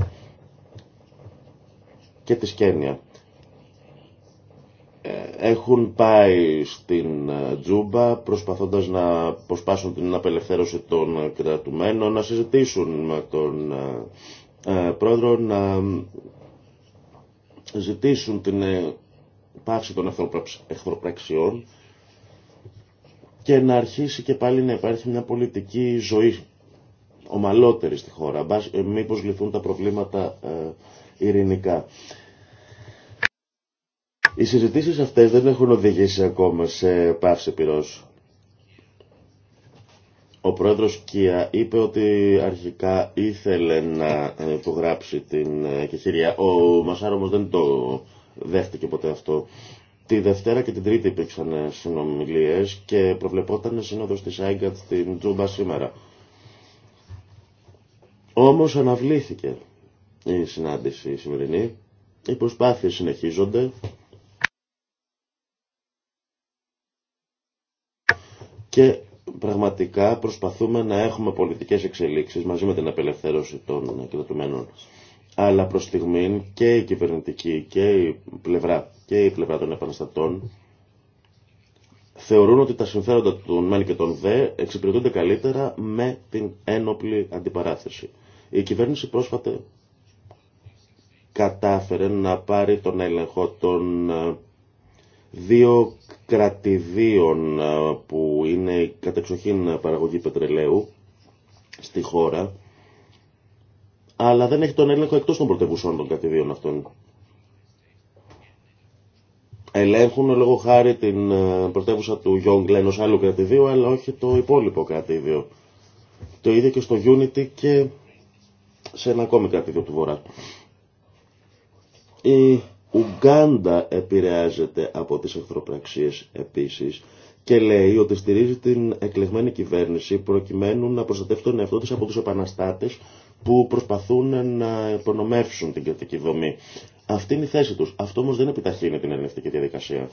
και της Κένια. Ε, έχουν πάει στην ε, Τζούμπα προσπαθώντας να προσπάσουν την απελευθέρωση των κρατουμένων, να συζητήσουν με τον πρόεδρο, να ζητήσουν την ε, πάυση των εχθροπραξιών και να αρχίσει και πάλι να υπάρχει μια πολιτική ζωή ομαλότερη στη χώρα, ε, μήπως λυθούν τα προβλήματα ε, ειρηνικά. Οι συζητήσεις αυτές δεν έχουν οδηγήσει ακόμα σε πάυση πυρός. Ο πρόεδρος Κία είπε ότι αρχικά ήθελε να ε, υπογράψει την ε, Κεχηρία. Ο Μασάρ δεν το δέχτηκε ποτέ αυτό. Τη Δευτέρα και την Τρίτη υπήρξαν ε, συνομιλίες και προβλεπόταν σύνοδο της Άγκατ στην Τζούμπα σήμερα. Όμως αναβλήθηκε η συνάντηση η σημερινή. Οι προσπάθειες συνεχίζονται. Και πραγματικά προσπαθούμε να έχουμε πολιτικές εξελίξεις μαζί με την απελευθέρωση των εκδοτουμένων. Αλλά προ στιγμήν και η κυβερνητική και η πλευρά, και η πλευρά των επαναστατών θεωρούν ότι τα συμφέροντα του μεν και των δε εξυπηρετούνται καλύτερα με την ένοπλη αντιπαράθεση. Η κυβέρνηση πρόσφατα κατάφερε να πάρει τον έλεγχο των ε, δύο κρατηδίων ε, που είναι κατεξοχήν παραγωγή πετρελαίου στη χώρα, αλλά δεν έχει τον έλεγχο εκτός των πρωτεύουσών των κρατηδίων αυτών. Ελέγχουν λόγω χάρη την ε, πρωτεύουσα του Γιόγκλα ενός άλλου κρατηδίου, αλλά όχι το υπόλοιπο κρατήδιο. Το ίδιο και στο Unity και σε ένα ακόμη κρατήδιο του Βορρά. Η Ουγκάντα επηρεάζεται από τις εχθροπραξίες επίσης και λέει ότι στηρίζει την εκλεγμένη κυβέρνηση προκειμένου να προστατεύσει τον εαυτό της από τους επαναστάτες που προσπαθούν να υπονομεύσουν την κρατική δομή. Αυτή είναι η θέση τους. Αυτό όμως δεν επιταχύνει την ερνευτική διαδικασία.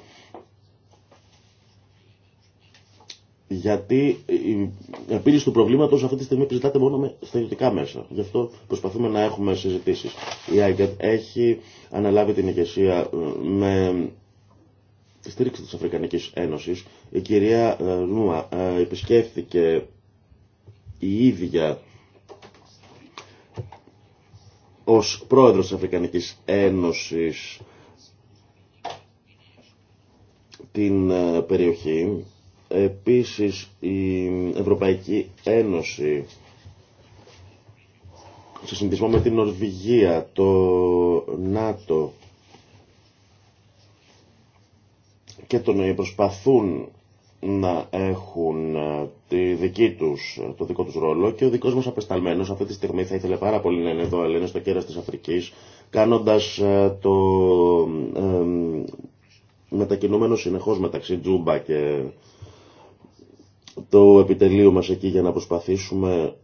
Γιατί η επίλυση του προβλήματο αυτή τη στιγμή επιζητάται μόνο με στρατιωτικά μέσα. Γι' αυτό προσπαθούμε να έχουμε συζητήσει. Η ΆΙΚΑΤ έχει αναλάβει την ηγεσία ε, με τη στήριξη τη Αφρικανική Ένωση. Η κυρία ε, Νούα ε, επισκέφθηκε η ίδια ως πρόεδρος τη Αφρικανικής Ένωσης την περιοχή Επίσης η Ευρωπαϊκή Ένωση σε συνδυασμό με την Νορβηγία, το ΝΑΤΟ και το ΟΗΕ προσπαθούν να έχουν ε, τη δική τους, ε, το δικό τους ρόλο και ο δικός μας απεσταλμένος αυτή τη στιγμή θα ήθελε πάρα πολύ να είναι εδώ, αλλά είναι στο κέρας της Αφρικής κάνοντας ε, το ε, μετακινούμενο συνεχώς μεταξύ Τζούμπα και το επιτελείο μας εκεί για να προσπαθήσουμε,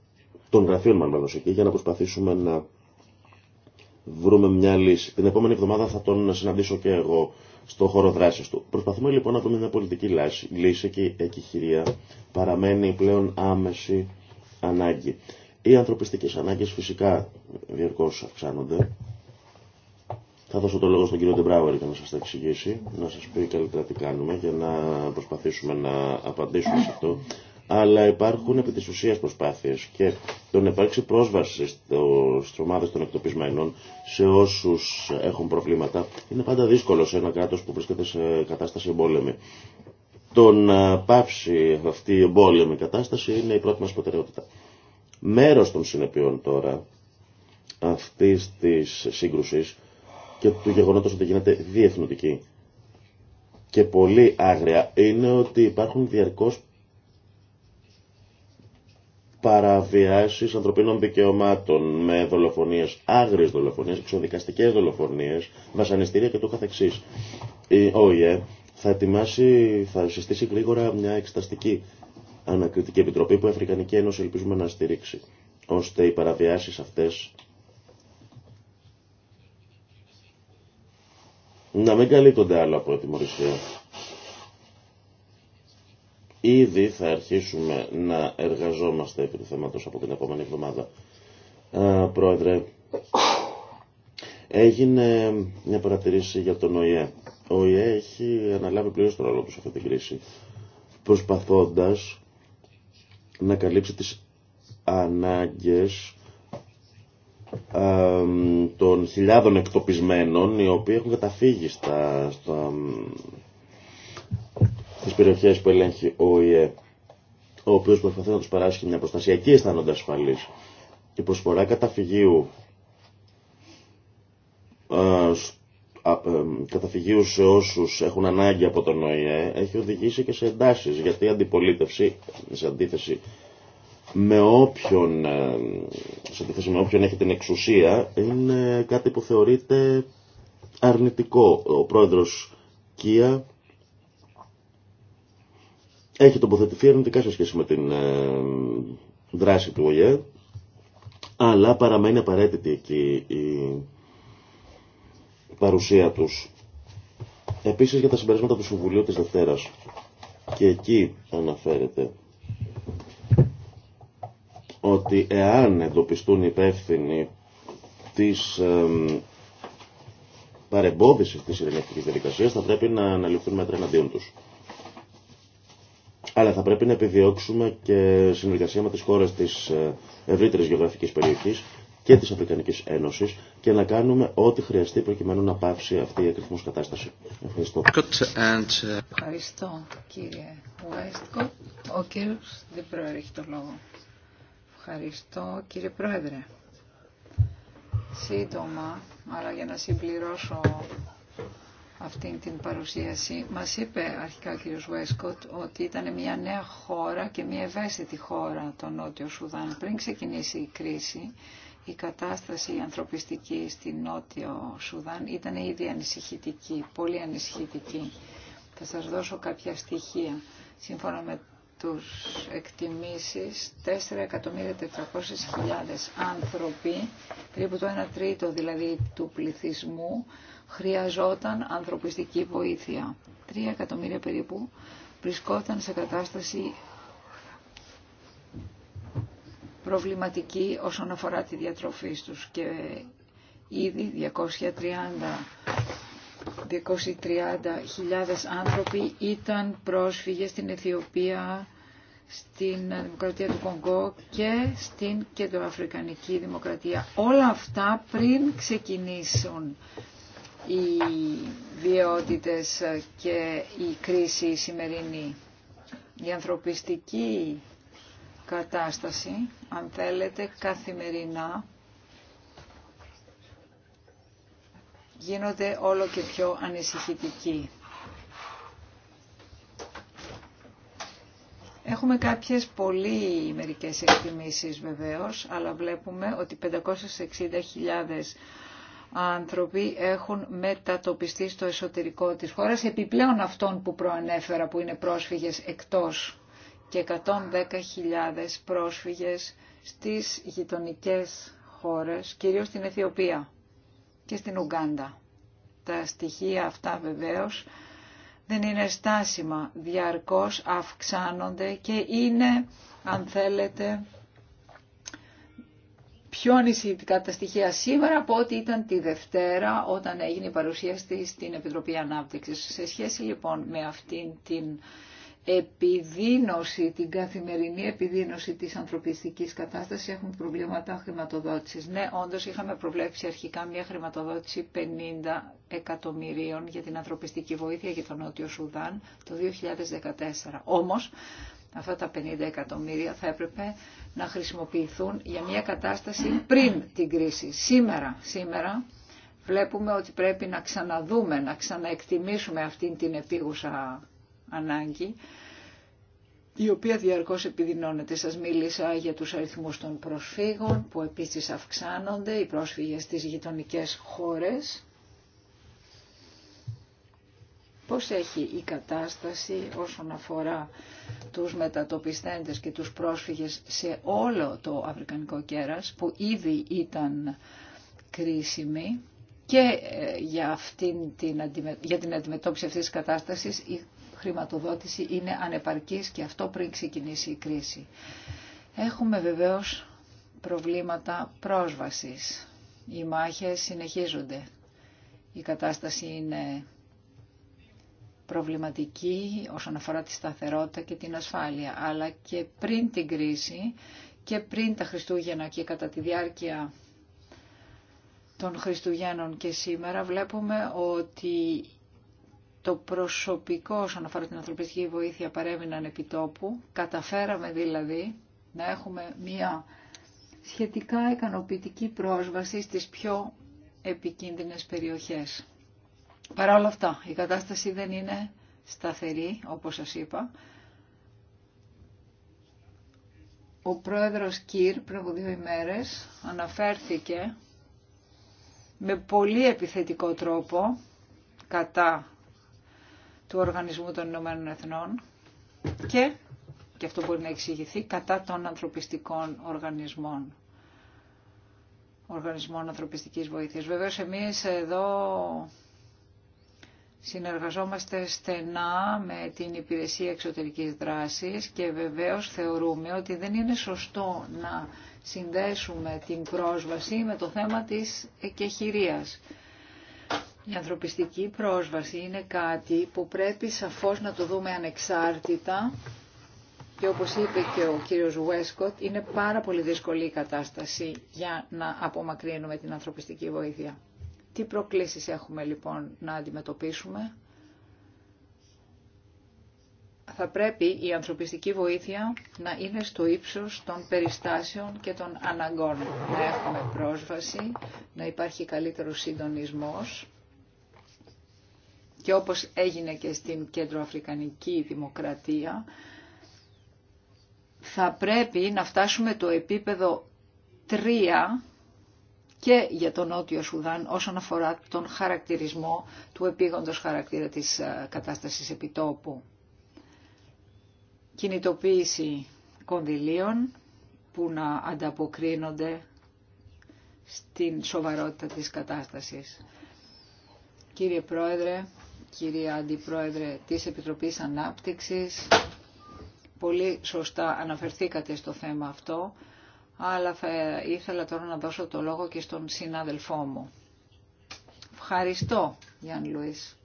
των γραφείων μάλλον εκεί, για να προσπαθήσουμε να βρούμε μια λύση. Την επόμενη εβδομάδα θα τον συναντήσω και εγώ στο χώρο δράση του. Προσπαθούμε λοιπόν να βρούμε μια πολιτική λύση και η εκχειρία παραμένει πλέον άμεση ανάγκη. Οι ανθρωπιστικές ανάγκες φυσικά διαρκώς αυξάνονται θα δώσω το λόγο στον κύριο Ντεμπράουερ για να σα τα εξηγήσει, να σα πει καλύτερα τι κάνουμε για να προσπαθήσουμε να απαντήσουμε σε αυτό. Αλλά υπάρχουν επί τη ουσία προσπάθειε και το να υπάρξει πρόσβαση στι ομάδε των εκτοπισμένων σε όσου έχουν προβλήματα είναι πάντα δύσκολο σε ένα κράτο που βρίσκεται σε κατάσταση εμπόλεμη. Το να πάψει αυτή η εμπόλεμη κατάσταση είναι η πρώτη μας προτεραιότητα. Μέρο των συνεπειών τώρα αυτή τη σύγκρουση και του γεγονότος ότι γίνεται διεθνωτική και πολύ άγρια είναι ότι υπάρχουν διαρκώς παραβιάσεις ανθρωπίνων δικαιωμάτων με δολοφονίες, άγριες δολοφονίες, εξοδικαστικές δολοφονίες, βασανιστήρια και το καθεξής. Η ΟΗΕ θα ετοιμάσει, θα συστήσει γρήγορα μια εξεταστική ανακριτική επιτροπή που η Αφρικανική Ένωση ελπίζουμε να στηρίξει, ώστε οι παραβιάσεις αυτές να μην καλύπτονται άλλο από ετοιμορρυσία. Ήδη θα αρχίσουμε να εργαζόμαστε επί του θέματος από την επόμενη εβδομάδα. Α, πρόεδρε, έγινε μια παρατηρήση για τον ΟΗΕ. Ο ΟΗΕ έχει αναλάβει πλήρως τον ρόλο του σε αυτή την κρίση, προσπαθώντας να καλύψει τις ανάγκες των χιλιάδων εκτοπισμένων οι οποίοι έχουν καταφύγει στα, στα, στις περιοχές που ελέγχει ο ΙΕ ο οποίος προσπαθεί να τους παράσχει μια προστασία και αισθάνονται ασφαλείς η προσφορά καταφυγίου ε, ε, καταφυγίου σε όσους έχουν ανάγκη από τον ΟΗΕ έχει οδηγήσει και σε εντάσεις γιατί η αντιπολίτευση σε αντίθεση με όποιον, ε, σε αντίθεση με όποιον έχει την εξουσία, είναι κάτι που θεωρείται αρνητικό. Ο πρόεδρος Κία έχει τοποθετηθεί αρνητικά σε σχέση με την ε, δράση του ΟΙΕ, αλλά παραμένει απαραίτητη εκεί η παρουσία τους. Επίσης για τα συμπεράσματα του Συμβουλίου της Δευτέρας. Και εκεί αναφέρεται ότι εάν εντοπιστούν υπεύθυνοι της παρεμπόδισης της ειρηνευτικής διαδικασίας θα πρέπει να αναλυθούν μέτρα εναντίον τους. Αλλά θα πρέπει να επιδιώξουμε και συνεργασία με τις χώρες της ε, ευρύτερης γεωγραφικής περιοχής και της Αφρικανικής Ένωσης και να κάνουμε ό,τι χρειαστεί προκειμένου να πάψει αυτή η εκρηθμός κατάσταση. Ευχαριστώ. Ε, Ευχαριστώ κύριε Ο κύριος δεν Ευχαριστώ κύριε Πρόεδρε. Σύντομα, αλλά για να συμπληρώσω αυτήν την παρουσίαση, μας είπε αρχικά ο κύριος Βέσκοτ ότι ήταν μια νέα χώρα και μια ευαίσθητη χώρα το Νότιο Σουδάν. Πριν ξεκινήσει η κρίση, η κατάσταση ανθρωπιστική στη Νότιο Σουδάν ήταν ήδη ανησυχητική, πολύ ανησυχητική. Θα σας δώσω κάποια στοιχεία. Σύμφωνα με τους εκτιμήσεις 4.400.000 άνθρωποι, περίπου το 1 τρίτο δηλαδή του πληθυσμού, χρειαζόταν ανθρωπιστική βοήθεια. 3 εκατομμύρια περίπου βρισκόταν σε κατάσταση προβληματική όσον αφορά τη διατροφή τους και ήδη 230 230.000 άνθρωποι ήταν πρόσφυγες στην Αιθιοπία, στην Δημοκρατία του Κονγκό και στην Κεντροαφρικανική Δημοκρατία. Όλα αυτά πριν ξεκινήσουν οι βιαιότητες και η κρίση σημερινή. Η ανθρωπιστική κατάσταση, αν θέλετε, καθημερινά γίνονται όλο και πιο ανησυχητικοί. Έχουμε κάποιες πολύ μερικές εκτιμήσεις βεβαίως, αλλά βλέπουμε ότι 560.000 άνθρωποι έχουν μετατοπιστεί στο εσωτερικό της χώρας, επιπλέον αυτών που προανέφερα που είναι πρόσφυγες εκτός και 110.000 πρόσφυγες στις γειτονικές χώρες, κυρίως στην Αιθιοπία και στην Ουγκάντα. Τα στοιχεία αυτά βεβαίως δεν είναι στάσιμα, διαρκώς αυξάνονται και είναι, αν θέλετε, πιο ανησυχητικά τα στοιχεία σήμερα από ό,τι ήταν τη Δευτέρα όταν έγινε η παρουσίαση στην Επιτροπή Ανάπτυξης. Σε σχέση λοιπόν με αυτήν την επιδίνωση, την καθημερινή επιδίνωση της ανθρωπιστικής κατάστασης έχουν προβλήματα χρηματοδότησης. Ναι, όντως είχαμε προβλέψει αρχικά μια χρηματοδότηση 50 εκατομμυρίων για την ανθρωπιστική βοήθεια για τον Νότιο Σουδάν το 2014. Όμως, αυτά τα 50 εκατομμύρια θα έπρεπε να χρησιμοποιηθούν για μια κατάσταση πριν την κρίση. Σήμερα, σήμερα βλέπουμε ότι πρέπει να ξαναδούμε, να ξαναεκτιμήσουμε αυτήν την επίγουσα ανάγκη η οποία διαρκώς επιδεινώνεται. Σας μίλησα για τους αριθμούς των προσφύγων που επίσης αυξάνονται, οι πρόσφυγες στις γειτονικές χώρες. Πώς έχει η κατάσταση όσον αφορά τους μετατοπιστέντες και τους πρόσφυγες σε όλο το αφρικανικό κέρας που ήδη ήταν κρίσιμη και ε, για, αυτήν την, για την αντιμετώπιση αυτής της κατάστασης χρηματοδότηση είναι ανεπαρκής και αυτό πριν ξεκινήσει η κρίση. Έχουμε βεβαίως προβλήματα πρόσβασης. Οι μάχες συνεχίζονται. Η κατάσταση είναι προβληματική όσον αφορά τη σταθερότητα και την ασφάλεια, αλλά και πριν την κρίση και πριν τα Χριστούγεννα και κατά τη διάρκεια των Χριστουγέννων και σήμερα βλέπουμε ότι το προσωπικό όσον αφορά την ανθρωπιστική βοήθεια παρέμειναν επιτόπου. Καταφέραμε δηλαδή να έχουμε μία σχετικά ικανοποιητική πρόσβαση στις πιο επικίνδυνες περιοχές. Παρά όλα αυτά, η κατάσταση δεν είναι σταθερή, όπως σας είπα. Ο πρόεδρος Κύρ πριν από δύο ημέρες αναφέρθηκε με πολύ επιθετικό τρόπο κατά του Οργανισμού των Ηνωμένων Εθνών και, και αυτό μπορεί να εξηγηθεί, κατά των ανθρωπιστικών οργανισμών. Οργανισμών ανθρωπιστικής βοήθειας. Βεβαίως εμείς εδώ Συνεργαζόμαστε στενά με την Υπηρεσία Εξωτερικής Δράσης και βεβαίως θεωρούμε ότι δεν είναι σωστό να συνδέσουμε την πρόσβαση με το θέμα της εκεχηρίας. Η ανθρωπιστική πρόσβαση είναι κάτι που πρέπει σαφώς να το δούμε ανεξάρτητα και όπως είπε και ο κύριος Βέσκοτ, είναι πάρα πολύ δύσκολη η κατάσταση για να απομακρύνουμε την ανθρωπιστική βοήθεια. Τι προκλήσεις έχουμε λοιπόν να αντιμετωπίσουμε. Θα πρέπει η ανθρωπιστική βοήθεια να είναι στο ύψος των περιστάσεων και των αναγκών. Να έχουμε πρόσβαση, να υπάρχει καλύτερος συντονισμός και όπως έγινε και στην κεντροαφρικανική δημοκρατία, θα πρέπει να φτάσουμε το επίπεδο 3 και για τον Νότιο Σουδάν όσον αφορά τον χαρακτηρισμό του επίγοντος χαρακτήρα της ε, κατάστασης επιτόπου. Κινητοποίηση κονδυλίων που να ανταποκρίνονται στην σοβαρότητα της κατάστασης. Κύριε Πρόεδρε, κυρία Αντιπρόεδρε της Επιτροπής Ανάπτυξης. Πολύ σωστά αναφερθήκατε στο θέμα αυτό, αλλά θα ήθελα τώρα να δώσω το λόγο και στον συνάδελφό μου. Ευχαριστώ, Γιάννη Λουίς.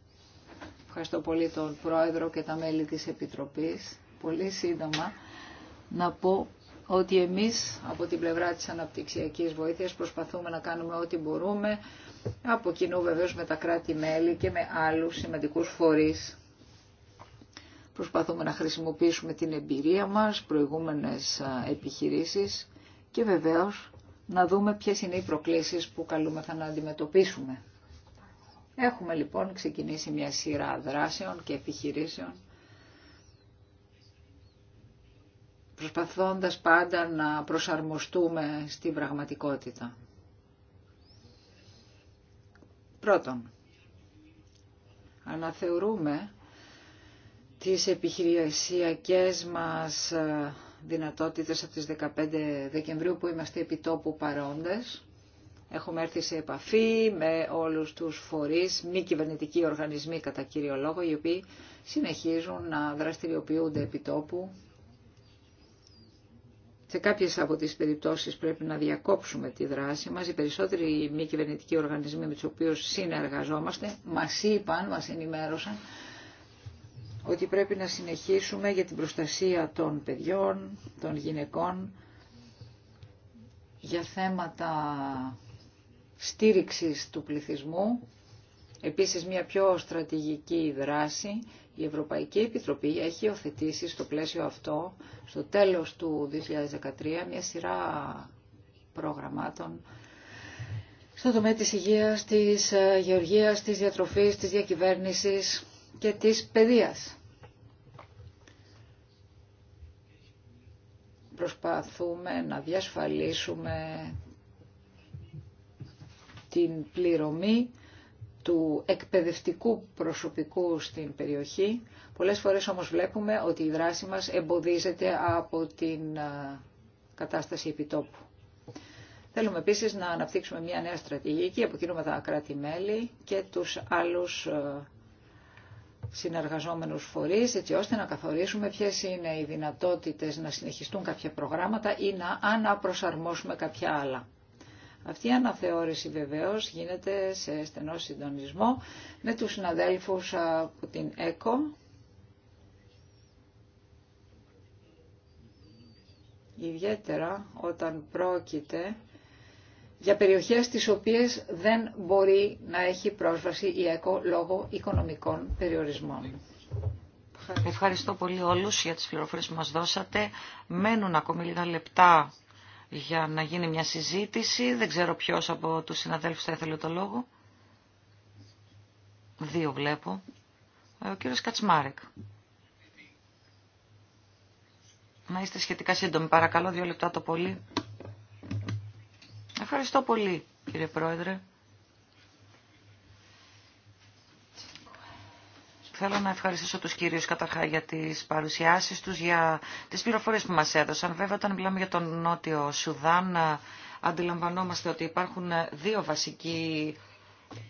Ευχαριστώ πολύ τον Πρόεδρο και τα μέλη της Επιτροπής. Πολύ σύντομα να πω ότι εμείς από την πλευρά της αναπτυξιακής βοήθειας προσπαθούμε να κάνουμε ό,τι μπορούμε από κοινού βεβαίως με τα κράτη-μέλη και με άλλους σημαντικούς φορείς. Προσπαθούμε να χρησιμοποιήσουμε την εμπειρία μας, προηγούμενες επιχειρήσεις και βεβαίως να δούμε ποιες είναι οι προκλήσεις που καλούμεθα να αντιμετωπίσουμε. Έχουμε λοιπόν ξεκινήσει μια σειρά δράσεων και επιχειρήσεων προσπαθώντας πάντα να προσαρμοστούμε στη πραγματικότητα. Πρώτον, αναθεωρούμε τις επιχειρησιακές μας ε, δυνατότητες από τις 15 Δεκεμβρίου που είμαστε επιτόπου παρόντες. Έχουμε έρθει σε επαφή με όλους τους φορείς, μη κυβερνητικοί οργανισμοί κατά κύριο λόγο, οι οποίοι συνεχίζουν να δραστηριοποιούνται επιτόπου σε κάποιες από τις περιπτώσεις πρέπει να διακόψουμε τη δράση μας. Οι περισσότεροι μη κυβερνητικοί οργανισμοί με του οποίου συνεργαζόμαστε μας είπαν, μας ενημέρωσαν ότι πρέπει να συνεχίσουμε για την προστασία των παιδιών, των γυναικών, για θέματα στήριξης του πληθυσμού, επίσης μια πιο στρατηγική δράση η Ευρωπαϊκή Επιτροπή έχει οθετήσει στο πλαίσιο αυτό, στο τέλος του 2013, μια σειρά προγραμμάτων στο τομέα της υγείας, της ε, γεωργίας, της διατροφής, της διακυβέρνησης και της παιδείας. Προσπαθούμε να διασφαλίσουμε την πληρωμή του εκπαιδευτικού προσωπικού στην περιοχή. Πολλές φορές όμως βλέπουμε ότι η δράση μας εμποδίζεται από την κατάσταση επιτόπου. Θέλουμε επίσης να αναπτύξουμε μια νέα στρατηγική από κοινού με τα κράτη-μέλη και τους άλλους συνεργαζόμενους φορείς, έτσι ώστε να καθορίσουμε ποιες είναι οι δυνατότητες να συνεχιστούν κάποια προγράμματα ή να αναπροσαρμόσουμε κάποια άλλα. Αυτή η αναθεώρηση βεβαίως γίνεται σε στενό συντονισμό με τους συναδέλφους από την ΕΚΟ. Ιδιαίτερα όταν πρόκειται για περιοχές τις οποίες δεν μπορεί να έχει πρόσβαση η ΕΚΟ λόγω οικονομικών περιορισμών. Ευχαριστώ πολύ όλους για τις πληροφορίες που μας δώσατε. Μένουν ακόμη λίγα λεπτά για να γίνει μια συζήτηση. Δεν ξέρω ποιος από τους συναδέλφους θα ήθελε το λόγο. Δύο βλέπω. Ε, ο κύριος Κατσμάρεκ. Να είστε σχετικά σύντομοι, παρακαλώ, δύο λεπτά το πολύ. Ευχαριστώ πολύ, κύριε Πρόεδρε. Θέλω να ευχαριστήσω τους κύριους καταρχά για τις παρουσιάσεις τους, για τις πληροφορίες που μας έδωσαν. Βέβαια, όταν μιλάμε για τον Νότιο Σουδάν, ε, αντιλαμβανόμαστε ότι υπάρχουν ε, δύο βασικοί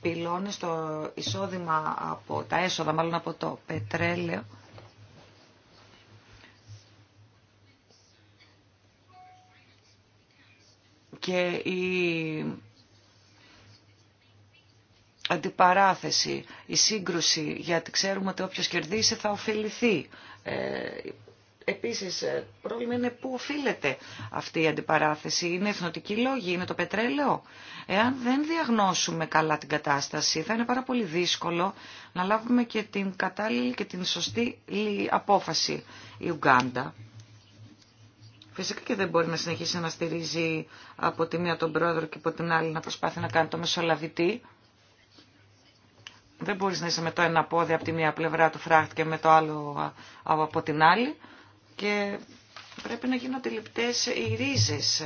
πυλώνες, το εισόδημα από τα έσοδα, μάλλον από το πετρέλαιο. Και η αντιπαράθεση, η σύγκρουση, γιατί ξέρουμε ότι όποιος κερδίσει θα ωφεληθεί. Ε, επίσης, ε, πρόβλημα είναι πού οφείλεται αυτή η αντιπαράθεση. Είναι εθνοτική λόγη, είναι το πετρέλαιο. Εάν δεν διαγνώσουμε καλά την κατάσταση, θα είναι πάρα πολύ δύσκολο να λάβουμε και την κατάλληλη και την σωστή απόφαση η Ουγγάντα. Φυσικά και δεν μπορεί να συνεχίσει να στηρίζει από τη μία τον πρόεδρο και από την άλλη να προσπάθει να κάνει το μεσολαβητή. Δεν μπορείς να είσαι με το ένα πόδι από τη μία πλευρά του φράχτη και με το άλλο από την άλλη. Και πρέπει να γίνονται λεπτές οι ρίζες,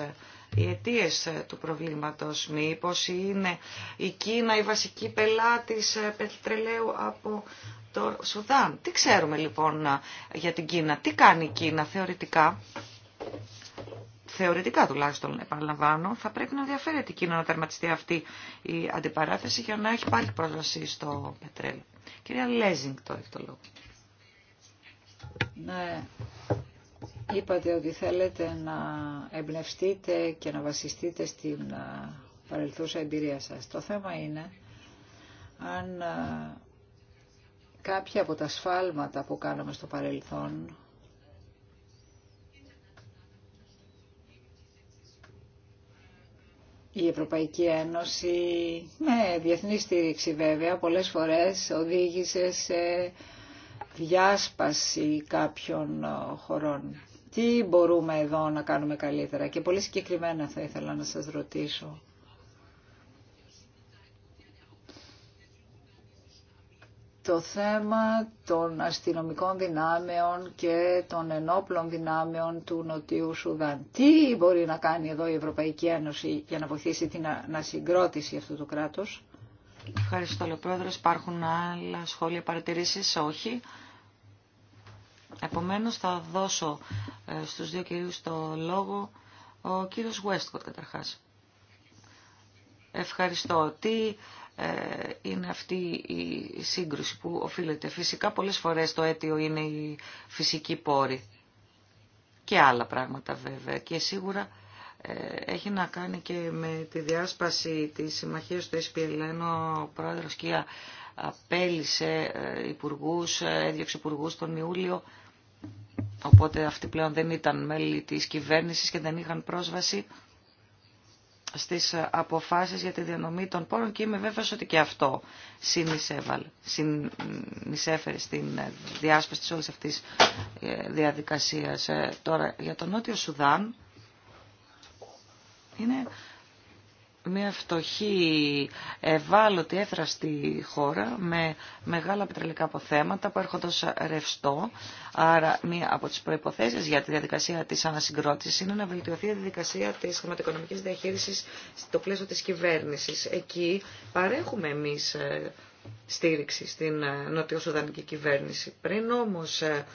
οι αιτίε του προβλήματος. Μήπως είναι η Κίνα η βασική πελάτης ε, πετρελαίου από το Σουδάν. Τι ξέρουμε λοιπόν για την Κίνα, τι κάνει η Κίνα θεωρητικά θεωρητικά τουλάχιστον επαναλαμβάνω, θα πρέπει να ενδιαφέρει εκείνο να τερματιστεί αυτή η αντιπαράθεση για να έχει πάλι πρόσβαση στο πετρέλαιο. Κυρία Λέζινγκ το έχει το λόγο. Ναι. Είπατε ότι θέλετε να εμπνευστείτε και να βασιστείτε στην παρελθούσα εμπειρία σας. Το θέμα είναι αν κάποια από τα σφάλματα που κάναμε στο παρελθόν η Ευρωπαϊκή Ένωση, με διεθνή στήριξη βέβαια, πολλές φορές οδήγησε σε διάσπαση κάποιων ε, χωρών. Τι μπορούμε εδώ να κάνουμε καλύτερα και πολύ συγκεκριμένα θα ήθελα να σας ρωτήσω. το θέμα των αστυνομικών δυνάμεων και των ενόπλων δυνάμεων του Νοτιού Σουδάν. Τι μπορεί να κάνει εδώ η Ευρωπαϊκή Ένωση για να βοηθήσει την ανασυγκρότηση αυτού του κράτους. Ευχαριστώ, Λεπρόεδρος. Υπάρχουν άλλα σχόλια, παρατηρήσεις. Όχι. Επομένως, θα δώσω ε, στους δύο κυρίους το λόγο. Ο κύριος Westcott, καταρχάς. Ευχαριστώ. Τι ε, είναι αυτή η σύγκρουση που οφείλεται. Φυσικά πολλές φορές το αίτιο είναι η φυσική πόρη και άλλα πράγματα βέβαια και σίγουρα ε, έχει να κάνει και με τη διάσπαση της συμμαχίας του ενώ ο πρόεδρος Κία απέλησε ε, υπουργούς, έδιωξε υπουργούς τον Ιούλιο οπότε αυτοί πλέον δεν ήταν μέλη της κυβέρνησης και δεν είχαν πρόσβαση στις ε, αποφάσεις για τη διανομή των πόρων και είμαι βέβαιος ότι και αυτό συνεισέφερε στην ε, διάσπαση της όλης αυτής ε, διαδικασίας. Τώρα, για τον Νότιο Σουδάν είναι μια φτωχή, ευάλωτη, έφραστη χώρα με μεγάλα πετρελικά αποθέματα που έρχονται ως ρευστό. Άρα μία από τις προϋποθέσεις για τη διαδικασία της ανασυγκρότησης είναι να βελτιωθεί η διαδικασία της χρηματοοικονομικής διαχείρισης στο πλαίσιο της κυβέρνησης. Εκεί παρέχουμε εμείς ε, στήριξη στην ε, νοτιοσουδανική κυβέρνηση. Πριν όμως ε,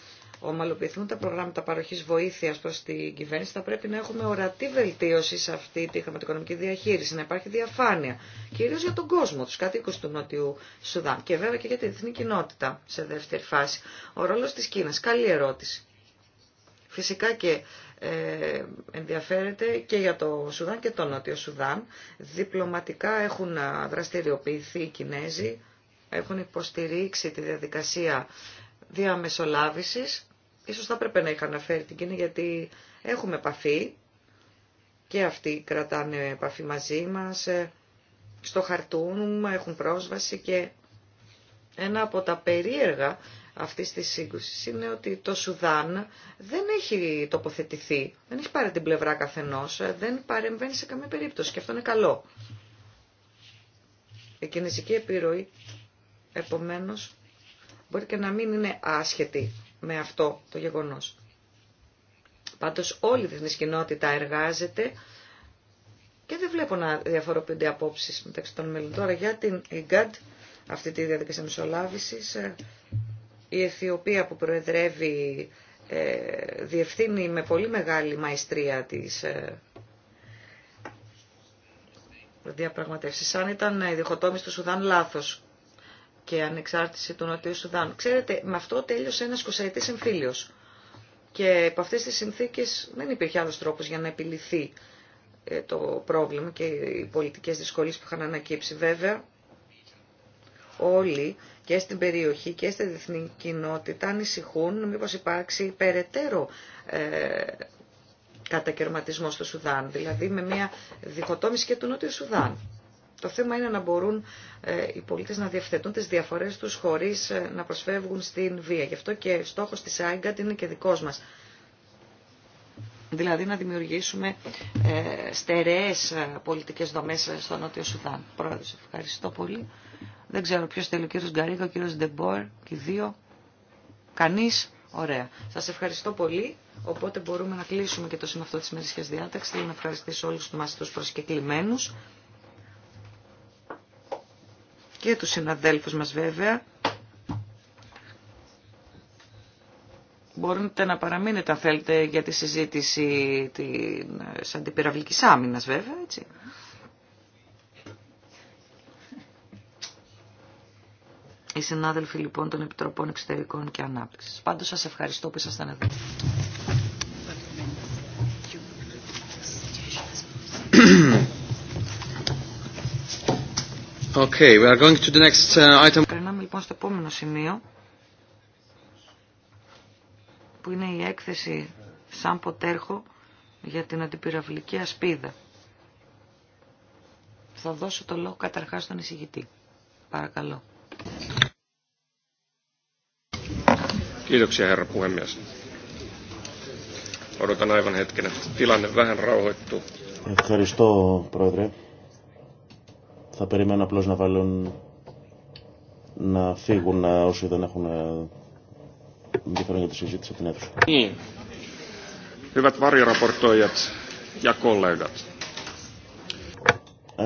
ομαλοποιηθούν τα προγράμματα παροχή βοήθεια προ την κυβέρνηση, θα πρέπει να έχουμε ορατή βελτίωση σε αυτή τη χρηματοοικονομική διαχείριση, να υπάρχει διαφάνεια, κυρίως για τον κόσμο, του κατοικού του Νότιου Σουδάν και βέβαια και για την διεθνή κοινότητα σε δεύτερη φάση. Ο ρόλο τη Κίνα, καλή ερώτηση. Φυσικά και ε, ενδιαφέρεται και για το Σουδάν και το Νότιο Σουδάν. Διπλωματικά έχουν δραστηριοποιηθεί οι Κινέζοι, έχουν υποστηρίξει τη διαδικασία διαμεσολάβησης Ίσως θα έπρεπε να είχα αναφέρει την Κίνη γιατί έχουμε επαφή και αυτοί κρατάνε επαφή μαζί μας, ε, στο χαρτούν, έχουν πρόσβαση και ένα από τα περίεργα αυτής της σύγκρουση είναι ότι το Σουδάν δεν έχει τοποθετηθεί, δεν έχει πάρει την πλευρά καθενός, ε, δεν παρεμβαίνει σε καμία περίπτωση και αυτό είναι καλό. Η κινέζικη επιρροή, επομένως, μπορεί και να μην είναι άσχετη με αυτό το γεγονός. Πάντως όλη η διεθνής κοινότητα εργάζεται και δεν βλέπω να διαφοροποιούνται απόψεις μεταξύ των μέλων. Τώρα για την ΕΓΚΑΤ, αυτή τη διαδικασία μεσολάβησης, ε, η Αιθιοπία που προεδρεύει ε, διευθύνει με πολύ μεγάλη μαϊστρία της ε, διαπραγματεύσεις. Αν ήταν η διχοτόμηση του Σουδάν λάθος, και ανεξάρτηση του Νοτιού Σουδάνου. Ξέρετε, με αυτό τέλειωσε ένα 20 εμφύλιος. Και από αυτές τις συνθήκες δεν υπήρχε άλλος τρόπος για να επιληθεί ε, το πρόβλημα και οι πολιτικές δυσκολίες που είχαν ανακύψει. Βέβαια, όλοι και στην περιοχή και στη διεθνή κοινότητα ανησυχούν μήπως υπάρξει περαιτέρω ε, κατακαιρματισμό στο Σουδάν, δηλαδή με μια διχοτόμηση και του Νότιου Σουδάν. Το θέμα είναι να μπορούν ε, οι πολίτες να διευθετούν τις διαφορές τους χωρίς ε, να προσφεύγουν στην βία. Γι' αυτό και στόχος της ΆΙΚΑΤ είναι και δικός μας. Δηλαδή να δημιουργήσουμε ε, στερεές ε, πολιτικές δομές στο Νότιο Σουδάν. Πρόεδρος, ευχαριστώ πολύ. Δεν ξέρω ποιος θέλει, ο κύριος Γκαρίγα, ο κύριος Ντεμπόρ και οι δύο. Κανείς. Ωραία. Σας ευχαριστώ πολύ. Οπότε μπορούμε να κλείσουμε και το σημείο αυτό της μερισιάς διάταξης. Θέλω να ευχαριστήσω όλους μας τους προσκεκλημένους και τους συναδέλφους μας βέβαια. Μπορείτε να παραμείνετε αν θέλετε για τη συζήτηση της αντιπυραυλικής άμυνας βέβαια, έτσι. Οι συνάδελφοι λοιπόν των Επιτροπών Εξωτερικών και Ανάπτυξης. Πάντως σας ευχαριστώ που ήσασταν εδώ. Okay, uh, Περνάμε λοιπόν στο επόμενο σημείο που είναι η έκθεση σαν ποτέρχο για την αντιπυραυλική ασπίδα. Θα δώσω το λόγο καταρχάς στον εισηγητή. Παρακαλώ. Ευχαριστώ, Πρόεδρε. Θα περιμένω απλώς να βάλουν να φύγουν όσοι δεν έχουν ε, ενδιαφέρον για τη συζήτηση από την αίθουσα. για ναι.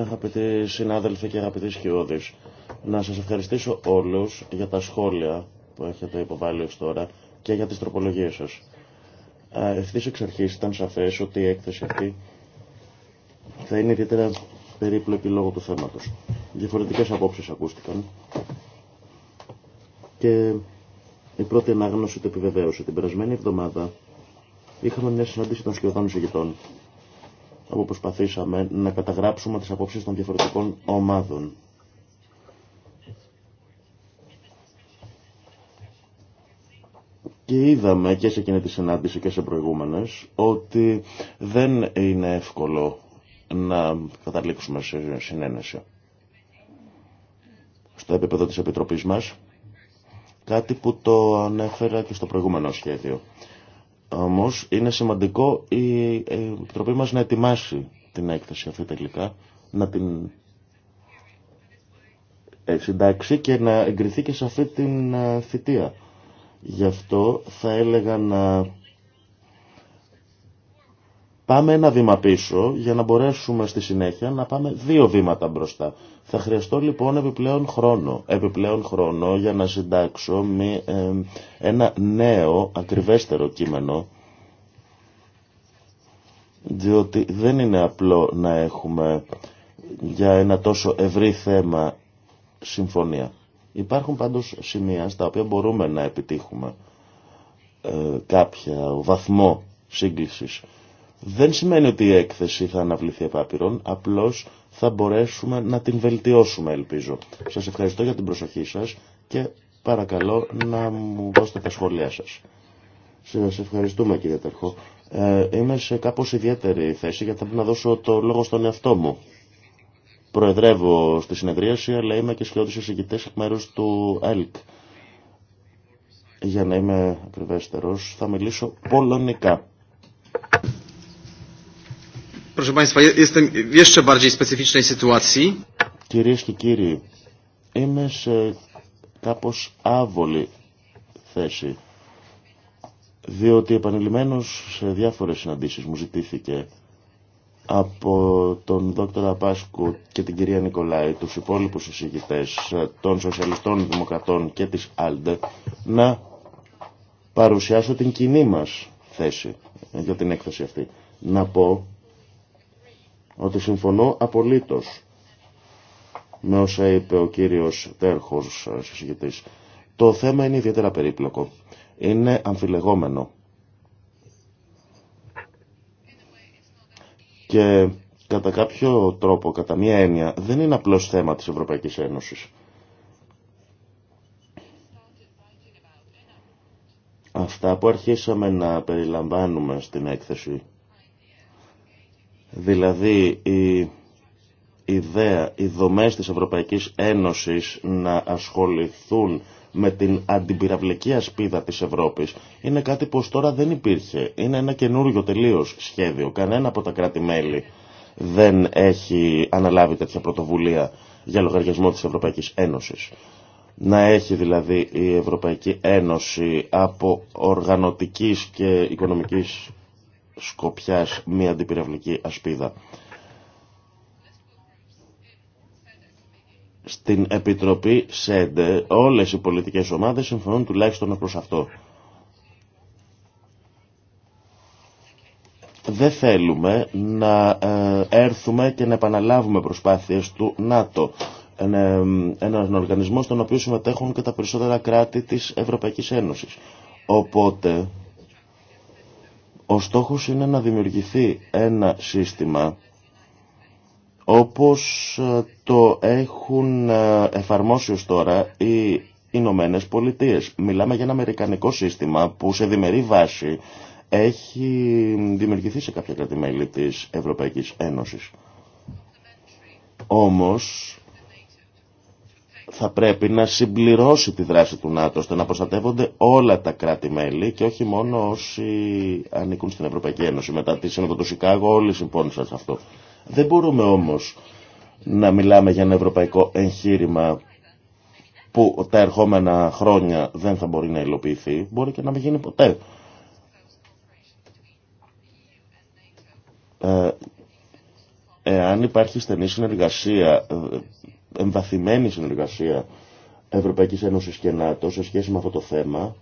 Αγαπητοί συνάδελφοι και αγαπητοί σκιώδεις, να σας ευχαριστήσω όλους για τα σχόλια που έχετε υποβάλει ως τώρα και για τις τροπολογίες σας. Ε, ευθύς εξ αρχής ήταν σαφές ότι η έκθεση αυτή θα είναι ιδιαίτερα περίπλοκη λόγω του θέματος. Διαφορετικές απόψεις ακούστηκαν και η πρώτη ανάγνωση το επιβεβαίωσε. Την περασμένη εβδομάδα είχαμε μια συνάντηση των σχεδόν εισηγητών όπου προσπαθήσαμε να καταγράψουμε τις απόψεις των διαφορετικών ομάδων. Και είδαμε και σε εκείνη τη συνάντηση και σε προηγούμενες ότι δεν είναι εύκολο να καταλήξουμε σε συνένεση. Στο επίπεδο της Επιτροπής μας, κάτι που το ανέφερα και στο προηγούμενο σχέδιο. Όμως είναι σημαντικό η Επιτροπή μας να ετοιμάσει την έκθεση αυτή τελικά, να την ε, συντάξει και να εγκριθεί και σε αυτή την ε, θητεία. Γι' αυτό θα έλεγα να Πάμε ένα βήμα πίσω για να μπορέσουμε στη συνέχεια να πάμε δύο βήματα μπροστά. Θα χρειαστώ λοιπόν επιπλέον χρόνο, επιπλέον χρόνο για να συντάξω με, ένα νέο ακριβέστερο κείμενο διότι δεν είναι απλό να έχουμε για ένα τόσο ευρύ θέμα συμφωνία. Υπάρχουν πάντως σημεία στα οποία μπορούμε να επιτύχουμε ε, κάποια βαθμό σύγκλησης δεν σημαίνει ότι η έκθεση θα αναβληθεί επάπειρον, απλώς θα μπορέσουμε να την βελτιώσουμε ελπίζω. Σας ευχαριστώ για την προσοχή σας και παρακαλώ να μου δώσετε τα σχόλιά σας. Σας ευχαριστούμε κύριε Τερχό. Ε, είμαι σε κάπως ιδιαίτερη θέση γιατί θα πρέπει να δώσω το λόγο στον εαυτό μου. Προεδρεύω στη συνεδρίαση αλλά είμαι και σχεδόν εισηγητές εκ μέρους του ΕΛΚ. Για να είμαι ακριβέστερος θα μιλήσω πολωνικά. Proszę Κυρίες και κύριοι, είμαι σε κάπως άβολη θέση, διότι επανειλημμένως σε διάφορες συναντήσεις μου ζητήθηκε από τον Δ. Πάσκου και την κυρία Νικολάη, τους υπόλοιπους εισηγητές των Σοσιαλιστών Δημοκρατών και της Άλντε, να παρουσιάσω την κοινή μας θέση για την έκθεση αυτή. Να πω ότι συμφωνώ απολύτως με όσα είπε ο κύριος Τέρχος, ε, συζητητής. Το θέμα είναι ιδιαίτερα περίπλοκο. Είναι αμφιλεγόμενο. Και κατά κάποιο τρόπο, κατά μία έννοια, δεν είναι απλώς θέμα της Ευρωπαϊκής Ένωσης. Αυτά που αρχίσαμε να περιλαμβάνουμε στην έκθεση Δηλαδή η ιδέα, οι δομές της Ευρωπαϊκής Ένωσης να ασχοληθούν με την αντιπυραυλική ασπίδα της Ευρώπης είναι κάτι που ως τώρα δεν υπήρχε. Είναι ένα καινούριο τελείως σχέδιο. Κανένα από τα κράτη-μέλη δεν έχει αναλάβει τέτοια πρωτοβουλία για λογαριασμό της Ευρωπαϊκής Ένωσης. Να έχει δηλαδή η Ευρωπαϊκή Ένωση από οργανωτικής και οικονομικής σκοπιάς μια αντιπυραυλική ασπίδα. Στην Επιτροπή ΣΕΝΤΕ όλες οι πολιτικές ομάδες συμφωνούν τουλάχιστον προς αυτό. δεν θέλουμε να ε, έρθουμε και να επαναλάβουμε προσπάθειες του ΝΑΤΟ. ένα οργανισμό στον οποίο συμμετέχουν και τα περισσότερα κράτη της Ευρωπαϊκής Ένωσης. Οπότε ο στόχος είναι να δημιουργηθεί ένα σύστημα όπως ε, το έχουν ε, εφαρμόσει ως τώρα οι Ηνωμένε Πολιτείε. Μιλάμε για ένα αμερικανικό σύστημα που σε διμερή βάση έχει δημιουργηθεί σε κάποια κράτη-μέλη της Ευρωπαϊκής Ένωσης. Όμως θα πρέπει να συμπληρώσει τη δράση του ΝΑΤΟ ώστε να προστατεύονται όλα τα κράτη-μέλη και όχι μόνο όσοι ανήκουν στην Ευρωπαϊκή Ένωση. Μετά τη Σύνοδο του Σικάγο όλοι συμφώνησαν σε αυτό. Δεν μπορούμε όμως να μιλάμε για ένα ευρωπαϊκό εγχείρημα που τα ερχόμενα χρόνια δεν θα μπορεί να υλοποιηθεί, μπορεί και να μην γίνει ποτέ. Ε, εάν υπάρχει στενή συνεργασία ε, εμβαθυμένη συνεργασία Ευρωπαϊκής Ένωσης και ΝΑΤΟ σε σχέση με αυτό το θέμα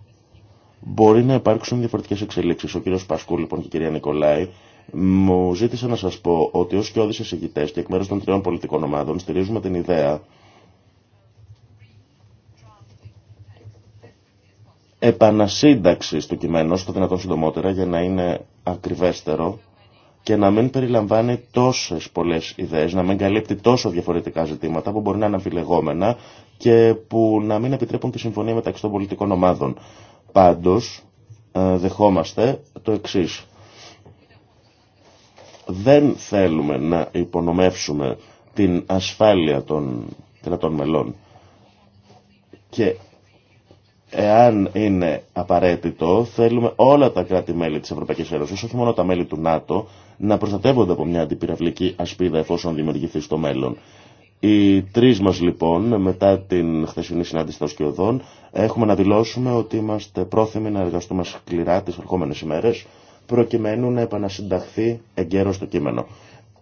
μπορεί να υπάρξουν διαφορετικές εξελίξεις. Ο κύριος Πασκού λοιπόν και η κυρία Νικολάη μου ζήτησε να σας πω ότι ως και όδης εισηγητές και εκ μέρους των τριών πολιτικών ομάδων στηρίζουμε την ιδέα επανασύνταξης του κειμένου στο δυνατόν συντομότερα για να είναι ακριβέστερο και να μην περιλαμβάνει τόσες πολλές ιδέες, να μην καλύπτει τόσο διαφορετικά ζητήματα που μπορεί να είναι αμφιλεγόμενα και που να μην επιτρέπουν τη συμφωνία μεταξύ των πολιτικών ομάδων. Πάντως, ε, δεχόμαστε το εξής. Δεν θέλουμε να υπονομεύσουμε την ασφάλεια των κρατών μελών. Και εάν είναι απαραίτητο, θέλουμε όλα τα κράτη-μέλη της Ευρωπαϊκής Ένωσης, όχι μόνο τα μέλη του ΝΑΤΟ, να προστατεύονται από μια αντιπυραυλική ασπίδα εφόσον δημιουργηθεί στο μέλλον. Οι τρει μα λοιπόν, μετά την χθεσινή συνάντηση των Σκιωδών, έχουμε να δηλώσουμε ότι είμαστε πρόθυμοι να εργαστούμε σκληρά τι ερχόμενε ημέρε, προκειμένου να επανασυνταχθεί εγκαίρω το κείμενο.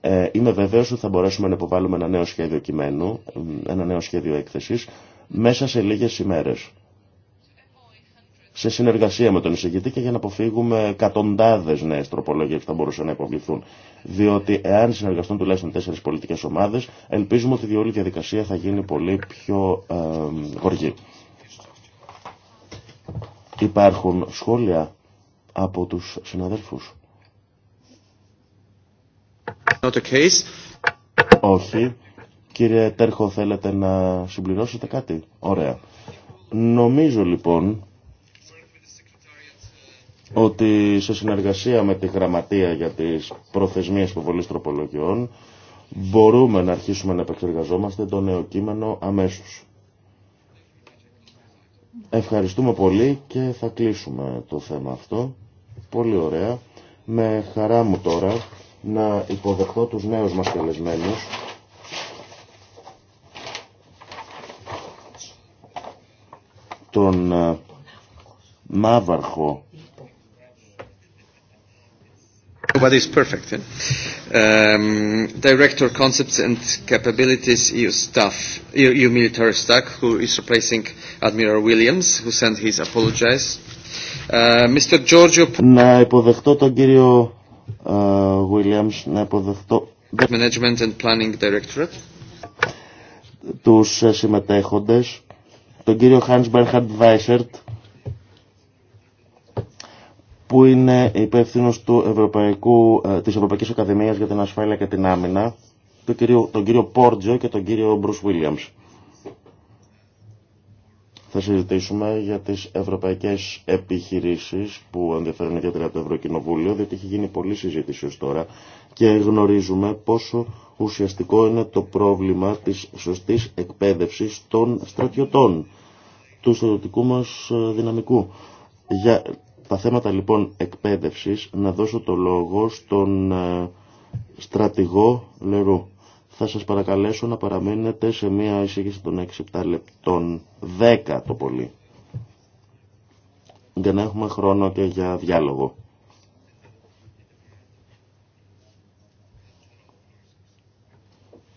Ε, είμαι βεβαίω ότι θα μπορέσουμε να υποβάλουμε ένα νέο σχέδιο κειμένου, ένα νέο σχέδιο έκθεση, μέσα σε λίγε ημέρε σε συνεργασία με τον εισηγητή και για να αποφύγουμε εκατοντάδε νέε τροπολογίε που θα μπορούσαν να υποβληθούν. Διότι εάν συνεργαστούν τουλάχιστον τέσσερι πολιτικέ ομάδε, ελπίζουμε ότι η όλη διαδικασία θα γίνει πολύ πιο ε, γοργή. Υπάρχουν σχόλια από τους συναδέλφους. Όχι. Κύριε Τέρχο, θέλετε να συμπληρώσετε κάτι. Ωραία. Νομίζω λοιπόν ότι σε συνεργασία με τη Γραμματεία για τις προθεσμίες υποβολής τροπολογιών μπορούμε να αρχίσουμε να επεξεργαζόμαστε το νέο κείμενο αμέσως. Ευχαριστούμε πολύ και θα κλείσουμε το θέμα αυτό. Πολύ ωραία. Με χαρά μου τώρα να υποδεχτώ τους νέους μας καλεσμένους. Τον ε, Μάβαρχο nobody is perfect. Um, Director Concepts and Capabilities EU staff, EU military staff, who is replacing Admiral Williams, who sent his apologies. Mr. Giorgio. Να υποδεχτώ τον κύριο Williams, να υποδεχτώ. Management and Planning Directorate. Τους συμμετέχοντες, τον κύριο Hans Bernhard Weissert, που είναι υπεύθυνο του Ευρωπαϊκή ε, της Ευρωπαϊκής Ακαδημίας για την Ασφάλεια και την Άμυνα, τον κύριο, τον κύριο Πόρτζο και τον κύριο Μπρουσ Βίλιαμς. Θα συζητήσουμε για τις ευρωπαϊκές επιχειρήσεις που ενδιαφέρουν ιδιαίτερα το Ευρωκοινοβούλιο, διότι έχει γίνει πολλή συζήτηση ως τώρα και γνωρίζουμε πόσο ουσιαστικό είναι το πρόβλημα της σωστής εκπαίδευσης των στρατιωτών, του στρατιωτικού μας ε, δυναμικού. Για τα θέματα λοιπόν εκπαίδευσης να δώσω το λόγο στον ε, στρατηγό Λερού. Θα σας παρακαλέσω να παραμείνετε σε μια εισήγηση των 6-7 λεπτών, 10 το πολύ, για να έχουμε χρόνο και για διάλογο.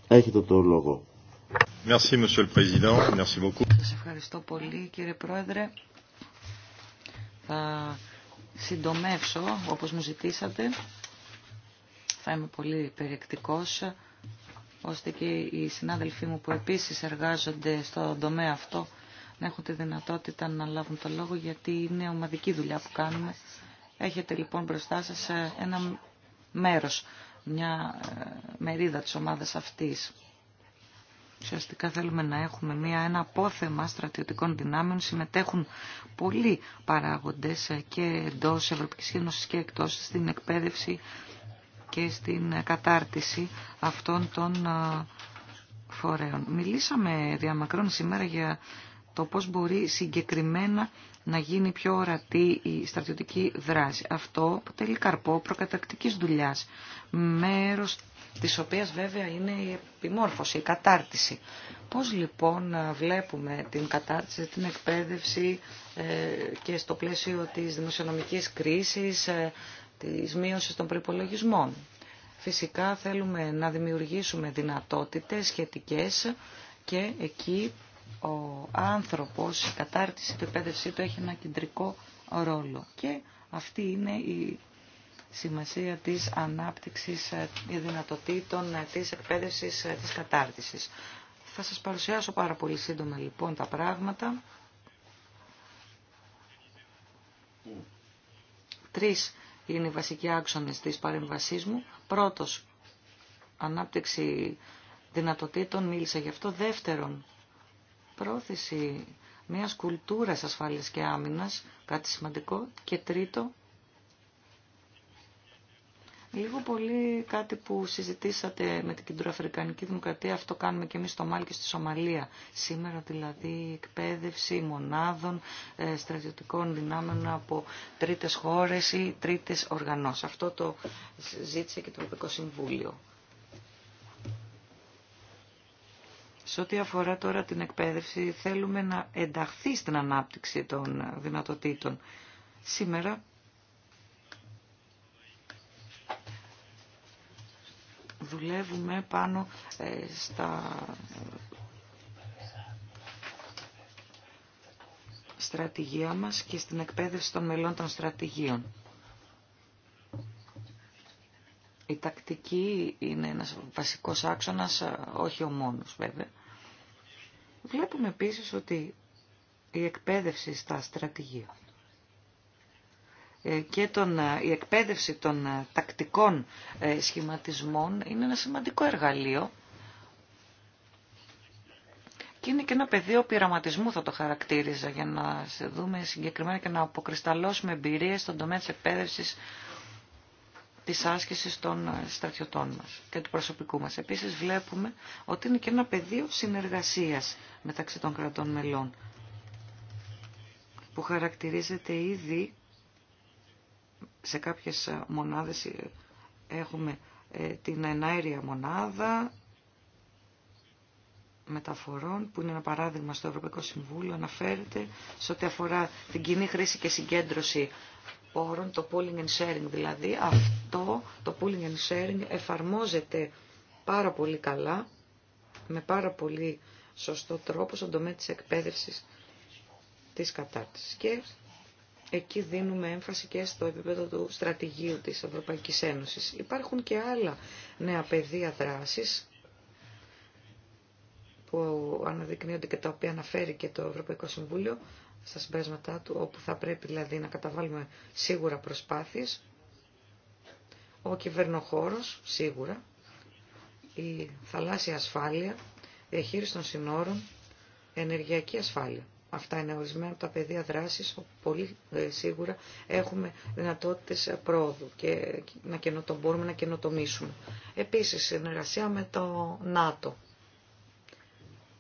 Έχετε το λόγο. Merci, Monsieur le Président. Merci beaucoup. Σας ευχαριστώ πολύ κύριε Πρόεδρε. Θα συντομεύσω, όπως μου ζητήσατε. Θα είμαι πολύ περιεκτικός, ώστε και οι συνάδελφοί μου που επίσης εργάζονται στον τομέα αυτό να έχουν τη δυνατότητα να λάβουν το λόγο, γιατί είναι ομαδική δουλειά που κάνουμε. Έχετε λοιπόν μπροστά σας ε, ένα μέρος, μια ε, μερίδα της ομάδας αυτής. Ουσιαστικά θέλουμε να έχουμε μια, ένα απόθεμα στρατιωτικών δυνάμεων. Συμμετέχουν πολλοί παράγοντες και εντός Ευρωπαϊκής Ένωσης και εκτός στην εκπαίδευση και στην κατάρτιση αυτών των φορέων. Μιλήσαμε διαμακρών σήμερα για το πώς μπορεί συγκεκριμένα να γίνει πιο ορατή η στρατιωτική δράση. Αυτό αποτελεί καρπό προκατακτικής δουλειάς, μέρος της οποίας βέβαια είναι η επιμόρφωση, η κατάρτιση. Πώς λοιπόν ε, βλέπουμε την κατάρτιση, την εκπαίδευση ε, και στο πλαίσιο της δημοσιονομικής κρίσης, ε, της μείωσης των προϋπολογισμών. Φυσικά θέλουμε να δημιουργήσουμε δυνατότητες σχετικές και εκεί ο άνθρωπος, η κατάρτιση η εκπαίδευσή του έχει ένα κεντρικό ρόλο. Και αυτή είναι η σημασία της ανάπτυξης ε, δυνατοτήτων ε, της εκπαίδευσης ε, της κατάρτισης. Θα σας παρουσιάσω πάρα πολύ σύντομα λοιπόν τα πράγματα. Τρεις είναι οι βασικοί άξονες της παρεμβασής μου. Πρώτος, ανάπτυξη δυνατοτήτων, μίλησα γι' αυτό. Δεύτερον, πρόθεση μιας κουλτούρας ασφάλειας και άμυνας, κάτι σημαντικό. Και τρίτο, Λίγο πολύ κάτι που συζητήσατε με την Κεντροαφρικανική Δημοκρατία, αυτό κάνουμε και εμείς στο Μάλκι και στη Σομαλία. Σήμερα δηλαδή εκπαίδευση μονάδων ε, στρατιωτικών δυνάμεων από τρίτες χώρες ή τρίτες οργανώσεις. Αυτό το ζήτησε και το Ευρωπαϊκό Συμβούλιο. Σε ό,τι αφορά τώρα την εκπαίδευση, θέλουμε να ενταχθεί στην ανάπτυξη των δυνατοτήτων. Σήμερα δουλεύουμε πάνω ε, στα στρατηγία μας και στην εκπαίδευση των μελών των στρατηγίων. Η τακτική είναι ένας βασικός άξονας, ε, όχι ο μόνος βέβαια. Βλέπουμε επίσης ότι η εκπαίδευση στα στρατηγία ε, και τον, ε, η εκπαίδευση των ε, τακτικών σχηματισμών είναι ένα σημαντικό εργαλείο και είναι και ένα πεδίο πειραματισμού θα το χαρακτήριζα για να σε δούμε συγκεκριμένα και να αποκρισταλώσουμε εμπειρίες στον τομέα της εκπαίδευσης της άσκησης των στρατιωτών μας και του προσωπικού μας. Επίσης βλέπουμε ότι είναι και ένα πεδίο συνεργασίας μεταξύ των κρατών μελών που χαρακτηρίζεται ήδη σε κάποιες ε, μονάδες ε, έχουμε ε, την ενάερια μονάδα μεταφορών που είναι ένα παράδειγμα στο Ευρωπαϊκό Συμβούλιο αναφέρεται σε ό,τι αφορά την κοινή χρήση και συγκέντρωση πόρων, το pooling and sharing δηλαδή. Αυτό το pooling and sharing εφαρμόζεται πάρα πολύ καλά, με πάρα πολύ σωστό τρόπο στον τομέα της εκπαίδευσης της κατάρτισης. Και εκεί δίνουμε έμφαση και στο επίπεδο του στρατηγίου της Ευρωπαϊκής Ένωσης. Υπάρχουν και άλλα νέα πεδία δράσης που αναδεικνύονται και τα οποία αναφέρει και το Ευρωπαϊκό Συμβούλιο στα συμπέρασματά του, όπου θα πρέπει δηλαδή να καταβάλουμε σίγουρα προσπάθειες. Ο κυβερνοχώρος, σίγουρα, η θαλάσσια ασφάλεια, διαχείριση των συνόρων, ενεργειακή ασφάλεια. Αυτά είναι ορισμένα από τα πεδία δράσης όπου πολύ ε, σίγουρα έχουμε δυνατότητε πρόοδου και να καινοτο, μπορούμε να καινοτομήσουμε. Επίσης, συνεργασία με το ΝΑΤΟ.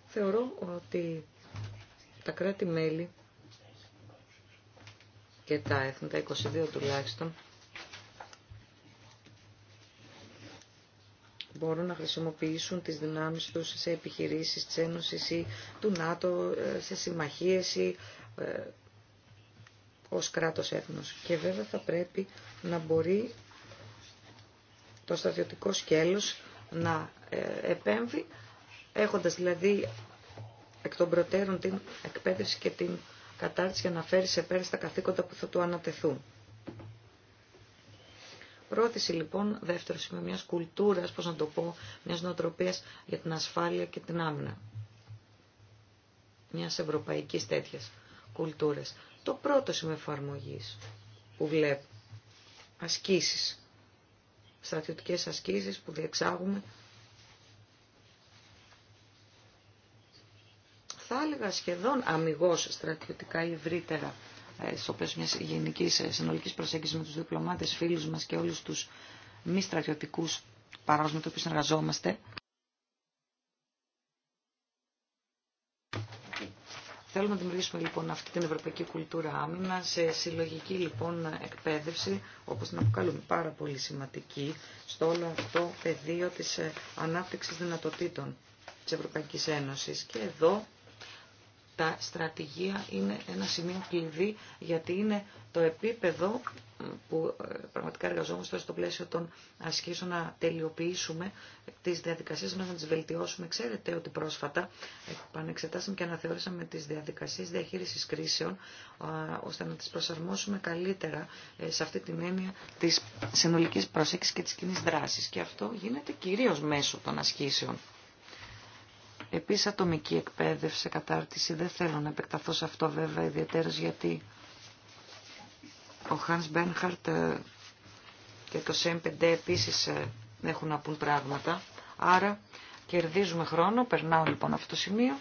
Θεωρώ ότι τα κράτη-μέλη και τα έθνη, τα 22 τουλάχιστον, μπορούν να χρησιμοποιήσουν τις δυνάμεις τους σε επιχειρήσεις της Ένωσης ή του ΝΑΤΟ, ε, σε συμμαχίες ή ε, ως κράτος έθνος. Και βέβαια θα πρέπει να μπορεί το στρατιωτικό σκέλος να ε, επέμβει, έχοντας δηλαδή εκ των προτέρων την εκπαίδευση και την κατάρτιση για να φέρει σε πέρα στα καθήκοντα που θα του ανατεθούν. Πρόθεση λοιπόν, δεύτερο σημείο, μιας κουλτούρας, πώς να το πω, μιας νοοτροπίας για την ασφάλεια και την άμυνα. Μιας ευρωπαϊκής τέτοιας κουλτούρας. Το πρώτο σημείο εφαρμογή που βλέπω, ασκήσεις, στρατιωτικές ασκήσεις που διεξάγουμε, θα έλεγα σχεδόν αμυγός στρατιωτικά υβρύτερα. ευρύτερα στο πλαίσιο μια γενική ε, συνολική προσέγγιση με του διπλωμάτε φίλου μα και όλου του μη στρατιωτικού παράγοντες με του οποίου συνεργαζόμαστε. Θέλουμε να δημιουργήσουμε λοιπόν αυτή την ευρωπαϊκή κουλτούρα άμυνα σε συλλογική λοιπόν εκπαίδευση, όπω την αποκαλούμε πάρα πολύ σημαντική, στο όλο αυτό πεδίο τη ε, ανάπτυξη δυνατοτήτων τη Ευρωπαϊκή Ένωση. Και εδώ τα στρατηγία είναι ένα σημείο κλειδί γιατί είναι το επίπεδο ε, που ε, πραγματικά εργαζόμαστε στο πλαίσιο των ασκήσεων να τελειοποιήσουμε τις διαδικασίες να τις βελτιώσουμε. Ξέρετε ότι πρόσφατα επανεξετάσαμε και αναθεώρησαμε τις διαδικασίες διαχείρισης κρίσεων ώστε να τις προσαρμόσουμε καλύτερα ε, σε αυτή την έννοια της συνολικής προσέξης και της κοινή δράσης. Και αυτό γίνεται κυρίως μέσω των ασκήσεων. Επίσης ατομική εκπαίδευση, κατάρτιση, δεν θέλω να επεκταθώ σε αυτό βέβαια ιδιαίτερα γιατί ο Hans Μπένχαρτ ε, και το ΣΕΜ5 επίσης ε, έχουν να πούν πράγματα. Άρα κερδίζουμε χρόνο, περνάω λοιπόν αυτό το σημείο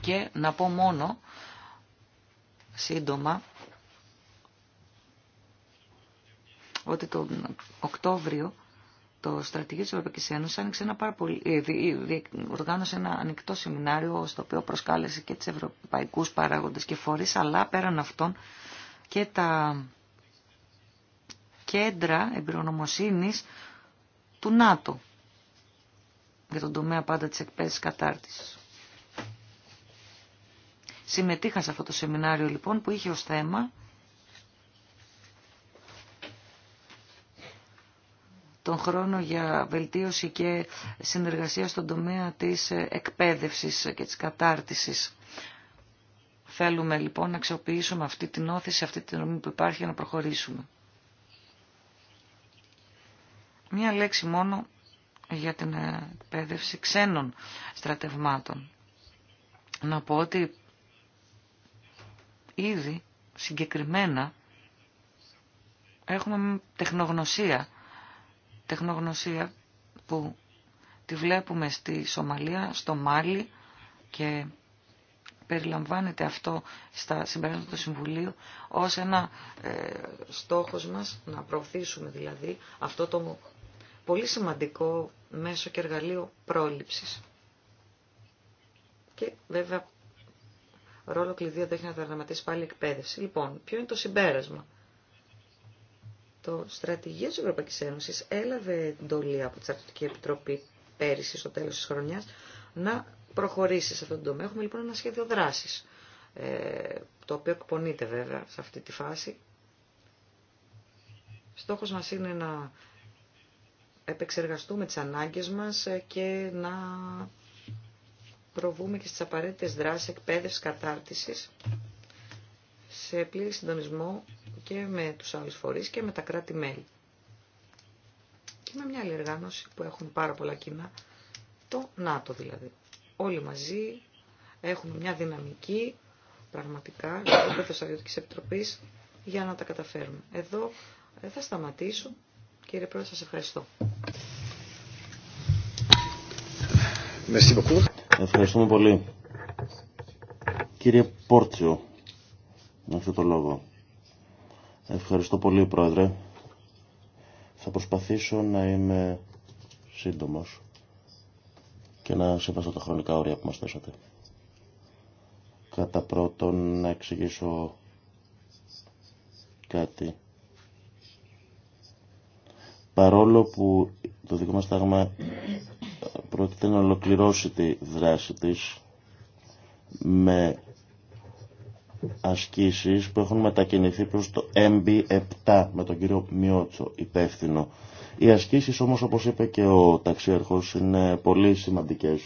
και να πω μόνο σύντομα ότι τον Οκτώβριο το Στρατηγείο της Ευρωπαϊκής Ένωσης άνοιξε ένα πάρα πολύ, ε, ε, οργάνωσε ένα ανοιχτό σεμινάριο στο οποίο προσκάλεσε και τις ευρωπαϊκούς παράγοντες και φορείς, αλλά πέραν αυτών και τα κέντρα εμπειρονομοσύνης του ΝΑΤΟ για τον τομέα πάντα της εκπαίδευσης κατάρτισης. Συμμετείχα σε αυτό το σεμινάριο λοιπόν που είχε ως θέμα τον χρόνο για βελτίωση και συνεργασία στον τομέα της εκπαίδευσης και της κατάρτισης. Θέλουμε λοιπόν να αξιοποιήσουμε αυτή την όθηση, αυτή την νομή που υπάρχει για να προχωρήσουμε. Μία λέξη μόνο για την εκπαίδευση ξένων στρατευμάτων. Να πω ότι ήδη συγκεκριμένα έχουμε τεχνογνωσία τεχνογνωσία που τη βλέπουμε στη Σομαλία, στο Μάλι και περιλαμβάνεται αυτό στα συμπεράσματα του Συμβουλίου ως ένα ε, στόχος μας να προωθήσουμε δηλαδή αυτό το πολύ σημαντικό μέσο και εργαλείο πρόληψης. Και βέβαια ρόλο κλειδί δεν έχει να δραματίσει πάλι εκπαίδευση. Λοιπόν, ποιο είναι το συμπέρασμα. Το στρατηγείο της Ευρωπαϊκής Ένωσης έλαβε εντολή από τη Στρατιωτική Επιτροπή πέρυσι στο τέλος της χρονιάς να προχωρήσει σε αυτόν τον τομέα. Έχουμε λοιπόν ένα σχέδιο δράσης, ε, το οποίο εκπονείται βέβαια σε αυτή τη φάση. Στόχος μας είναι να επεξεργαστούμε τις ανάγκες μας ε, και να προβούμε και στις απαραίτητες δράσεις εκπαίδευσης κατάρτισης σε πλήρη συντονισμό και με τους άλλους φορείς και με τα κράτη-μέλη. Και με μια άλλη εργάνωση που έχουν πάρα πολλά κοινά, το ΝΑΤΟ δηλαδή. Όλοι μαζί έχουμε μια δυναμική, πραγματικά, το επίπεδο τη Επιτροπής, για να τα καταφέρουμε. Εδώ ε, θα σταματήσω. Κύριε Πρόεδρε, σας ευχαριστώ. Ευχαριστούμε πολύ. Κύριε Πόρτσιο αυτό το λόγο. Ευχαριστώ πολύ, Πρόεδρε. Θα προσπαθήσω να είμαι σύντομος και να σεβαστώ τα χρονικά όρια που μας θέσατε. Κατά πρώτον, να εξηγήσω κάτι. Παρόλο που το δικό μας τάγμα πρόκειται να ολοκληρώσει τη δράση της με ασκήσεις που έχουν μετακινηθεί προς το MB7 με τον κύριο Μιώτσο υπεύθυνο. Οι ασκήσεις όμως όπως είπε και ο ταξιέρχος είναι πολύ σημαντικές.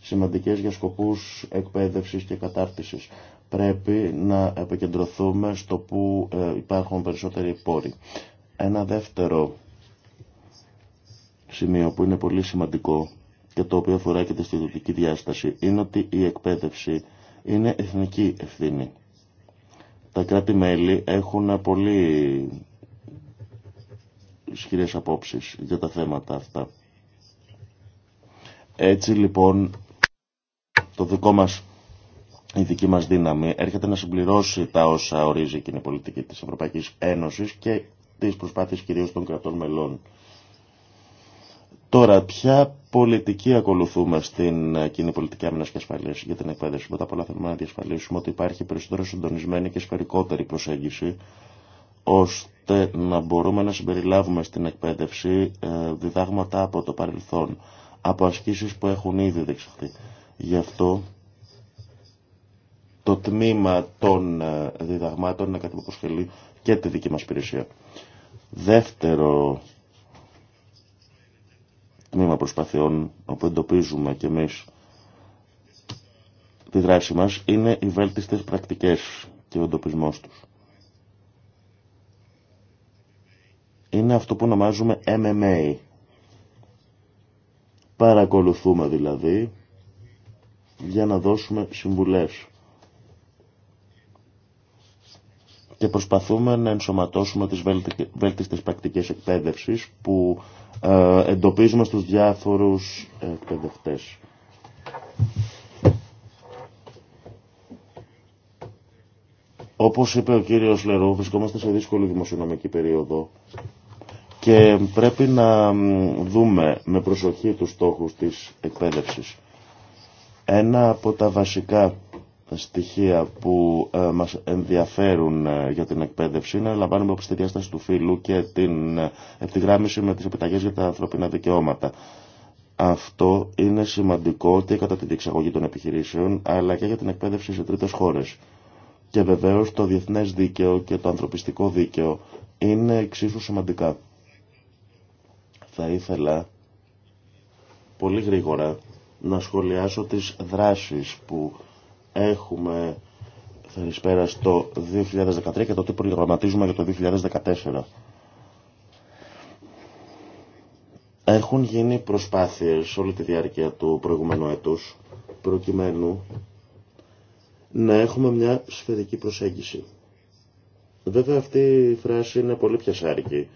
Σημαντικές για σκοπούς εκπαίδευσης και κατάρτισης. Πρέπει να επικεντρωθούμε στο που ε, υπάρχουν περισσότεροι πόροι. Ένα δεύτερο σημείο που είναι πολύ σημαντικό και το οποίο αφορά και τη διάσταση είναι ότι η εκπαίδευση είναι εθνική ευθύνη. Τα κράτη-μέλη έχουν πολύ ισχυρές απόψεις για τα θέματα αυτά. Έτσι λοιπόν το δικό μας, η δική μας δύναμη έρχεται να συμπληρώσει τα όσα ορίζει η κοινή πολιτική της Ευρωπαϊκής Ένωσης και τις προσπάθειες κυρίως των κρατών μελών. Τώρα, ποια πολιτική ακολουθούμε στην ε, κοινή πολιτική άμυνα και ασφαλεία για την εκπαίδευση. Μετά απ' όλα θέλουμε να διασφαλίσουμε ότι υπάρχει περισσότερο συντονισμένη και σφαιρικότερη προσέγγιση ώστε να μπορούμε να συμπεριλάβουμε στην εκπαίδευση ε, διδάγματα από το παρελθόν, από ασκήσει που έχουν ήδη δεξιχθεί. Γι' αυτό το τμήμα των ε, διδαγμάτων είναι κάτι που και τη δική μας υπηρεσία. Δεύτερο τμήμα προσπαθειών όπου εντοπίζουμε και εμείς τη δράση μας είναι οι βέλτιστες πρακτικές και ο εντοπισμό τους. Είναι αυτό που ονομάζουμε MMA. Παρακολουθούμε δηλαδή για να δώσουμε συμβουλές. και προσπαθούμε να ενσωματώσουμε τις βέλτιστες πρακτικές εκπαίδευσης που ε, εντοπίζουμε στους διάφορους εκπαιδευτές. Όπως είπε ο κύριος Λερού, βρισκόμαστε σε δύσκολη δημοσιονομική περίοδο και πρέπει να δούμε με προσοχή τους στόχους της εκπαίδευσης. Ένα από τα βασικά τα στοιχεία που ε, μας ενδιαφέρουν ε, για την εκπαίδευση είναι να λαμβάνουμε όπως τη διάσταση του φύλου και την επιγράμμιση με τις επιταγές για τα ανθρώπινα δικαιώματα. Αυτό είναι σημαντικό και κατά την διεξαγωγή των επιχειρήσεων αλλά και για την εκπαίδευση σε τρίτες χώρες. Και βεβαίως το διεθνές δίκαιο και το ανθρωπιστικό δίκαιο είναι εξίσου σημαντικά. Θα ήθελα πολύ γρήγορα να σχολιάσω τις δράσεις που έχουμε θερισπέρα πέρα στο 2013 και το τι προγραμματίζουμε για το 2014. Έχουν γίνει προσπάθειες όλη τη διάρκεια του προηγούμενου έτους προκειμένου να έχουμε μια σφαιρική προσέγγιση. Βέβαια αυτή η φράση είναι πολύ πιασάρικη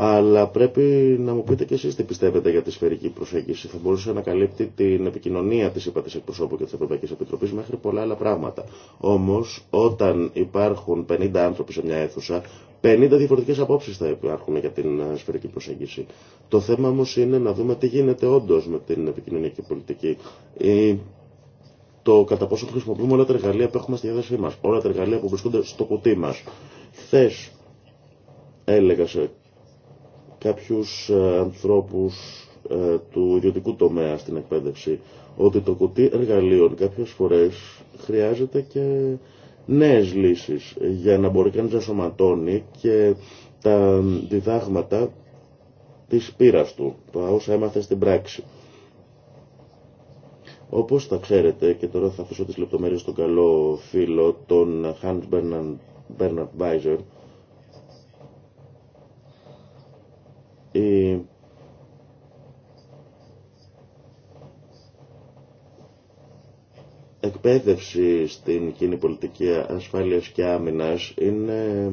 αλλά πρέπει να μου πείτε και εσείς τι πιστεύετε για τη σφαιρική προσέγγιση. Θα μπορούσε να καλύπτει την επικοινωνία της ΕΕ της εκπροσώπου και της Ευρωπαϊκής Επιτροπής μέχρι πολλά άλλα πράγματα. Όμως όταν υπάρχουν 50 άνθρωποι σε μια αίθουσα, 50 διαφορετικέ απόψει θα υπάρχουν για την ε, σφαιρική προσέγγιση. Το θέμα όμω είναι να δούμε τι γίνεται όντω με την επικοινωνιακή πολιτική. Το κατά πόσο χρησιμοποιούμε όλα τα εργαλεία που έχουμε στη διάθεσή μα, όλα τα εργαλεία που βρίσκονται στο κουτί μα. Χθε, έλεγα κάποιους ε, ανθρώπους ε, του ιδιωτικού τομέα στην εκπαίδευση ότι το κουτί εργαλείων κάποιες φορές χρειάζεται και νέες λύσεις για να μπορεί κανείς να σωματώνει και τα διδάγματα της πείρας του, το όσα έμαθε στην πράξη. Όπως θα ξέρετε, και τώρα θα αφήσω τις λεπτομέρειες στον καλό φίλο, τον Hans Bernard Weiser, η ε, εκπαίδευση στην κοινή πολιτική ασφάλειας και άμυνας είναι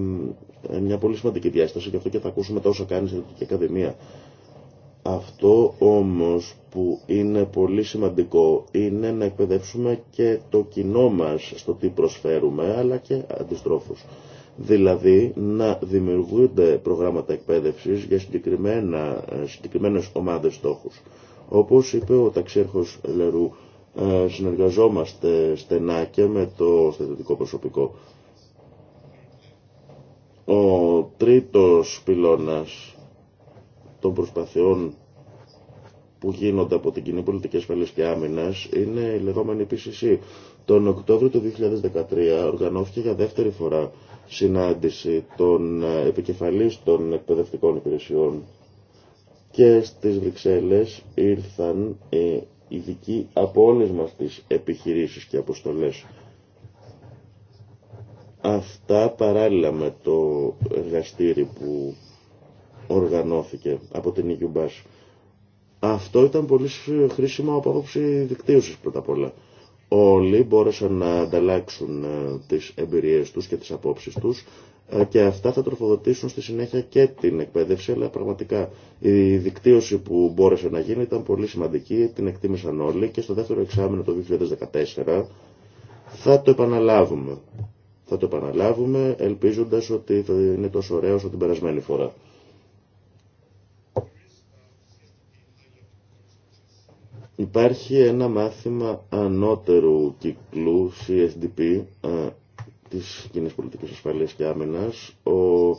ε, μια πολύ σημαντική διάσταση και αυτό και θα ακούσουμε τόσο όσα κάνει στην Ελληνική Ακαδημία. Αυτό όμως που είναι πολύ σημαντικό είναι να εκπαιδεύσουμε και το κοινό μας στο τι προσφέρουμε αλλά και αντιστρόφως δηλαδή να δημιουργούνται προγράμματα εκπαίδευσης για συγκεκριμένα, ε, συγκεκριμένες ομάδες στόχους. Όπως είπε ο ταξιέρχος Λερού, ε, συνεργαζόμαστε στενά και με το στρατιωτικό προσωπικό. Ο τρίτος πυλώνας των προσπαθειών που γίνονται από την Κοινή Πολιτική Ασφαλής και Άμυνας είναι η λεγόμενη PCC. Τον Οκτώβριο του 2013 οργανώθηκε για δεύτερη φορά συνάντηση των ε, επικεφαλής των εκπαιδευτικών υπηρεσιών και στις Βρυξέλλες ήρθαν ε, ειδικοί από όλες μας τις επιχειρήσεις και αποστολές. Αυτά παράλληλα με το εργαστήρι που οργανώθηκε από την Ιγιουμπάς. Αυτό ήταν πολύ χρήσιμο από άποψη δικτύωσης πρώτα απ' όλα. Όλοι μπόρεσαν να ανταλλάξουν ε, τις εμπειρίες τους και τις απόψεις τους ε, και αυτά θα τροφοδοτήσουν στη συνέχεια και την εκπαίδευση, αλλά πραγματικά η δικτύωση που μπόρεσε να γίνει ήταν πολύ σημαντική, την εκτίμησαν όλοι και στο δεύτερο εξάμεινο το 2014 θα το επαναλάβουμε. Θα το επαναλάβουμε ελπίζοντας ότι θα είναι τόσο ωραίο όσο την περασμένη φορά. Υπάρχει ένα μάθημα ανώτερου κυκλού CSDP ε, της κοινή πολιτικής ασφαλείας και άμυνας. Ο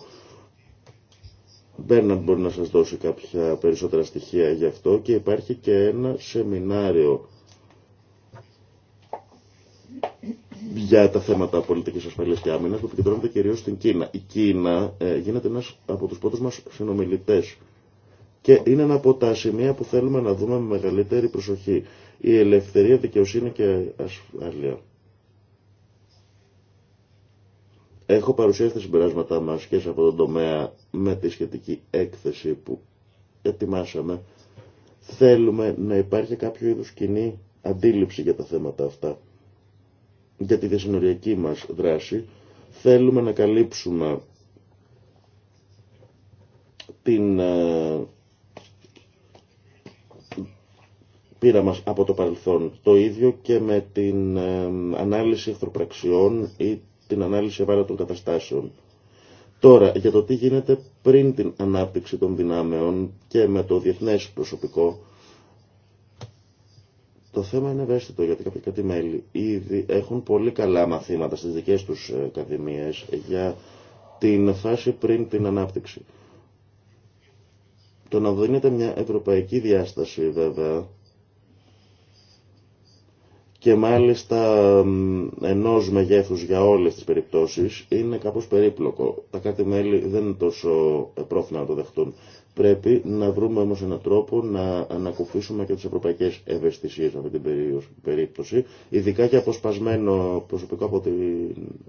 Μπέρναντ μπορεί να σας δώσει κάποια περισσότερα στοιχεία γι' αυτό και υπάρχει και ένα σεμινάριο για τα θέματα πολιτικής ασφαλείας και άμυνας που επικεντρώνεται κυρίως στην Κίνα. Η Κίνα ε, γίνεται ένας από τους πρώτους μας συνομιλητές και είναι ένα από τα σημεία που θέλουμε να δούμε με μεγαλύτερη προσοχή. Η ελευθερία, δικαιοσύνη και ασφάλεια. Έχω παρουσιάσει τα συμπεράσματά μας και σε αυτό τον τομέα με τη σχετική έκθεση που ετοιμάσαμε. Θέλουμε να υπάρχει κάποιο είδους κοινή αντίληψη για τα θέματα αυτά. Για τη διασυνοριακή μας δράση θέλουμε να καλύψουμε την ε, χαρακτήρα μας από το παρελθόν. Το ίδιο και με την ανάλυση εχθροπραξιών ή την ανάλυση ευάλωτων καταστάσεων. Τώρα, για το τι γίνεται πριν την ανάπτυξη των δυνάμεων και με το διεθνές προσωπικό, το θέμα είναι ευαίσθητο γιατί κάποια κάτι μέλη ήδη έχουν πολύ καλά μαθήματα στις δικές τους ε, ακαδημίες για την φάση πριν την ανάπτυξη. Το να δίνεται μια ευρωπαϊκή διάσταση βέβαια και μάλιστα ενός μεγέθους για όλες τις περιπτώσεις είναι κάπως περίπλοκο. Τα κάτι μέλη δεν είναι τόσο πρόθυμα να το δεχτούν. Πρέπει να βρούμε όμως έναν τρόπο να ανακουφίσουμε και τις ευρωπαϊκές ευαισθησίες σε αυτή την περίπτωση, ειδικά και αποσπασμένο προσωπικό από την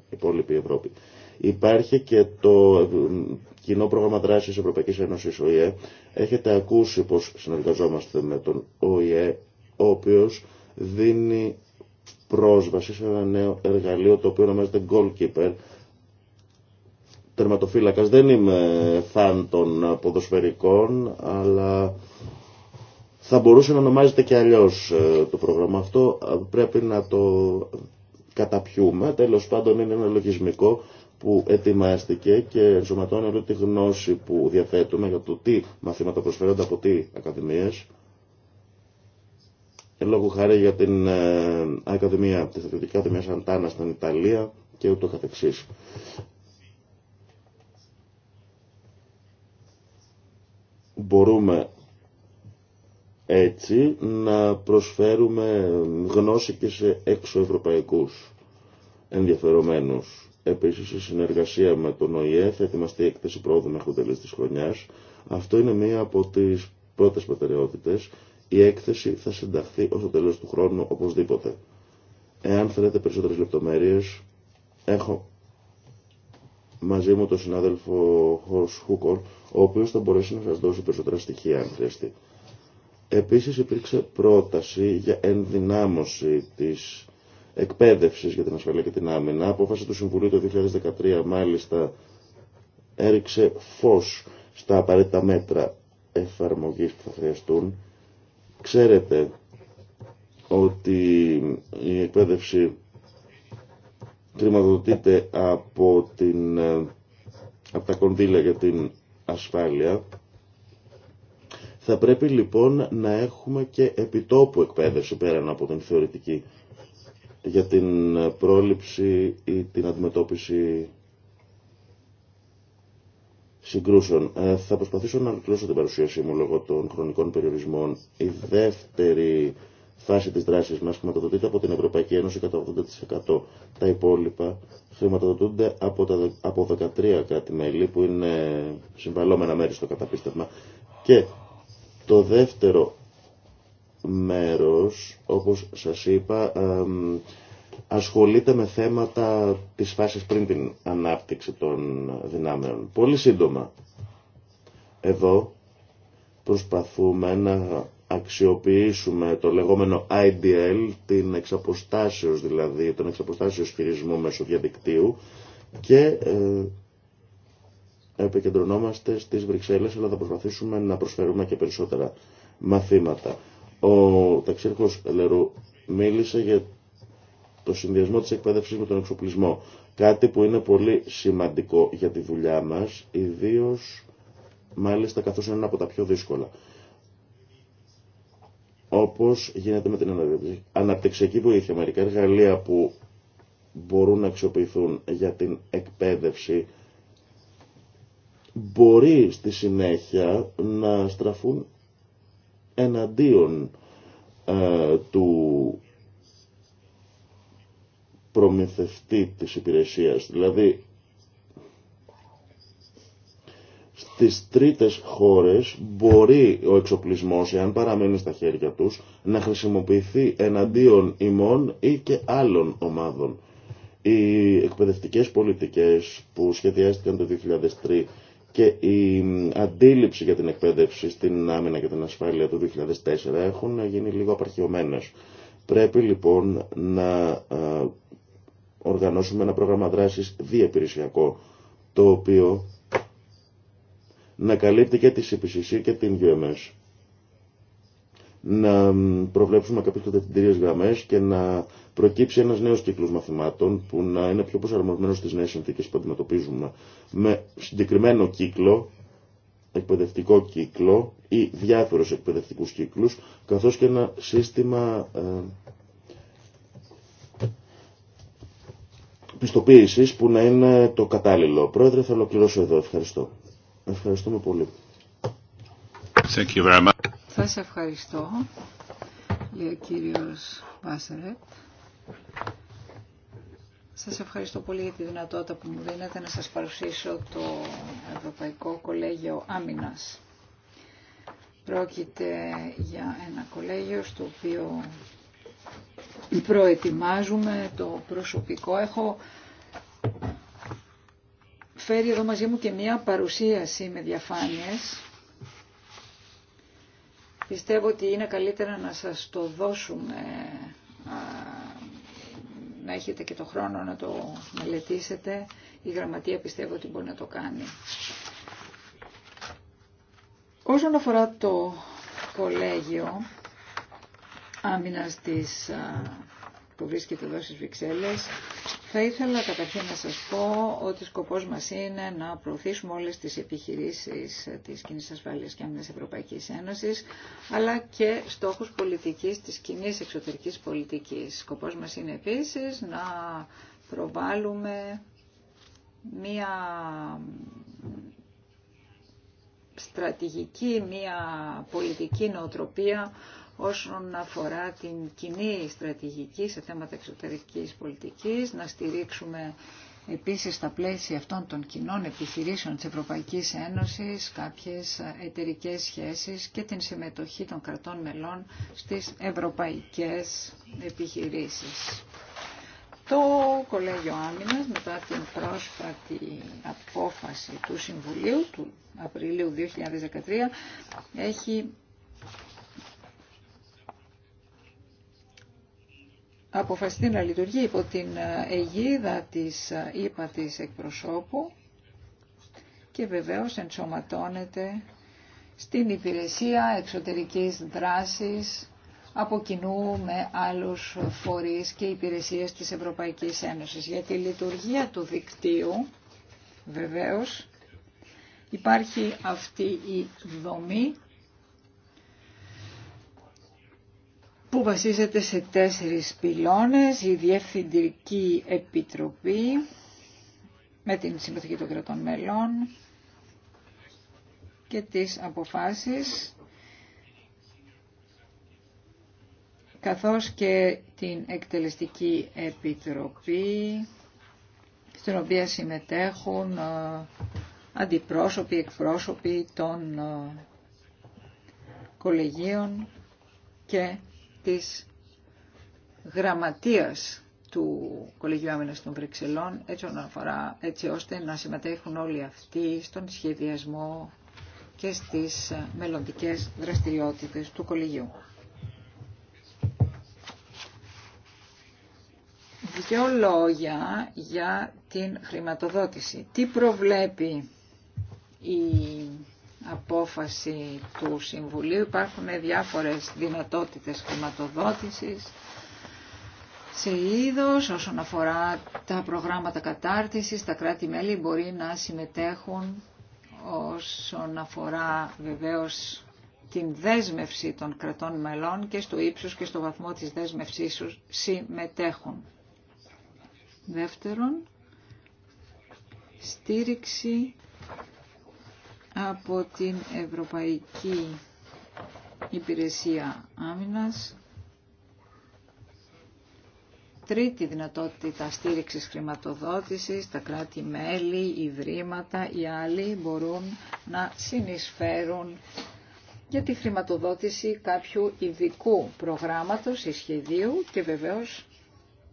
υπόλοιπη Ευρώπη. Υπάρχει και το κοινό πρόγραμμα δράσης Ευρωπαϊκής Ένωσης ΟΗΕ. Έχετε ακούσει πως συνεργαζόμαστε με τον ΟΗΕ, ο οποίο δίνει πρόσβαση σε ένα νέο εργαλείο το οποίο ονομάζεται Goalkeeper. Τερματοφύλακα δεν είμαι φαν των ποδοσφαιρικών, αλλά θα μπορούσε να ονομάζεται και αλλιώ ε, το πρόγραμμα αυτό. Ε, πρέπει να το καταπιούμε. Τέλο πάντων είναι ένα λογισμικό που ετοιμάστηκε και ενσωματώνει όλη τη γνώση που διαθέτουμε για το τι μαθήματα προσφέρονται από τι ακαδημίες ε, λόγω χάρη για την ε, Ακαδημία, τη Στρατιωτική Ακαδημία Σαντάνα στην Ιταλία και ούτω καθεξής. Μπορούμε έτσι να προσφέρουμε γνώση και σε εξωευρωπαϊκούς ενδιαφερομένους. Επίσης η συνεργασία με τον ΟΗΕ θα ετοιμαστεί έκθεση πρόοδου μέχρι τέλος της χρονιάς. Αυτό είναι μία από τις πρώτες προτεραιότητες η έκθεση θα συνταχθεί ως το τέλος του χρόνου οπωσδήποτε. Εάν θέλετε περισσότερες λεπτομέρειες, έχω μαζί μου τον συνάδελφο Χορς Χούκορ, ο οποίος θα μπορέσει να σας δώσει περισσότερα στοιχεία αν χρειαστεί. Επίσης υπήρξε πρόταση για ενδυνάμωση της εκπαίδευσης για την ασφαλεία και την άμυνα. Απόφαση του Συμβουλίου το 2013 μάλιστα έριξε φως στα απαραίτητα μέτρα εφαρμογής που θα χρειαστούν Ξέρετε ότι η εκπαίδευση χρηματοδοτείται από, την, από τα κονδύλια για την ασφάλεια. Θα πρέπει λοιπόν να έχουμε και επιτόπου εκπαίδευση πέραν από την θεωρητική για την πρόληψη ή την αντιμετώπιση συγκρούσεων. Ε, θα προσπαθήσω να ολοκληρώσω την παρουσίασή μου λόγω των χρονικών περιορισμών. Η δεύτερη φάση της δράσης μας χρηματοδοτείται από την Ευρωπαϊκή Ένωση κατά 80%. Τα υπόλοιπα χρηματοδοτούνται από, τα, από 13 κράτη-μέλη που είναι συμβαλόμενα μέρη στο καταπίστευμα. Και το δεύτερο μέρος, όπως σας είπα, ασχολείται με θέματα της φάσης πριν την ανάπτυξη των δυνάμεων. Πολύ σύντομα. Εδώ προσπαθούμε να αξιοποιήσουμε το λεγόμενο IDL, την εξαποστάσεως δηλαδή, τον εξαποστάσεως χειρισμό μέσω διαδικτύου και ε, επικεντρωνόμαστε στις Βρυξέλλες αλλά θα προσπαθήσουμε να προσφέρουμε και περισσότερα μαθήματα. Ο ταξίρχος Λερού μίλησε για το συνδυασμό της εκπαίδευσης με τον εξοπλισμό. Κάτι που είναι πολύ σημαντικό για τη δουλειά μας, ιδίως μάλιστα καθώς είναι ένα από τα πιο δύσκολα. Όπως γίνεται με την αναπτυξιακή βοήθεια, μερικά εργαλεία που μπορούν να αξιοποιηθούν για την εκπαίδευση, μπορεί στη συνέχεια να στραφούν εναντίον ε, του προμηθευτή της υπηρεσίας. Δηλαδή, στις τρίτες χώρες μπορεί ο εξοπλισμός, εάν παραμένει στα χέρια τους, να χρησιμοποιηθεί εναντίον ημών ή και άλλων ομάδων. Οι εκπαιδευτικές πολιτικές που σχεδιάστηκαν το 2003 και η αντίληψη για την εκπαίδευση στην άμυνα και την ασφάλεια του 2004 έχουν γίνει λίγο απαρχιωμένες. Πρέπει λοιπόν να οργανώσουμε ένα πρόγραμμα δράσης διεπηρεσιακό, το οποίο να καλύπτει και τη CPCC και την UMS. Να προβλέψουμε κάποιες κατευθυντήριες γραμμές και να προκύψει ένας νέος κύκλος μαθημάτων που να είναι πιο προσαρμοσμένο στις νέες συνθήκες που αντιμετωπίζουμε. Με συγκεκριμένο κύκλο, εκπαιδευτικό κύκλο ή διάφορους εκπαιδευτικούς κύκλους, καθώς και ένα σύστημα ε, που να είναι το κατάλληλο. Πρόεδρε, θα ολοκληρώσω εδώ. Ευχαριστώ. Ευχαριστούμε πολύ. Thank Θα ευχαριστώ, λέει ο κύριος Βάσερετ. Σας ευχαριστώ πολύ για τη δυνατότητα που μου δίνετε να σας παρουσίσω το Ευρωπαϊκό Κολέγιο Άμυνας. Πρόκειται για ένα κολέγιο στο οποίο προετοιμάζουμε το προσωπικό. Έχω φέρει εδώ μαζί μου και μία παρουσίαση με διαφάνειες. Πιστεύω ότι είναι καλύτερα να σας το δώσουμε, να έχετε και το χρόνο να το μελετήσετε. Η γραμματεία πιστεύω ότι μπορεί να το κάνει. Όσον αφορά το κολέγιο, άμυνας της, που βρίσκεται εδώ στις Βρυξέλλες. Θα ήθελα καταρχήν να σας πω ότι σκοπός μας είναι να προωθήσουμε όλες τις επιχειρήσεις της κοινή ασφάλειας και άμυνας Ευρωπαϊκής Ένωσης, αλλά και στόχους πολιτικής της κοινή εξωτερικής πολιτικής. Σκοπός μας είναι επίσης να προβάλλουμε μία στρατηγική, μία πολιτική νοοτροπία όσον αφορά την κοινή στρατηγική σε θέματα εξωτερικής πολιτικής, να στηρίξουμε επίσης στα πλαίσια αυτών των κοινών επιχειρήσεων της Ευρωπαϊκής Ένωσης κάποιες εταιρικέ σχέσεις και την συμμετοχή των κρατών μελών στις ευρωπαϊκές επιχειρήσεις. Το Κολέγιο Άμυνας μετά την πρόσφατη απόφαση του Συμβουλίου του Απριλίου 2013 έχει αποφασιστεί να λειτουργεί υπό την ε, αιγίδα της ΥΠΑ ε, εκπροσώπου και βεβαίως ενσωματώνεται στην υπηρεσία εξωτερικής δράσης από κοινού με άλλους φορείς και υπηρεσίες της Ευρωπαϊκής Ένωσης. Για τη λειτουργία του δικτύου, βεβαίως, υπάρχει αυτή η δομή που βασίζεται σε τέσσερις πυλώνες, η Διευθυντική Επιτροπή με την συμμετοχή των κρατών μελών και τις αποφάσεις καθώς και την Εκτελεστική Επιτροπή στην οποία συμμετέχουν ε, αντιπρόσωποι, εκπρόσωποι των ε, κολεγίων και της γραμματείας του Κολεγίου Άμυνας των Βρυξελών, έτσι, έτσι ώστε να συμμετέχουν όλοι αυτοί στον σχεδιασμό και στις μελλοντικές δραστηριότητες του Κολεγίου. Δύο λόγια για την χρηματοδότηση. Τι προβλέπει η απόφαση του Συμβουλίου. Υπάρχουν διάφορες δυνατότητες χρηματοδότησης σε είδος όσον αφορά τα προγράμματα κατάρτισης. Τα κράτη-μέλη μπορεί να συμμετέχουν όσον αφορά βεβαίως την δέσμευση των κρατών μελών και στο ύψος και στο βαθμό της δέσμευσής τους συμμετέχουν. Δεύτερον, στήριξη από την Ευρωπαϊκή Υπηρεσία Άμυνας. Τρίτη δυνατότητα στήριξης χρηματοδότησης, τα κράτη-μέλη, οι βρήματα, οι άλλοι μπορούν να συνεισφέρουν για τη χρηματοδότηση κάποιου ειδικού προγράμματος ή σχεδίου και βεβαίως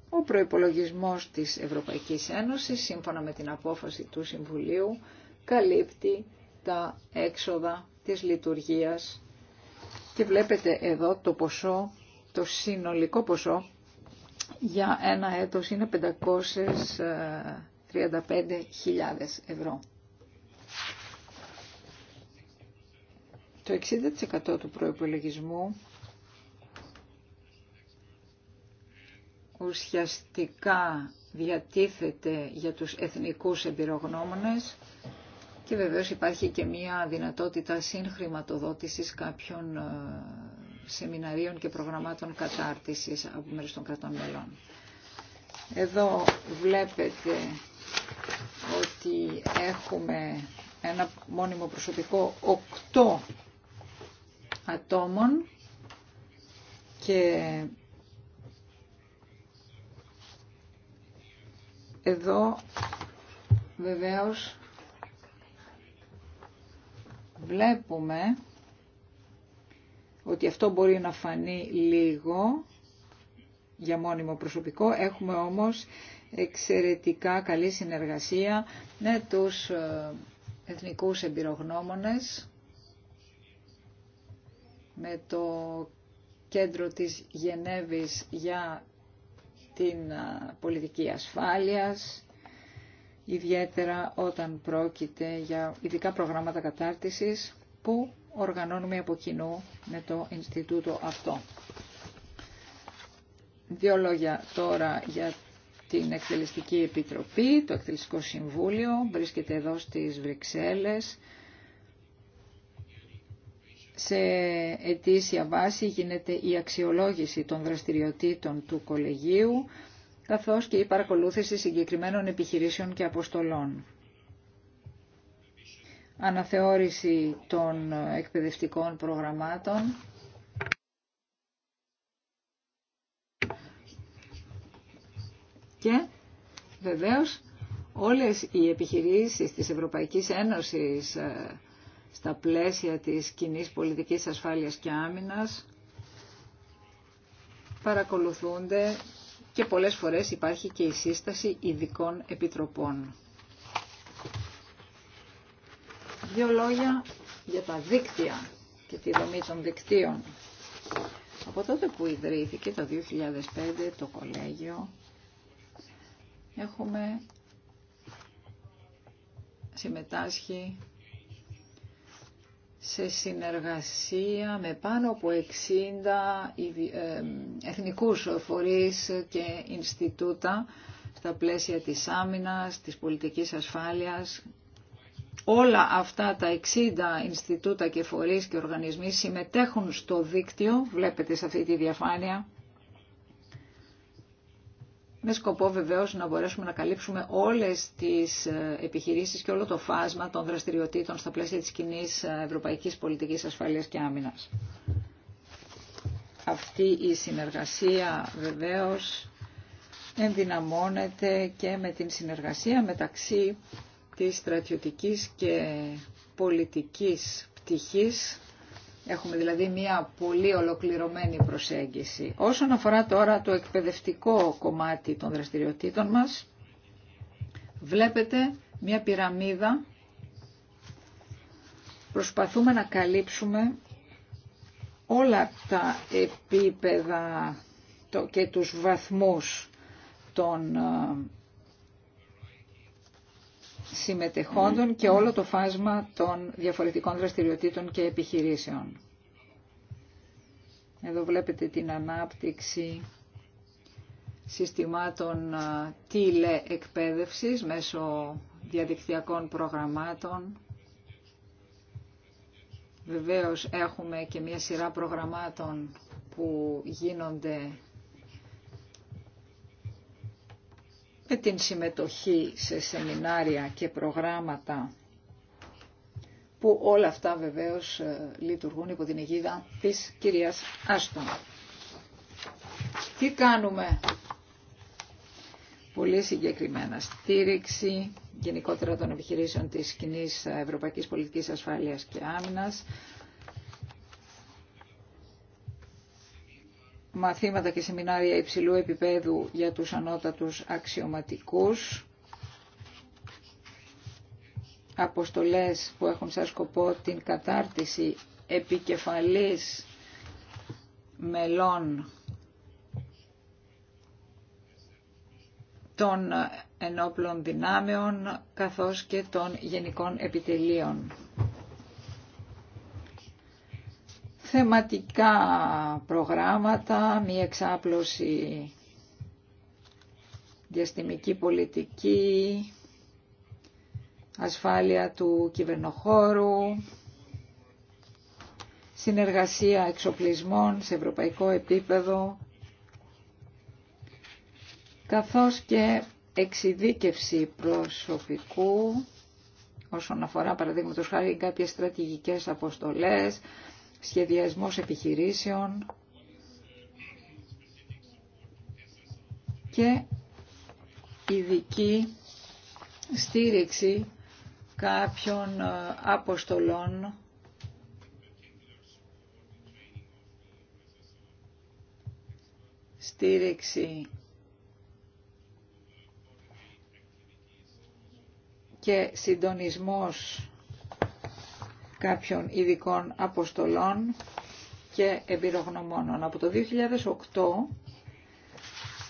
ο προϋπολογισμός της Ευρωπαϊκής Ένωσης σύμφωνα με την απόφαση του Συμβουλίου καλύπτει τα έξοδα της λειτουργίας και βλέπετε εδώ το ποσό, το συνολικό ποσό για ένα έτος είναι 535.000 ε, ευρώ. Το 60% του προϋπολογισμού ουσιαστικά διατίθεται για τους εθνικούς εμπειρογνώμονες και βεβαίως υπάρχει και μία δυνατότητα συγχρηματοδότησης κάποιων ε, σεμιναρίων και προγραμμάτων κατάρτισης από μέρους των κρατών μελών. Εδώ βλέπετε ότι έχουμε ένα μόνιμο προσωπικό 8 ατόμων και εδώ βεβαίως βλέπουμε ότι αυτό μπορεί να φανεί λίγο για μόνιμο προσωπικό. Έχουμε όμως εξαιρετικά καλή συνεργασία με τους ε, εθνικούς εμπειρογνώμονες, με το κέντρο της Γενέβης για την ε, πολιτική ασφάλειας, ιδιαίτερα όταν πρόκειται για ειδικά προγράμματα κατάρτισης που οργανώνουμε από κοινού με το Ινστιτούτο αυτό. Δύο λόγια τώρα για την Εκτελεστική Επιτροπή, το Εκτελεστικό Συμβούλιο, βρίσκεται εδώ στις Βρυξέλλες. Σε ετήσια βάση γίνεται η αξιολόγηση των δραστηριοτήτων του κολεγίου καθώς και η παρακολούθηση συγκεκριμένων επιχειρήσεων και αποστολών. Αναθεώρηση των εκπαιδευτικών προγραμμάτων. Και βεβαίως όλες οι επιχειρήσεις της Ευρωπαϊκής Ένωσης ε, στα πλαίσια της κοινή πολιτικής ασφάλειας και άμυνας παρακολουθούνται και πολλές φορές υπάρχει και η σύσταση ειδικών επιτροπών. Δύο λόγια για τα δίκτυα και τη δομή των δικτύων. Από τότε που ιδρύθηκε το 2005 το κολέγιο έχουμε συμμετάσχει σε συνεργασία με πάνω από 60 ε, εθνικούς φορείς και Ινστιτούτα στα πλαίσια της άμυνας, της πολιτικής ασφάλειας. Όλα αυτά τα 60 Ινστιτούτα και φορείς και οργανισμοί συμμετέχουν στο δίκτυο, βλέπετε σε αυτή τη διαφάνεια, με σκοπό βεβαίως να μπορέσουμε να καλύψουμε όλες τις ε, επιχειρήσεις και όλο το φάσμα των δραστηριοτήτων στα πλαίσια της κοινή ε, ευρωπαϊκής πολιτικής ασφαλείας και άμυνας. Αυτή η συνεργασία βεβαίως ενδυναμώνεται και με την συνεργασία μεταξύ της στρατιωτικής και πολιτικής πτυχής Έχουμε δηλαδή μια πολύ ολοκληρωμένη προσέγγιση. Όσον αφορά τώρα το εκπαιδευτικό κομμάτι των δραστηριοτήτων μας, βλέπετε μια πυραμίδα. Προσπαθούμε να καλύψουμε όλα τα επίπεδα και τους βαθμούς των ε, συμμετεχόντων και όλο το φάσμα των διαφορετικών δραστηριοτήτων και επιχειρήσεων. Εδώ βλέπετε την ανάπτυξη συστημάτων τηλεεκπαίδευσης μέσω διαδικτυακών προγραμμάτων. Βεβαίως έχουμε και μια σειρά προγραμμάτων που γίνονται με την συμμετοχή σε σεμινάρια και προγράμματα που όλα αυτά βεβαίως ε, λειτουργούν υπό την αιγίδα της κυρίας Άστον. Τι κάνουμε πολύ συγκεκριμένα. Στήριξη γενικότερα των επιχειρήσεων της κοινή Ευρωπαϊκής Πολιτικής Ασφάλειας και Άμυνας, μαθήματα και σεμινάρια υψηλού επίπεδου για τους ανώτατους αξιωματικούς, αποστολές που έχουν σαν σκοπό την κατάρτιση επικεφαλής μελών των ενόπλων δυνάμεων καθώς και των γενικών επιτελείων. θεματικά προγράμματα, μία εξάπλωση διαστημική πολιτική, ασφάλεια του κυβερνοχώρου, συνεργασία εξοπλισμών σε ευρωπαϊκό επίπεδο, καθώς και εξειδίκευση προσωπικού όσον αφορά παραδείγματο χάρη κάποιες στρατηγικές αποστολές, σχεδιασμός επιχειρήσεων και ειδική στήριξη κάποιων ε, αποστολών στήριξη και συντονισμός κάποιων ειδικών αποστολών και εμπειρογνωμόνων. Από το 2008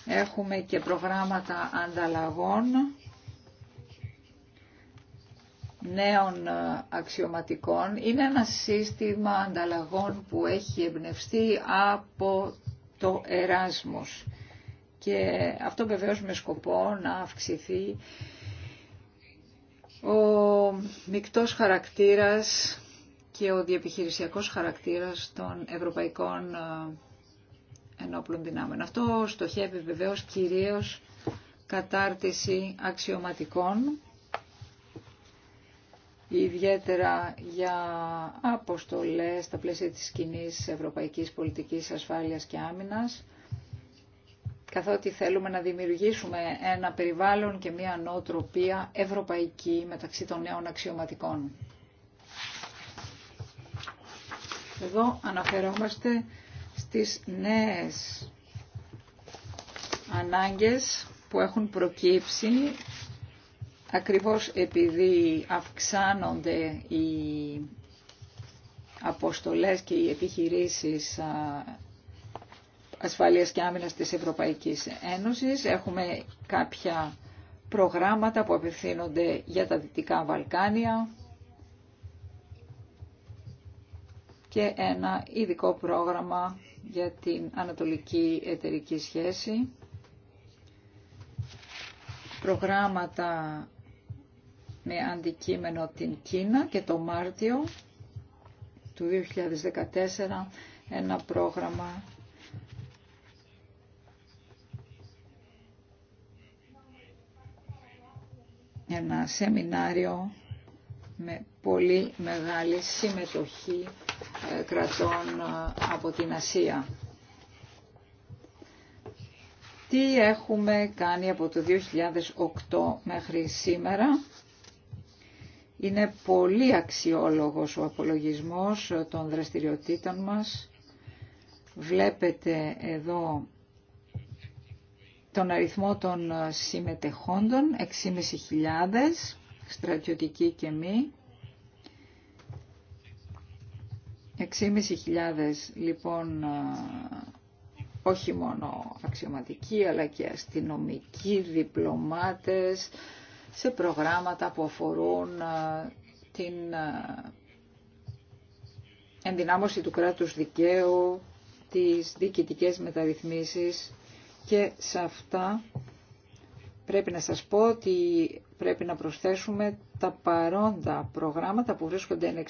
έχουμε και προγράμματα ανταλλαγών νέων αξιωματικών. Είναι ένα σύστημα ανταλλαγών που έχει εμπνευστεί από το Εράσμος. Και αυτό βεβαίως με σκοπό να αυξηθεί ο μικτός χαρακτήρας και ο διεπιχειρησιακός χαρακτήρας των ευρωπαϊκών ε, ενόπλων δυνάμεων. Αυτό στοχεύει βεβαίως κυρίως κατάρτιση αξιωματικών, ιδιαίτερα για αποστολές στα πλαίσια της κοινή ευρωπαϊκής πολιτικής ασφάλειας και άμυνας, καθότι θέλουμε να δημιουργήσουμε ένα περιβάλλον και μια νοοτροπία ευρωπαϊκή μεταξύ των νέων αξιωματικών. Εδώ αναφερόμαστε στις νέες ανάγκες που έχουν προκύψει ακριβώς επειδή αυξάνονται οι αποστολές και οι επιχειρήσεις ασφαλείας και άμυνας της Ευρωπαϊκής Ένωσης. Έχουμε κάποια προγράμματα που απευθύνονται για τα Δυτικά Βαλκάνια, και ένα ειδικό πρόγραμμα για την Ανατολική Εταιρική Σχέση. Προγράμματα με αντικείμενο την Κίνα και το Μάρτιο του 2014 ένα πρόγραμμα ένα σεμινάριο με πολύ μεγάλη συμμετοχή κρατών ε, από την Ασία. Τι έχουμε κάνει από το 2008 μέχρι σήμερα. Είναι πολύ αξιόλογος ο απολογισμός των δραστηριοτήτων μας. Βλέπετε εδώ τον αριθμό των συμμετεχόντων, 6.500 στρατιωτικοί και μη. 6.500 λοιπόν όχι μόνο αξιωματικοί αλλά και αστυνομικοί διπλωμάτες σε προγράμματα που αφορούν την ενδυνάμωση του κράτους δικαίου, τις διοικητικές μεταρρυθμίσεις και σε αυτά πρέπει να σας πω ότι πρέπει να προσθέσουμε τα παρόντα προγράμματα που βρίσκονται εν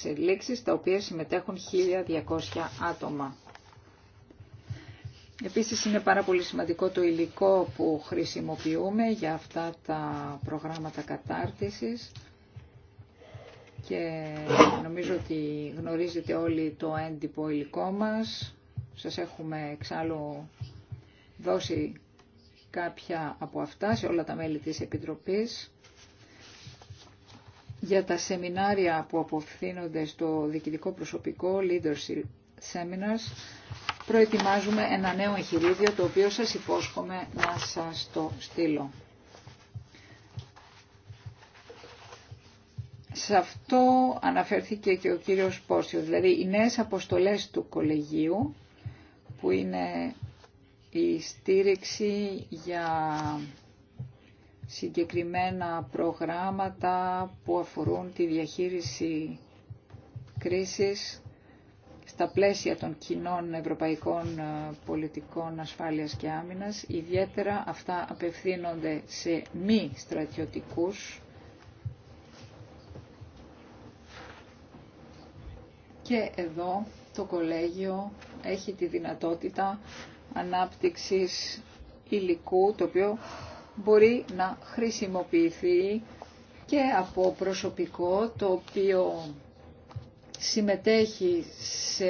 τα οποία συμμετέχουν 1.200 άτομα. Επίσης είναι πάρα πολύ σημαντικό το υλικό που χρησιμοποιούμε για αυτά τα προγράμματα κατάρτισης και νομίζω ότι γνωρίζετε όλοι το έντυπο υλικό μας. Σας έχουμε εξάλλου δώσει κάποια από αυτά σε όλα τα μέλη της Επιτροπής για τα σεμινάρια που αποφθήνονται στο διοικητικό προσωπικό Leadership Seminars προετοιμάζουμε ένα νέο εγχειρίδιο το οποίο σας υπόσχομαι να σας το στείλω. Σε αυτό αναφέρθηκε και ο κύριος πόσιο δηλαδή οι νέες αποστολές του κολεγίου που είναι η στήριξη για συγκεκριμένα προγράμματα που αφορούν τη διαχείριση κρίσης στα πλαίσια των κοινών ευρωπαϊκών ε, πολιτικών ασφάλειας και άμυνας. Ιδιαίτερα αυτά απευθύνονται σε μη στρατιωτικούς και εδώ το κολέγιο έχει τη δυνατότητα ανάπτυξης υλικού το οποίο μπορεί να χρησιμοποιηθεί και από προσωπικό το οποίο συμμετέχει σε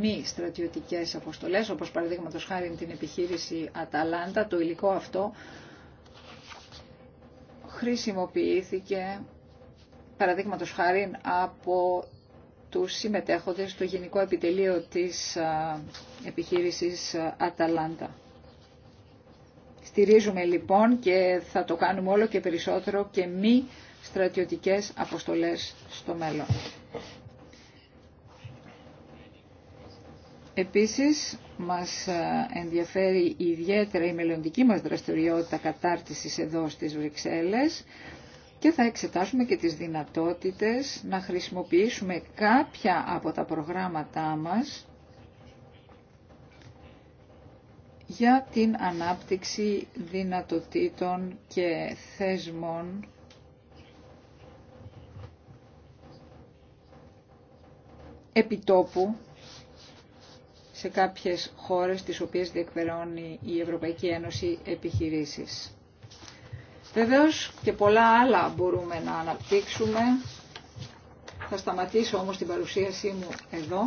μη στρατιωτικές αποστολές, όπως παραδείγματο χάρη την επιχείρηση Αταλάντα, το υλικό αυτό χρησιμοποιήθηκε παραδείγματο χάρη από τους συμμετέχοντες στο Γενικό Επιτελείο της επιχείρησης Αταλάντα. Στηρίζουμε λοιπόν και θα το κάνουμε όλο και περισσότερο και μη στρατιωτικές αποστολές στο μέλλον. Επίσης, μας ε, ενδιαφέρει ιδιαίτερα η μελλοντική μας δραστηριότητα κατάρτισης εδώ στις Βρυξέλλες και θα εξετάσουμε και τις δυνατότητες να χρησιμοποιήσουμε κάποια από τα προγράμματά μας για την ανάπτυξη δυνατοτήτων και θεσμών επιτόπου σε κάποιες χώρες τις οποίες διεκπαιρώνει η Ευρωπαϊκή Ένωση επιχειρήσεις. Βεβαίως και πολλά άλλα μπορούμε να αναπτύξουμε. Θα σταματήσω όμως την παρουσίασή μου εδώ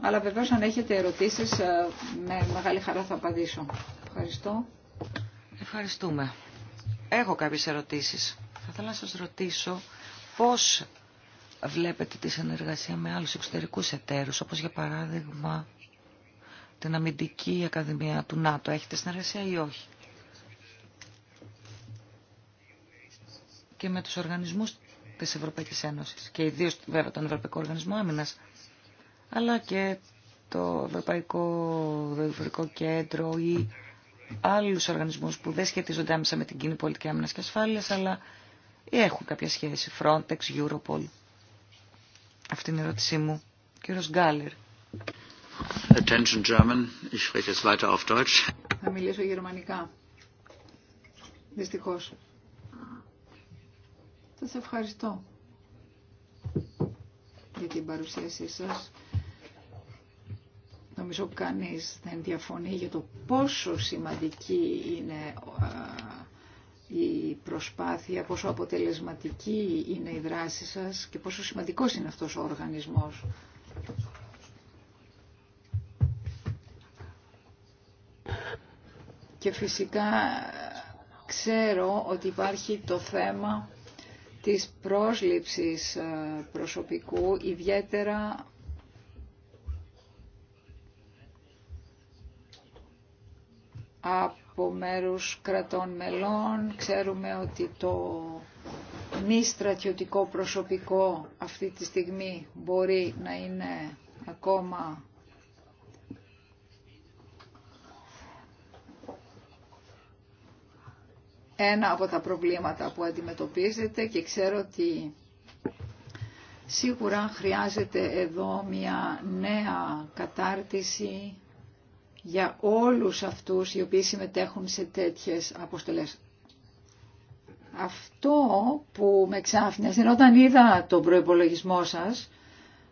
αλλά βεβαίως αν έχετε ερωτήσεις ε, με μεγάλη χαρά θα απαντήσω. Ευχαριστώ. Ευχαριστούμε. Έχω κάποιες ερωτήσεις. Θα ήθελα να σας ρωτήσω πώς βλέπετε τη συνεργασία με άλλους εξωτερικούς εταίρους, όπως για παράδειγμα την αμυντική ακαδημία του ΝΑΤΟ. Έχετε συνεργασία ή όχι. Και με τους οργανισμούς της Ευρωπαϊκής Ένωσης και ιδίως βέβαια τον Ευρωπαϊκό Οργανισμό Άμυνας αλλά και το Ευρωπαϊκό Δορυφορικό Κέντρο ή άλλους οργανισμούς που δεν σχετίζονται άμεσα με την κοινή πολιτική άμυνας και ασφάλειας, αλλά έχουν κάποια σχέση, Frontex, Europol. Αυτή είναι η ερώτησή μου. Κύριος Γκάλερ. Attention German, ich spreche jetzt weiter auf Deutsch. Θα μιλήσω γερμανικά. Δυστυχώς. Σας ευχαριστώ για την παρουσίασή σας Νομίζω κανείς δεν διαφωνεί για το πόσο σημαντική είναι η προσπάθεια, πόσο αποτελεσματική είναι η δράση σας και πόσο σημαντικός είναι αυτός ο οργανισμός. Και φυσικά ξέρω ότι υπάρχει το θέμα της πρόσληψης προσωπικού, ιδιαίτερα από μέρους κρατών μελών. Ξέρουμε ότι το μη στρατιωτικό προσωπικό αυτή τη στιγμή μπορεί να είναι ακόμα ένα από τα προβλήματα που αντιμετωπίζετε και ξέρω ότι σίγουρα χρειάζεται εδώ μια νέα κατάρτιση για όλους αυτούς οι οποίοι συμμετέχουν σε τέτοιες αποστολές. Αυτό που με ξάφνιασε όταν είδα τον προϋπολογισμό σας,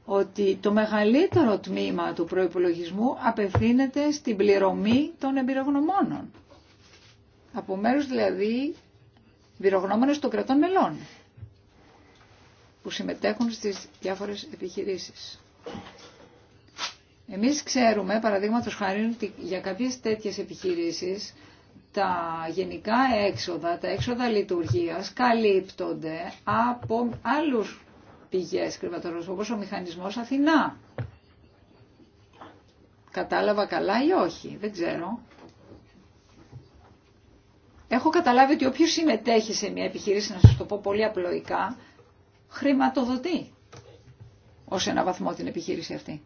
ότι το μεγαλύτερο τμήμα του προϋπολογισμού απευθύνεται στην πληρωμή των εμπειρογνωμόνων. Από μέρους δηλαδή εμπειρογνώμονες των κρατών μελών που συμμετέχουν στις διάφορες επιχειρήσεις. Εμείς ξέρουμε, παραδείγματο χάρη, ότι για κάποιες τέτοιες επιχειρήσεις τα γενικά έξοδα, τα έξοδα λειτουργίας καλύπτονται από άλλους πηγές κρυβατορός, όπως ο μηχανισμός Αθηνά. Κατάλαβα καλά ή όχι, δεν ξέρω. Έχω καταλάβει ότι όποιος συμμετέχει σε μια επιχειρήση, να σας το πω πολύ απλοϊκά, χρηματοδοτεί ως ένα βαθμό την επιχείρηση αυτή.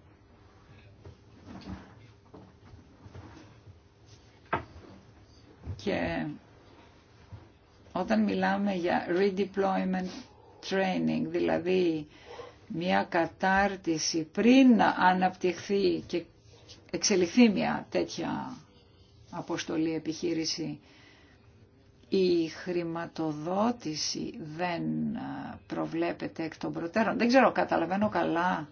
Και όταν μιλάμε για redeployment training, δηλαδή μια κατάρτιση πριν να αναπτυχθεί και εξελιχθεί μια τέτοια αποστολή επιχείρηση, η χρηματοδότηση δεν ε, προβλέπεται εκ των προτέρων. Δεν ξέρω, καταλαβαίνω καλά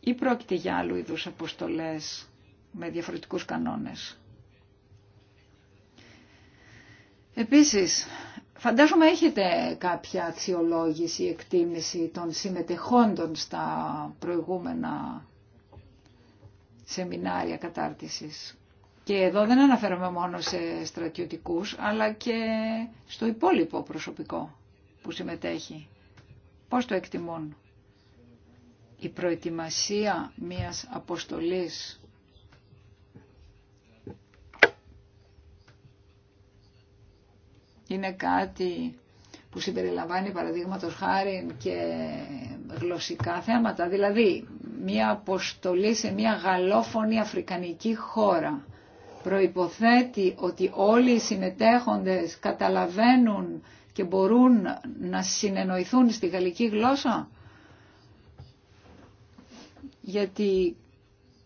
ή πρόκειται για άλλου είδους αποστολές με διαφορετικούς κανόνες. Επίσης, φαντάζομαι έχετε κάποια αξιολόγηση, εκτίμηση των συμμετεχόντων στα προηγούμενα σεμινάρια κατάρτισης. Και εδώ δεν αναφέρομαι μόνο σε στρατιωτικούς, αλλά και στο υπόλοιπο προσωπικό που συμμετέχει. Πώς το εκτιμούν. Η προετοιμασία μιας αποστολής είναι κάτι που συμπεριλαμβάνει παραδείγματο χάρη και γλωσσικά θέματα. Δηλαδή, μία αποστολή σε μία γαλλόφωνη αφρικανική χώρα προϋποθέτει ότι όλοι οι συμμετέχοντες καταλαβαίνουν και μπορούν να συνεννοηθούν στη γαλλική γλώσσα. Γιατί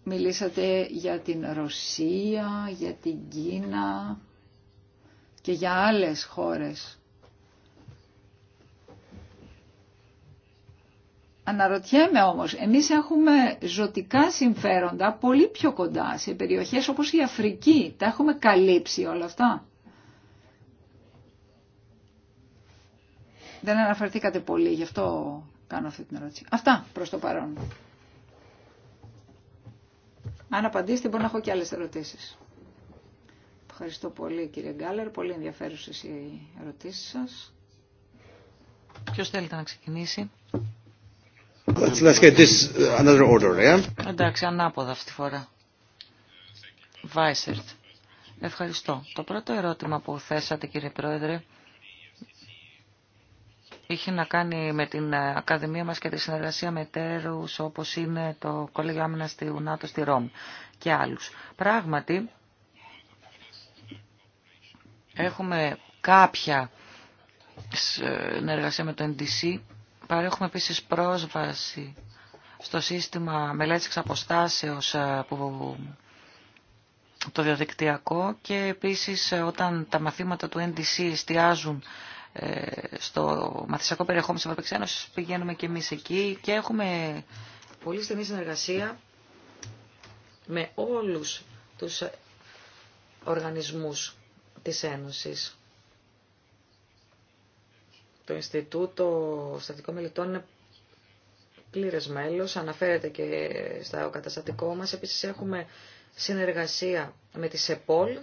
μιλήσατε για την Ρωσία, για την Κίνα, και για άλλες χώρες. Αναρωτιέμαι όμως, εμείς έχουμε ζωτικά συμφέροντα πολύ πιο κοντά σε περιοχές όπως η Αφρική. Τα έχουμε καλύψει όλα αυτά. Δεν αναφερθήκατε πολύ, γι' αυτό κάνω αυτή την ερώτηση. Αυτά προς το παρόν. Αν απαντήσετε μπορώ να έχω και άλλες ερωτήσεις. Ευχαριστώ πολύ κύριε Γκάλερ. Πολύ ενδιαφέρουσες οι ερωτήσεις σας. Ποιος θέλετε να ξεκινήσει. Let's, get this uh, another order, yeah? Εντάξει, ανάποδα αυτή τη φορά. Βάισερτ. Ευχαριστώ. Το πρώτο ερώτημα που θέσατε κύριε Πρόεδρε είχε να κάνει με την ε, Ακαδημία μας και τη συνεργασία με τέρους όπως είναι το Κολέγιο στη Ουνάτο στη Ρώμη και άλλους. Πράγματι, Έχουμε κάποια συνεργασία με το NDC. Παρέχουμε επίσης πρόσβαση στο σύστημα μελέτης εξ αποστάσεως ε, που το διαδικτυακό και επίσης ε, όταν τα μαθήματα του NDC εστιάζουν ε, στο μαθησιακό περιεχόμενο της Ευρωπαϊκής Ένωσης πηγαίνουμε και εμείς εκεί και έχουμε πολύ στενή συνεργασία με όλους τους οργανισμούς της Ένωσης. Το Ινστιτούτο Στατικών Μελητών είναι πλήρες μέλος, αναφέρεται και στα καταστατικό μας. Επίσης έχουμε συνεργασία με τη ΣΕΠΟΛ,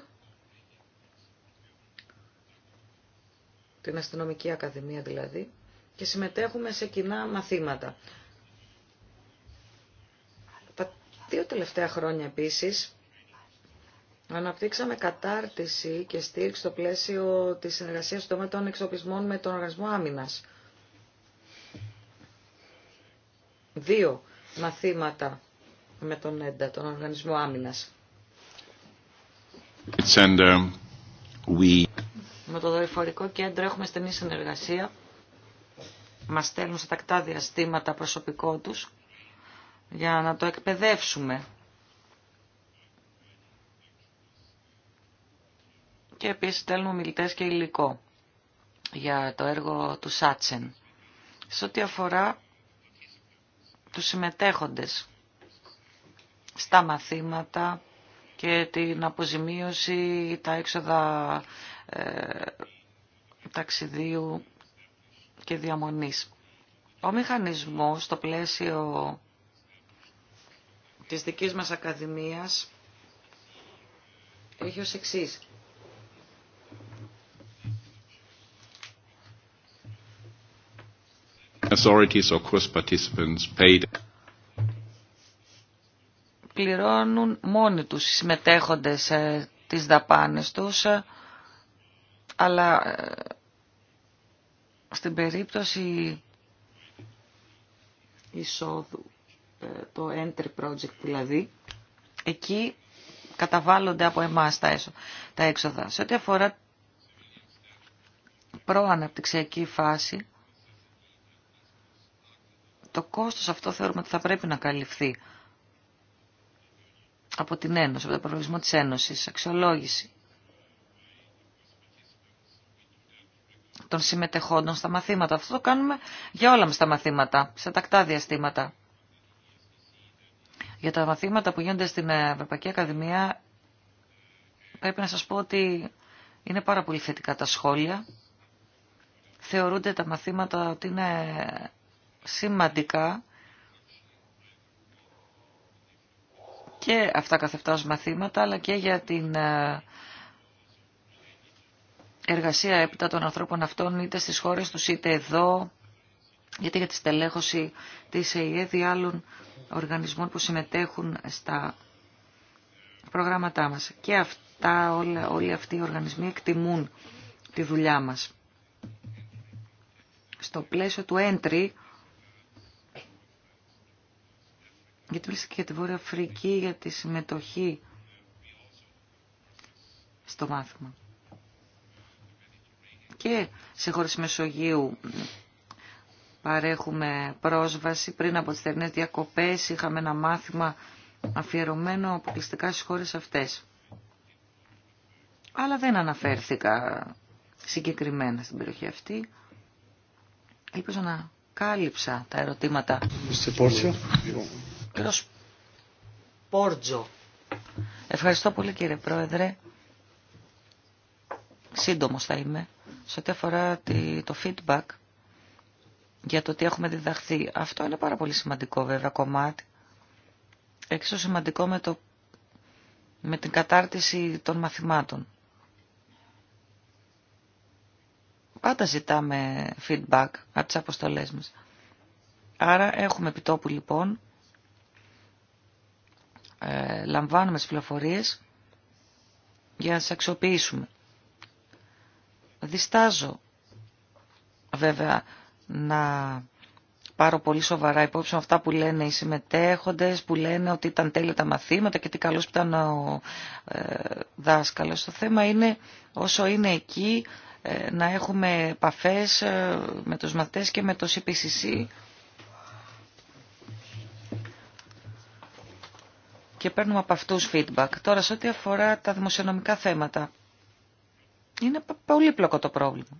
την Αστυνομική Ακαδημία δηλαδή, και συμμετέχουμε σε κοινά μαθήματα. Τα δύο τελευταία χρόνια επίσης Αναπτύξαμε κατάρτιση και στήριξη στο πλαίσιο της συνεργασίας των των εξοπλισμών με τον Οργανισμό Άμυνας. Δύο μαθήματα με τον ΕΝΤΑ, τον Οργανισμό Άμυνας. Um, we... Με το δορυφορικό κέντρο έχουμε στενή συνεργασία. Μας στέλνουν σε τακτά διαστήματα προσωπικό τους για να το εκπαιδεύσουμε και επίσης στέλνουμε μιλητέ και υλικό για το έργο του Σάτσεν. Σε ό,τι αφορά τους συμμετέχοντες στα μαθήματα και την αποζημίωση, τα έξοδα ε, ταξιδίου και διαμονής. Ο μηχανισμός στο πλαίσιο της δικής μας Ακαδημίας έχει ως εξής. Πληρώνουν μόνοι τους οι συμμετέχοντες ε, τις δαπάνες τους, ε, αλλά ε, στην περίπτωση εισόδου, ε, το entry project δηλαδή, εκεί καταβάλλονται από εμάς τα, τα έξοδα. Σε ό,τι αφορά προαναπτυξιακή φάση, το κόστος αυτό θεωρούμε ότι θα πρέπει να καλυφθεί από την Ένωση, από τον προβλησμό της Ένωσης, αξιολόγηση των συμμετεχόντων στα μαθήματα. Αυτό το κάνουμε για όλα μας τα μαθήματα, σε τακτά διαστήματα. Για τα μαθήματα που γίνονται στην Ευρωπαϊκή Ακαδημία πρέπει να σας πω ότι είναι πάρα πολύ θετικά τα σχόλια. Θεωρούνται τα μαθήματα ότι είναι σημαντικά και αυτά καθευτά μαθήματα, αλλά και για την ε, εργασία έπειτα των ανθρώπων αυτών, είτε στις χώρες τους, είτε εδώ, γιατί για τη στελέχωση της ΕΕΔ ή άλλων οργανισμών που συμμετέχουν στα προγράμματά μας. Και αυτά, όλα, όλοι αυτοί οι οργανισμοί εκτιμούν τη δουλειά μας. Στο πλαίσιο του έντρι γιατί του και και τη Βόρεια Αφρική για τη συμμετοχή στο μάθημα. Και σε χώρες Μεσογείου παρέχουμε πρόσβαση. Πριν από τις θερινές διακοπές είχαμε ένα μάθημα αφιερωμένο αποκλειστικά στις χώρες αυτές. Αλλά δεν αναφέρθηκα συγκεκριμένα στην περιοχή αυτή. Ελπίζω να κάλυψα τα ερωτήματα. Πόρτζο. Ευχαριστώ πολύ κύριε Πρόεδρε. Σύντομος θα είμαι. Σε ό,τι αφορά το feedback για το τι έχουμε διδαχθεί. Αυτό είναι πάρα πολύ σημαντικό βέβαια κομμάτι. Έξω σημαντικό με, το, με την κατάρτιση των μαθημάτων. Πάντα ζητάμε feedback από τις αποστολές μας. Άρα έχουμε επιτόπου λοιπόν ε, λαμβάνουμε τις πληροφορίες για να τις αξιοποιήσουμε. Διστάζω βέβαια να πάρω πολύ σοβαρά υπόψη με αυτά που λένε οι συμμετέχοντες, που λένε ότι ήταν τέλεια τα μαθήματα και τι καλός που ήταν ο ε, δάσκαλος. Το θέμα είναι όσο είναι εκεί ε, να έχουμε επαφές με τους μαθητές και με το CPCC και παίρνουμε από αυτού feedback. Τώρα, σε ό,τι αφορά τα δημοσιονομικά θέματα, είναι πολύ πολύπλοκο το πρόβλημα.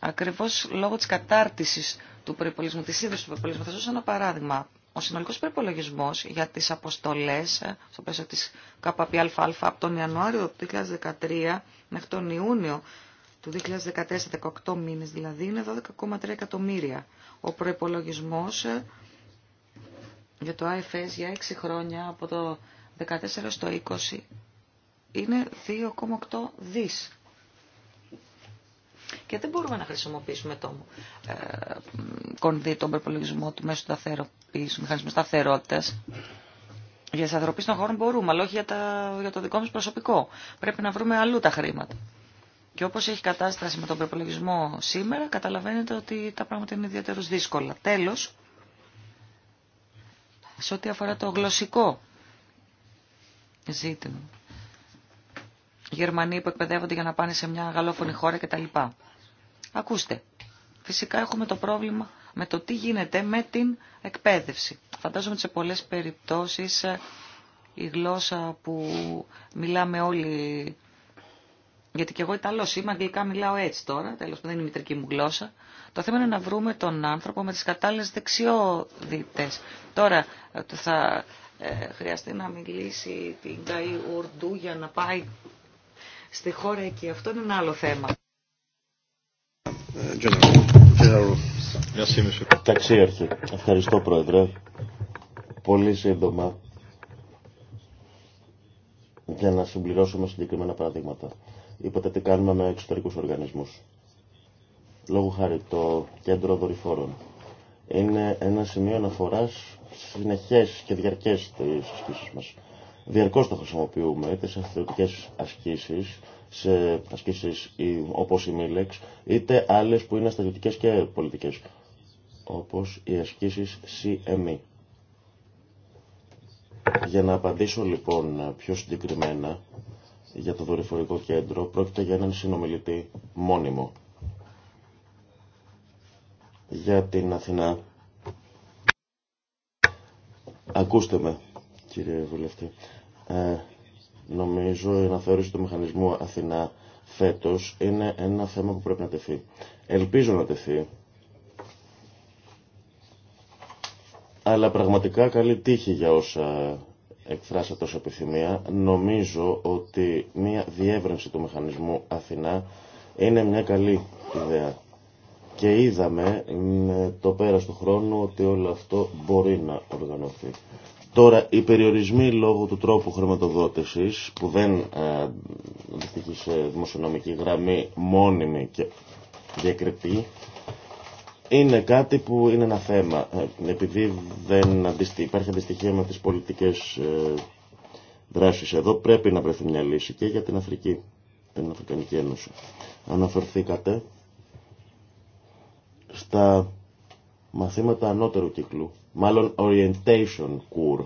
Ακριβώ λόγω τη κατάρτιση του προπολογισμού, τη είδου του προπολογισμού. Θα δώσω ένα παράδειγμα. Ο συνολικό προπολογισμό για τι αποστολέ ε, στο πλαίσιο τη ΚΑΠΑΠΙΑΛΦΑ από τον Ιανουάριο του 2013 μέχρι τον Ιούνιο του 2014, 18 μήνε δηλαδή, είναι 12,3 εκατομμύρια. Ο προπολογισμό ε, για το IFS για 6 χρόνια από το 14 στο 20 είναι 2,8 δις. Και δεν μπορούμε να χρησιμοποιήσουμε το ε, κονδύ, τον προπολογισμό του μέσου του μηχανισμού σταθερότητα. Για τι ανθρωπίε των χώρων μπορούμε, αλλά όχι για, για το δικό μας προσωπικό. Πρέπει να βρούμε αλλού τα χρήματα. Και όπω έχει κατάσταση με τον προπολογισμό σήμερα, καταλαβαίνετε ότι τα πράγματα είναι ιδιαίτερω δύσκολα. Τέλο, σε ό,τι αφορά το γλωσσικό ζήτημα. Οι Γερμανοί που εκπαιδεύονται για να πάνε σε μια γαλλόφωνη χώρα κτλ. Ακούστε, φυσικά έχουμε το πρόβλημα με το τι γίνεται με την εκπαίδευση. Φαντάζομαι ότι σε πολλές περιπτώσεις ε, η γλώσσα που μιλάμε όλοι γιατί και εγώ Ιταλό είμαι, αγγλικά μιλάω έτσι τώρα, τέλο που δεν είναι η μητρική μου γλώσσα. Το θέμα είναι να βρούμε τον άνθρωπο με τις κατάλληλε δεξιότητε. Τώρα ε, θα ε, χρειαστεί να μιλήσει την Καϊ Ουρντού για να πάει στη χώρα εκεί. Αυτό είναι ένα άλλο θέμα. Ε, Ταξίαρχη. Ευχαριστώ Πρόεδρε. Πολύ σύντομα για να συμπληρώσουμε συγκεκριμένα παραδείγματα. Είπατε τι κάνουμε με εξωτερικού οργανισμού. Λόγω χάρη το κέντρο δορυφόρων. Είναι ένα σημείο αναφοράς συνεχέ και διαρκέ τη ασκήσεις μα. Διαρκώ το χρησιμοποιούμε είτε σε αθλητικέ ασκήσεις, σε ασκήσει όπω η Μίλεξ, είτε άλλε που είναι στρατιωτικέ και πολιτικέ. όπως οι ασκήσει CME. Για να απαντήσω λοιπόν πιο συγκεκριμένα, για το δορυφορικό κέντρο πρόκειται για έναν συνομιλητή μόνιμο. Για την Αθηνά. Ακούστε με, κύριε Βουλευτή. Ε, νομίζω η αναθεώρηση του μηχανισμού Αθηνά φέτος είναι ένα θέμα που πρέπει να τεθεί. Ελπίζω να τεθεί. Αλλά πραγματικά καλή τύχη για όσα εκφράσατε τόσο επιθυμία, νομίζω ότι μια διεύρυνση του μηχανισμού Αθηνά είναι μια καλή ιδέα. Και είδαμε με το πέρας του χρόνου ότι όλο αυτό μπορεί να οργανωθεί. Τώρα, οι περιορισμοί λόγω του τρόπου χρηματοδότησης, που δεν ε, αντιστοιχεί σε δημοσιονομική γραμμή μόνιμη και διακριτή, είναι κάτι που είναι ένα θέμα. Ε, επειδή δεν υπάρχει αντιστοιχεία με τις πολιτικές ε, δράσεις εδώ, πρέπει να βρεθεί μια λύση και για την Αφρική, την Αφρικανική Ένωση. Αναφερθήκατε στα μαθήματα ανώτερου κύκλου, μάλλον orientation course,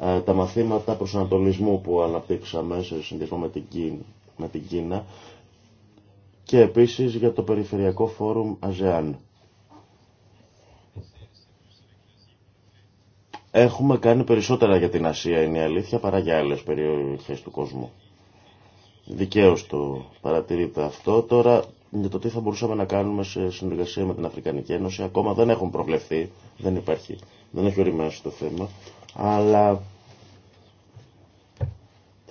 ε, τα μαθήματα προσανατολισμού που αναπτύξαμε σε συνδυασμό με την, Κίνα και επίσης για το Περιφερειακό Φόρουμ ΑΖΕΑΝ. Έχουμε κάνει περισσότερα για την Ασία, είναι η αλήθεια, παρά για άλλες περιοχές του κόσμου. Δικαίως το παρατηρείται αυτό. Τώρα, για το τι θα μπορούσαμε να κάνουμε σε συνεργασία με την Αφρικανική Ένωση, ακόμα δεν έχουν προβλεφθεί, δεν υπάρχει, δεν έχει οριμάσει το θέμα, αλλά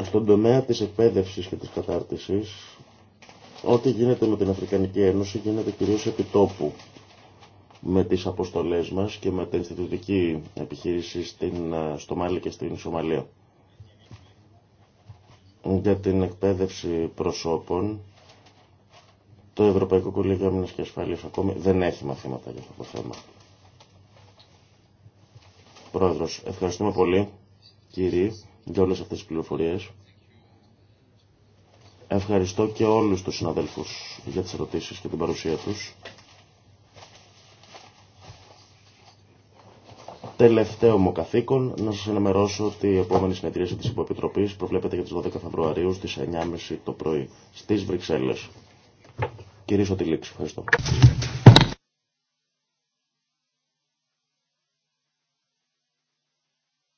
στον τομέα της εκπαίδευσης και της κατάρτισης, ό,τι γίνεται με την Αφρικανική Ένωση γίνεται κυρίως επί τόπου με τις αποστολές μας και με την Ινστιτουτική Επιχείρηση στην, στο Μάλι και στην Σομαλία. Για την εκπαίδευση προσώπων, το Ευρωπαϊκό Κολέγιο Άμυνας και Ασφαλείας ακόμη δεν έχει μαθήματα για αυτό το θέμα. Πρόεδρος, ευχαριστούμε πολύ, κύριοι, για όλες αυτές τις πληροφορίες. Ευχαριστώ και όλους τους συναδέλφους για τις ερωτήσεις και την παρουσία τους. Τελευταίο μου καθήκον, να σας ενημερώσω ότι η επόμενη συνεδρίαση της Υποεπιτροπή προβλέπεται για τις 12 Φεβρουαρίου στις 9.30 το πρωί, στις Βρυξέλλες. Κυρίω τη κύριοι, Ευχαριστώ.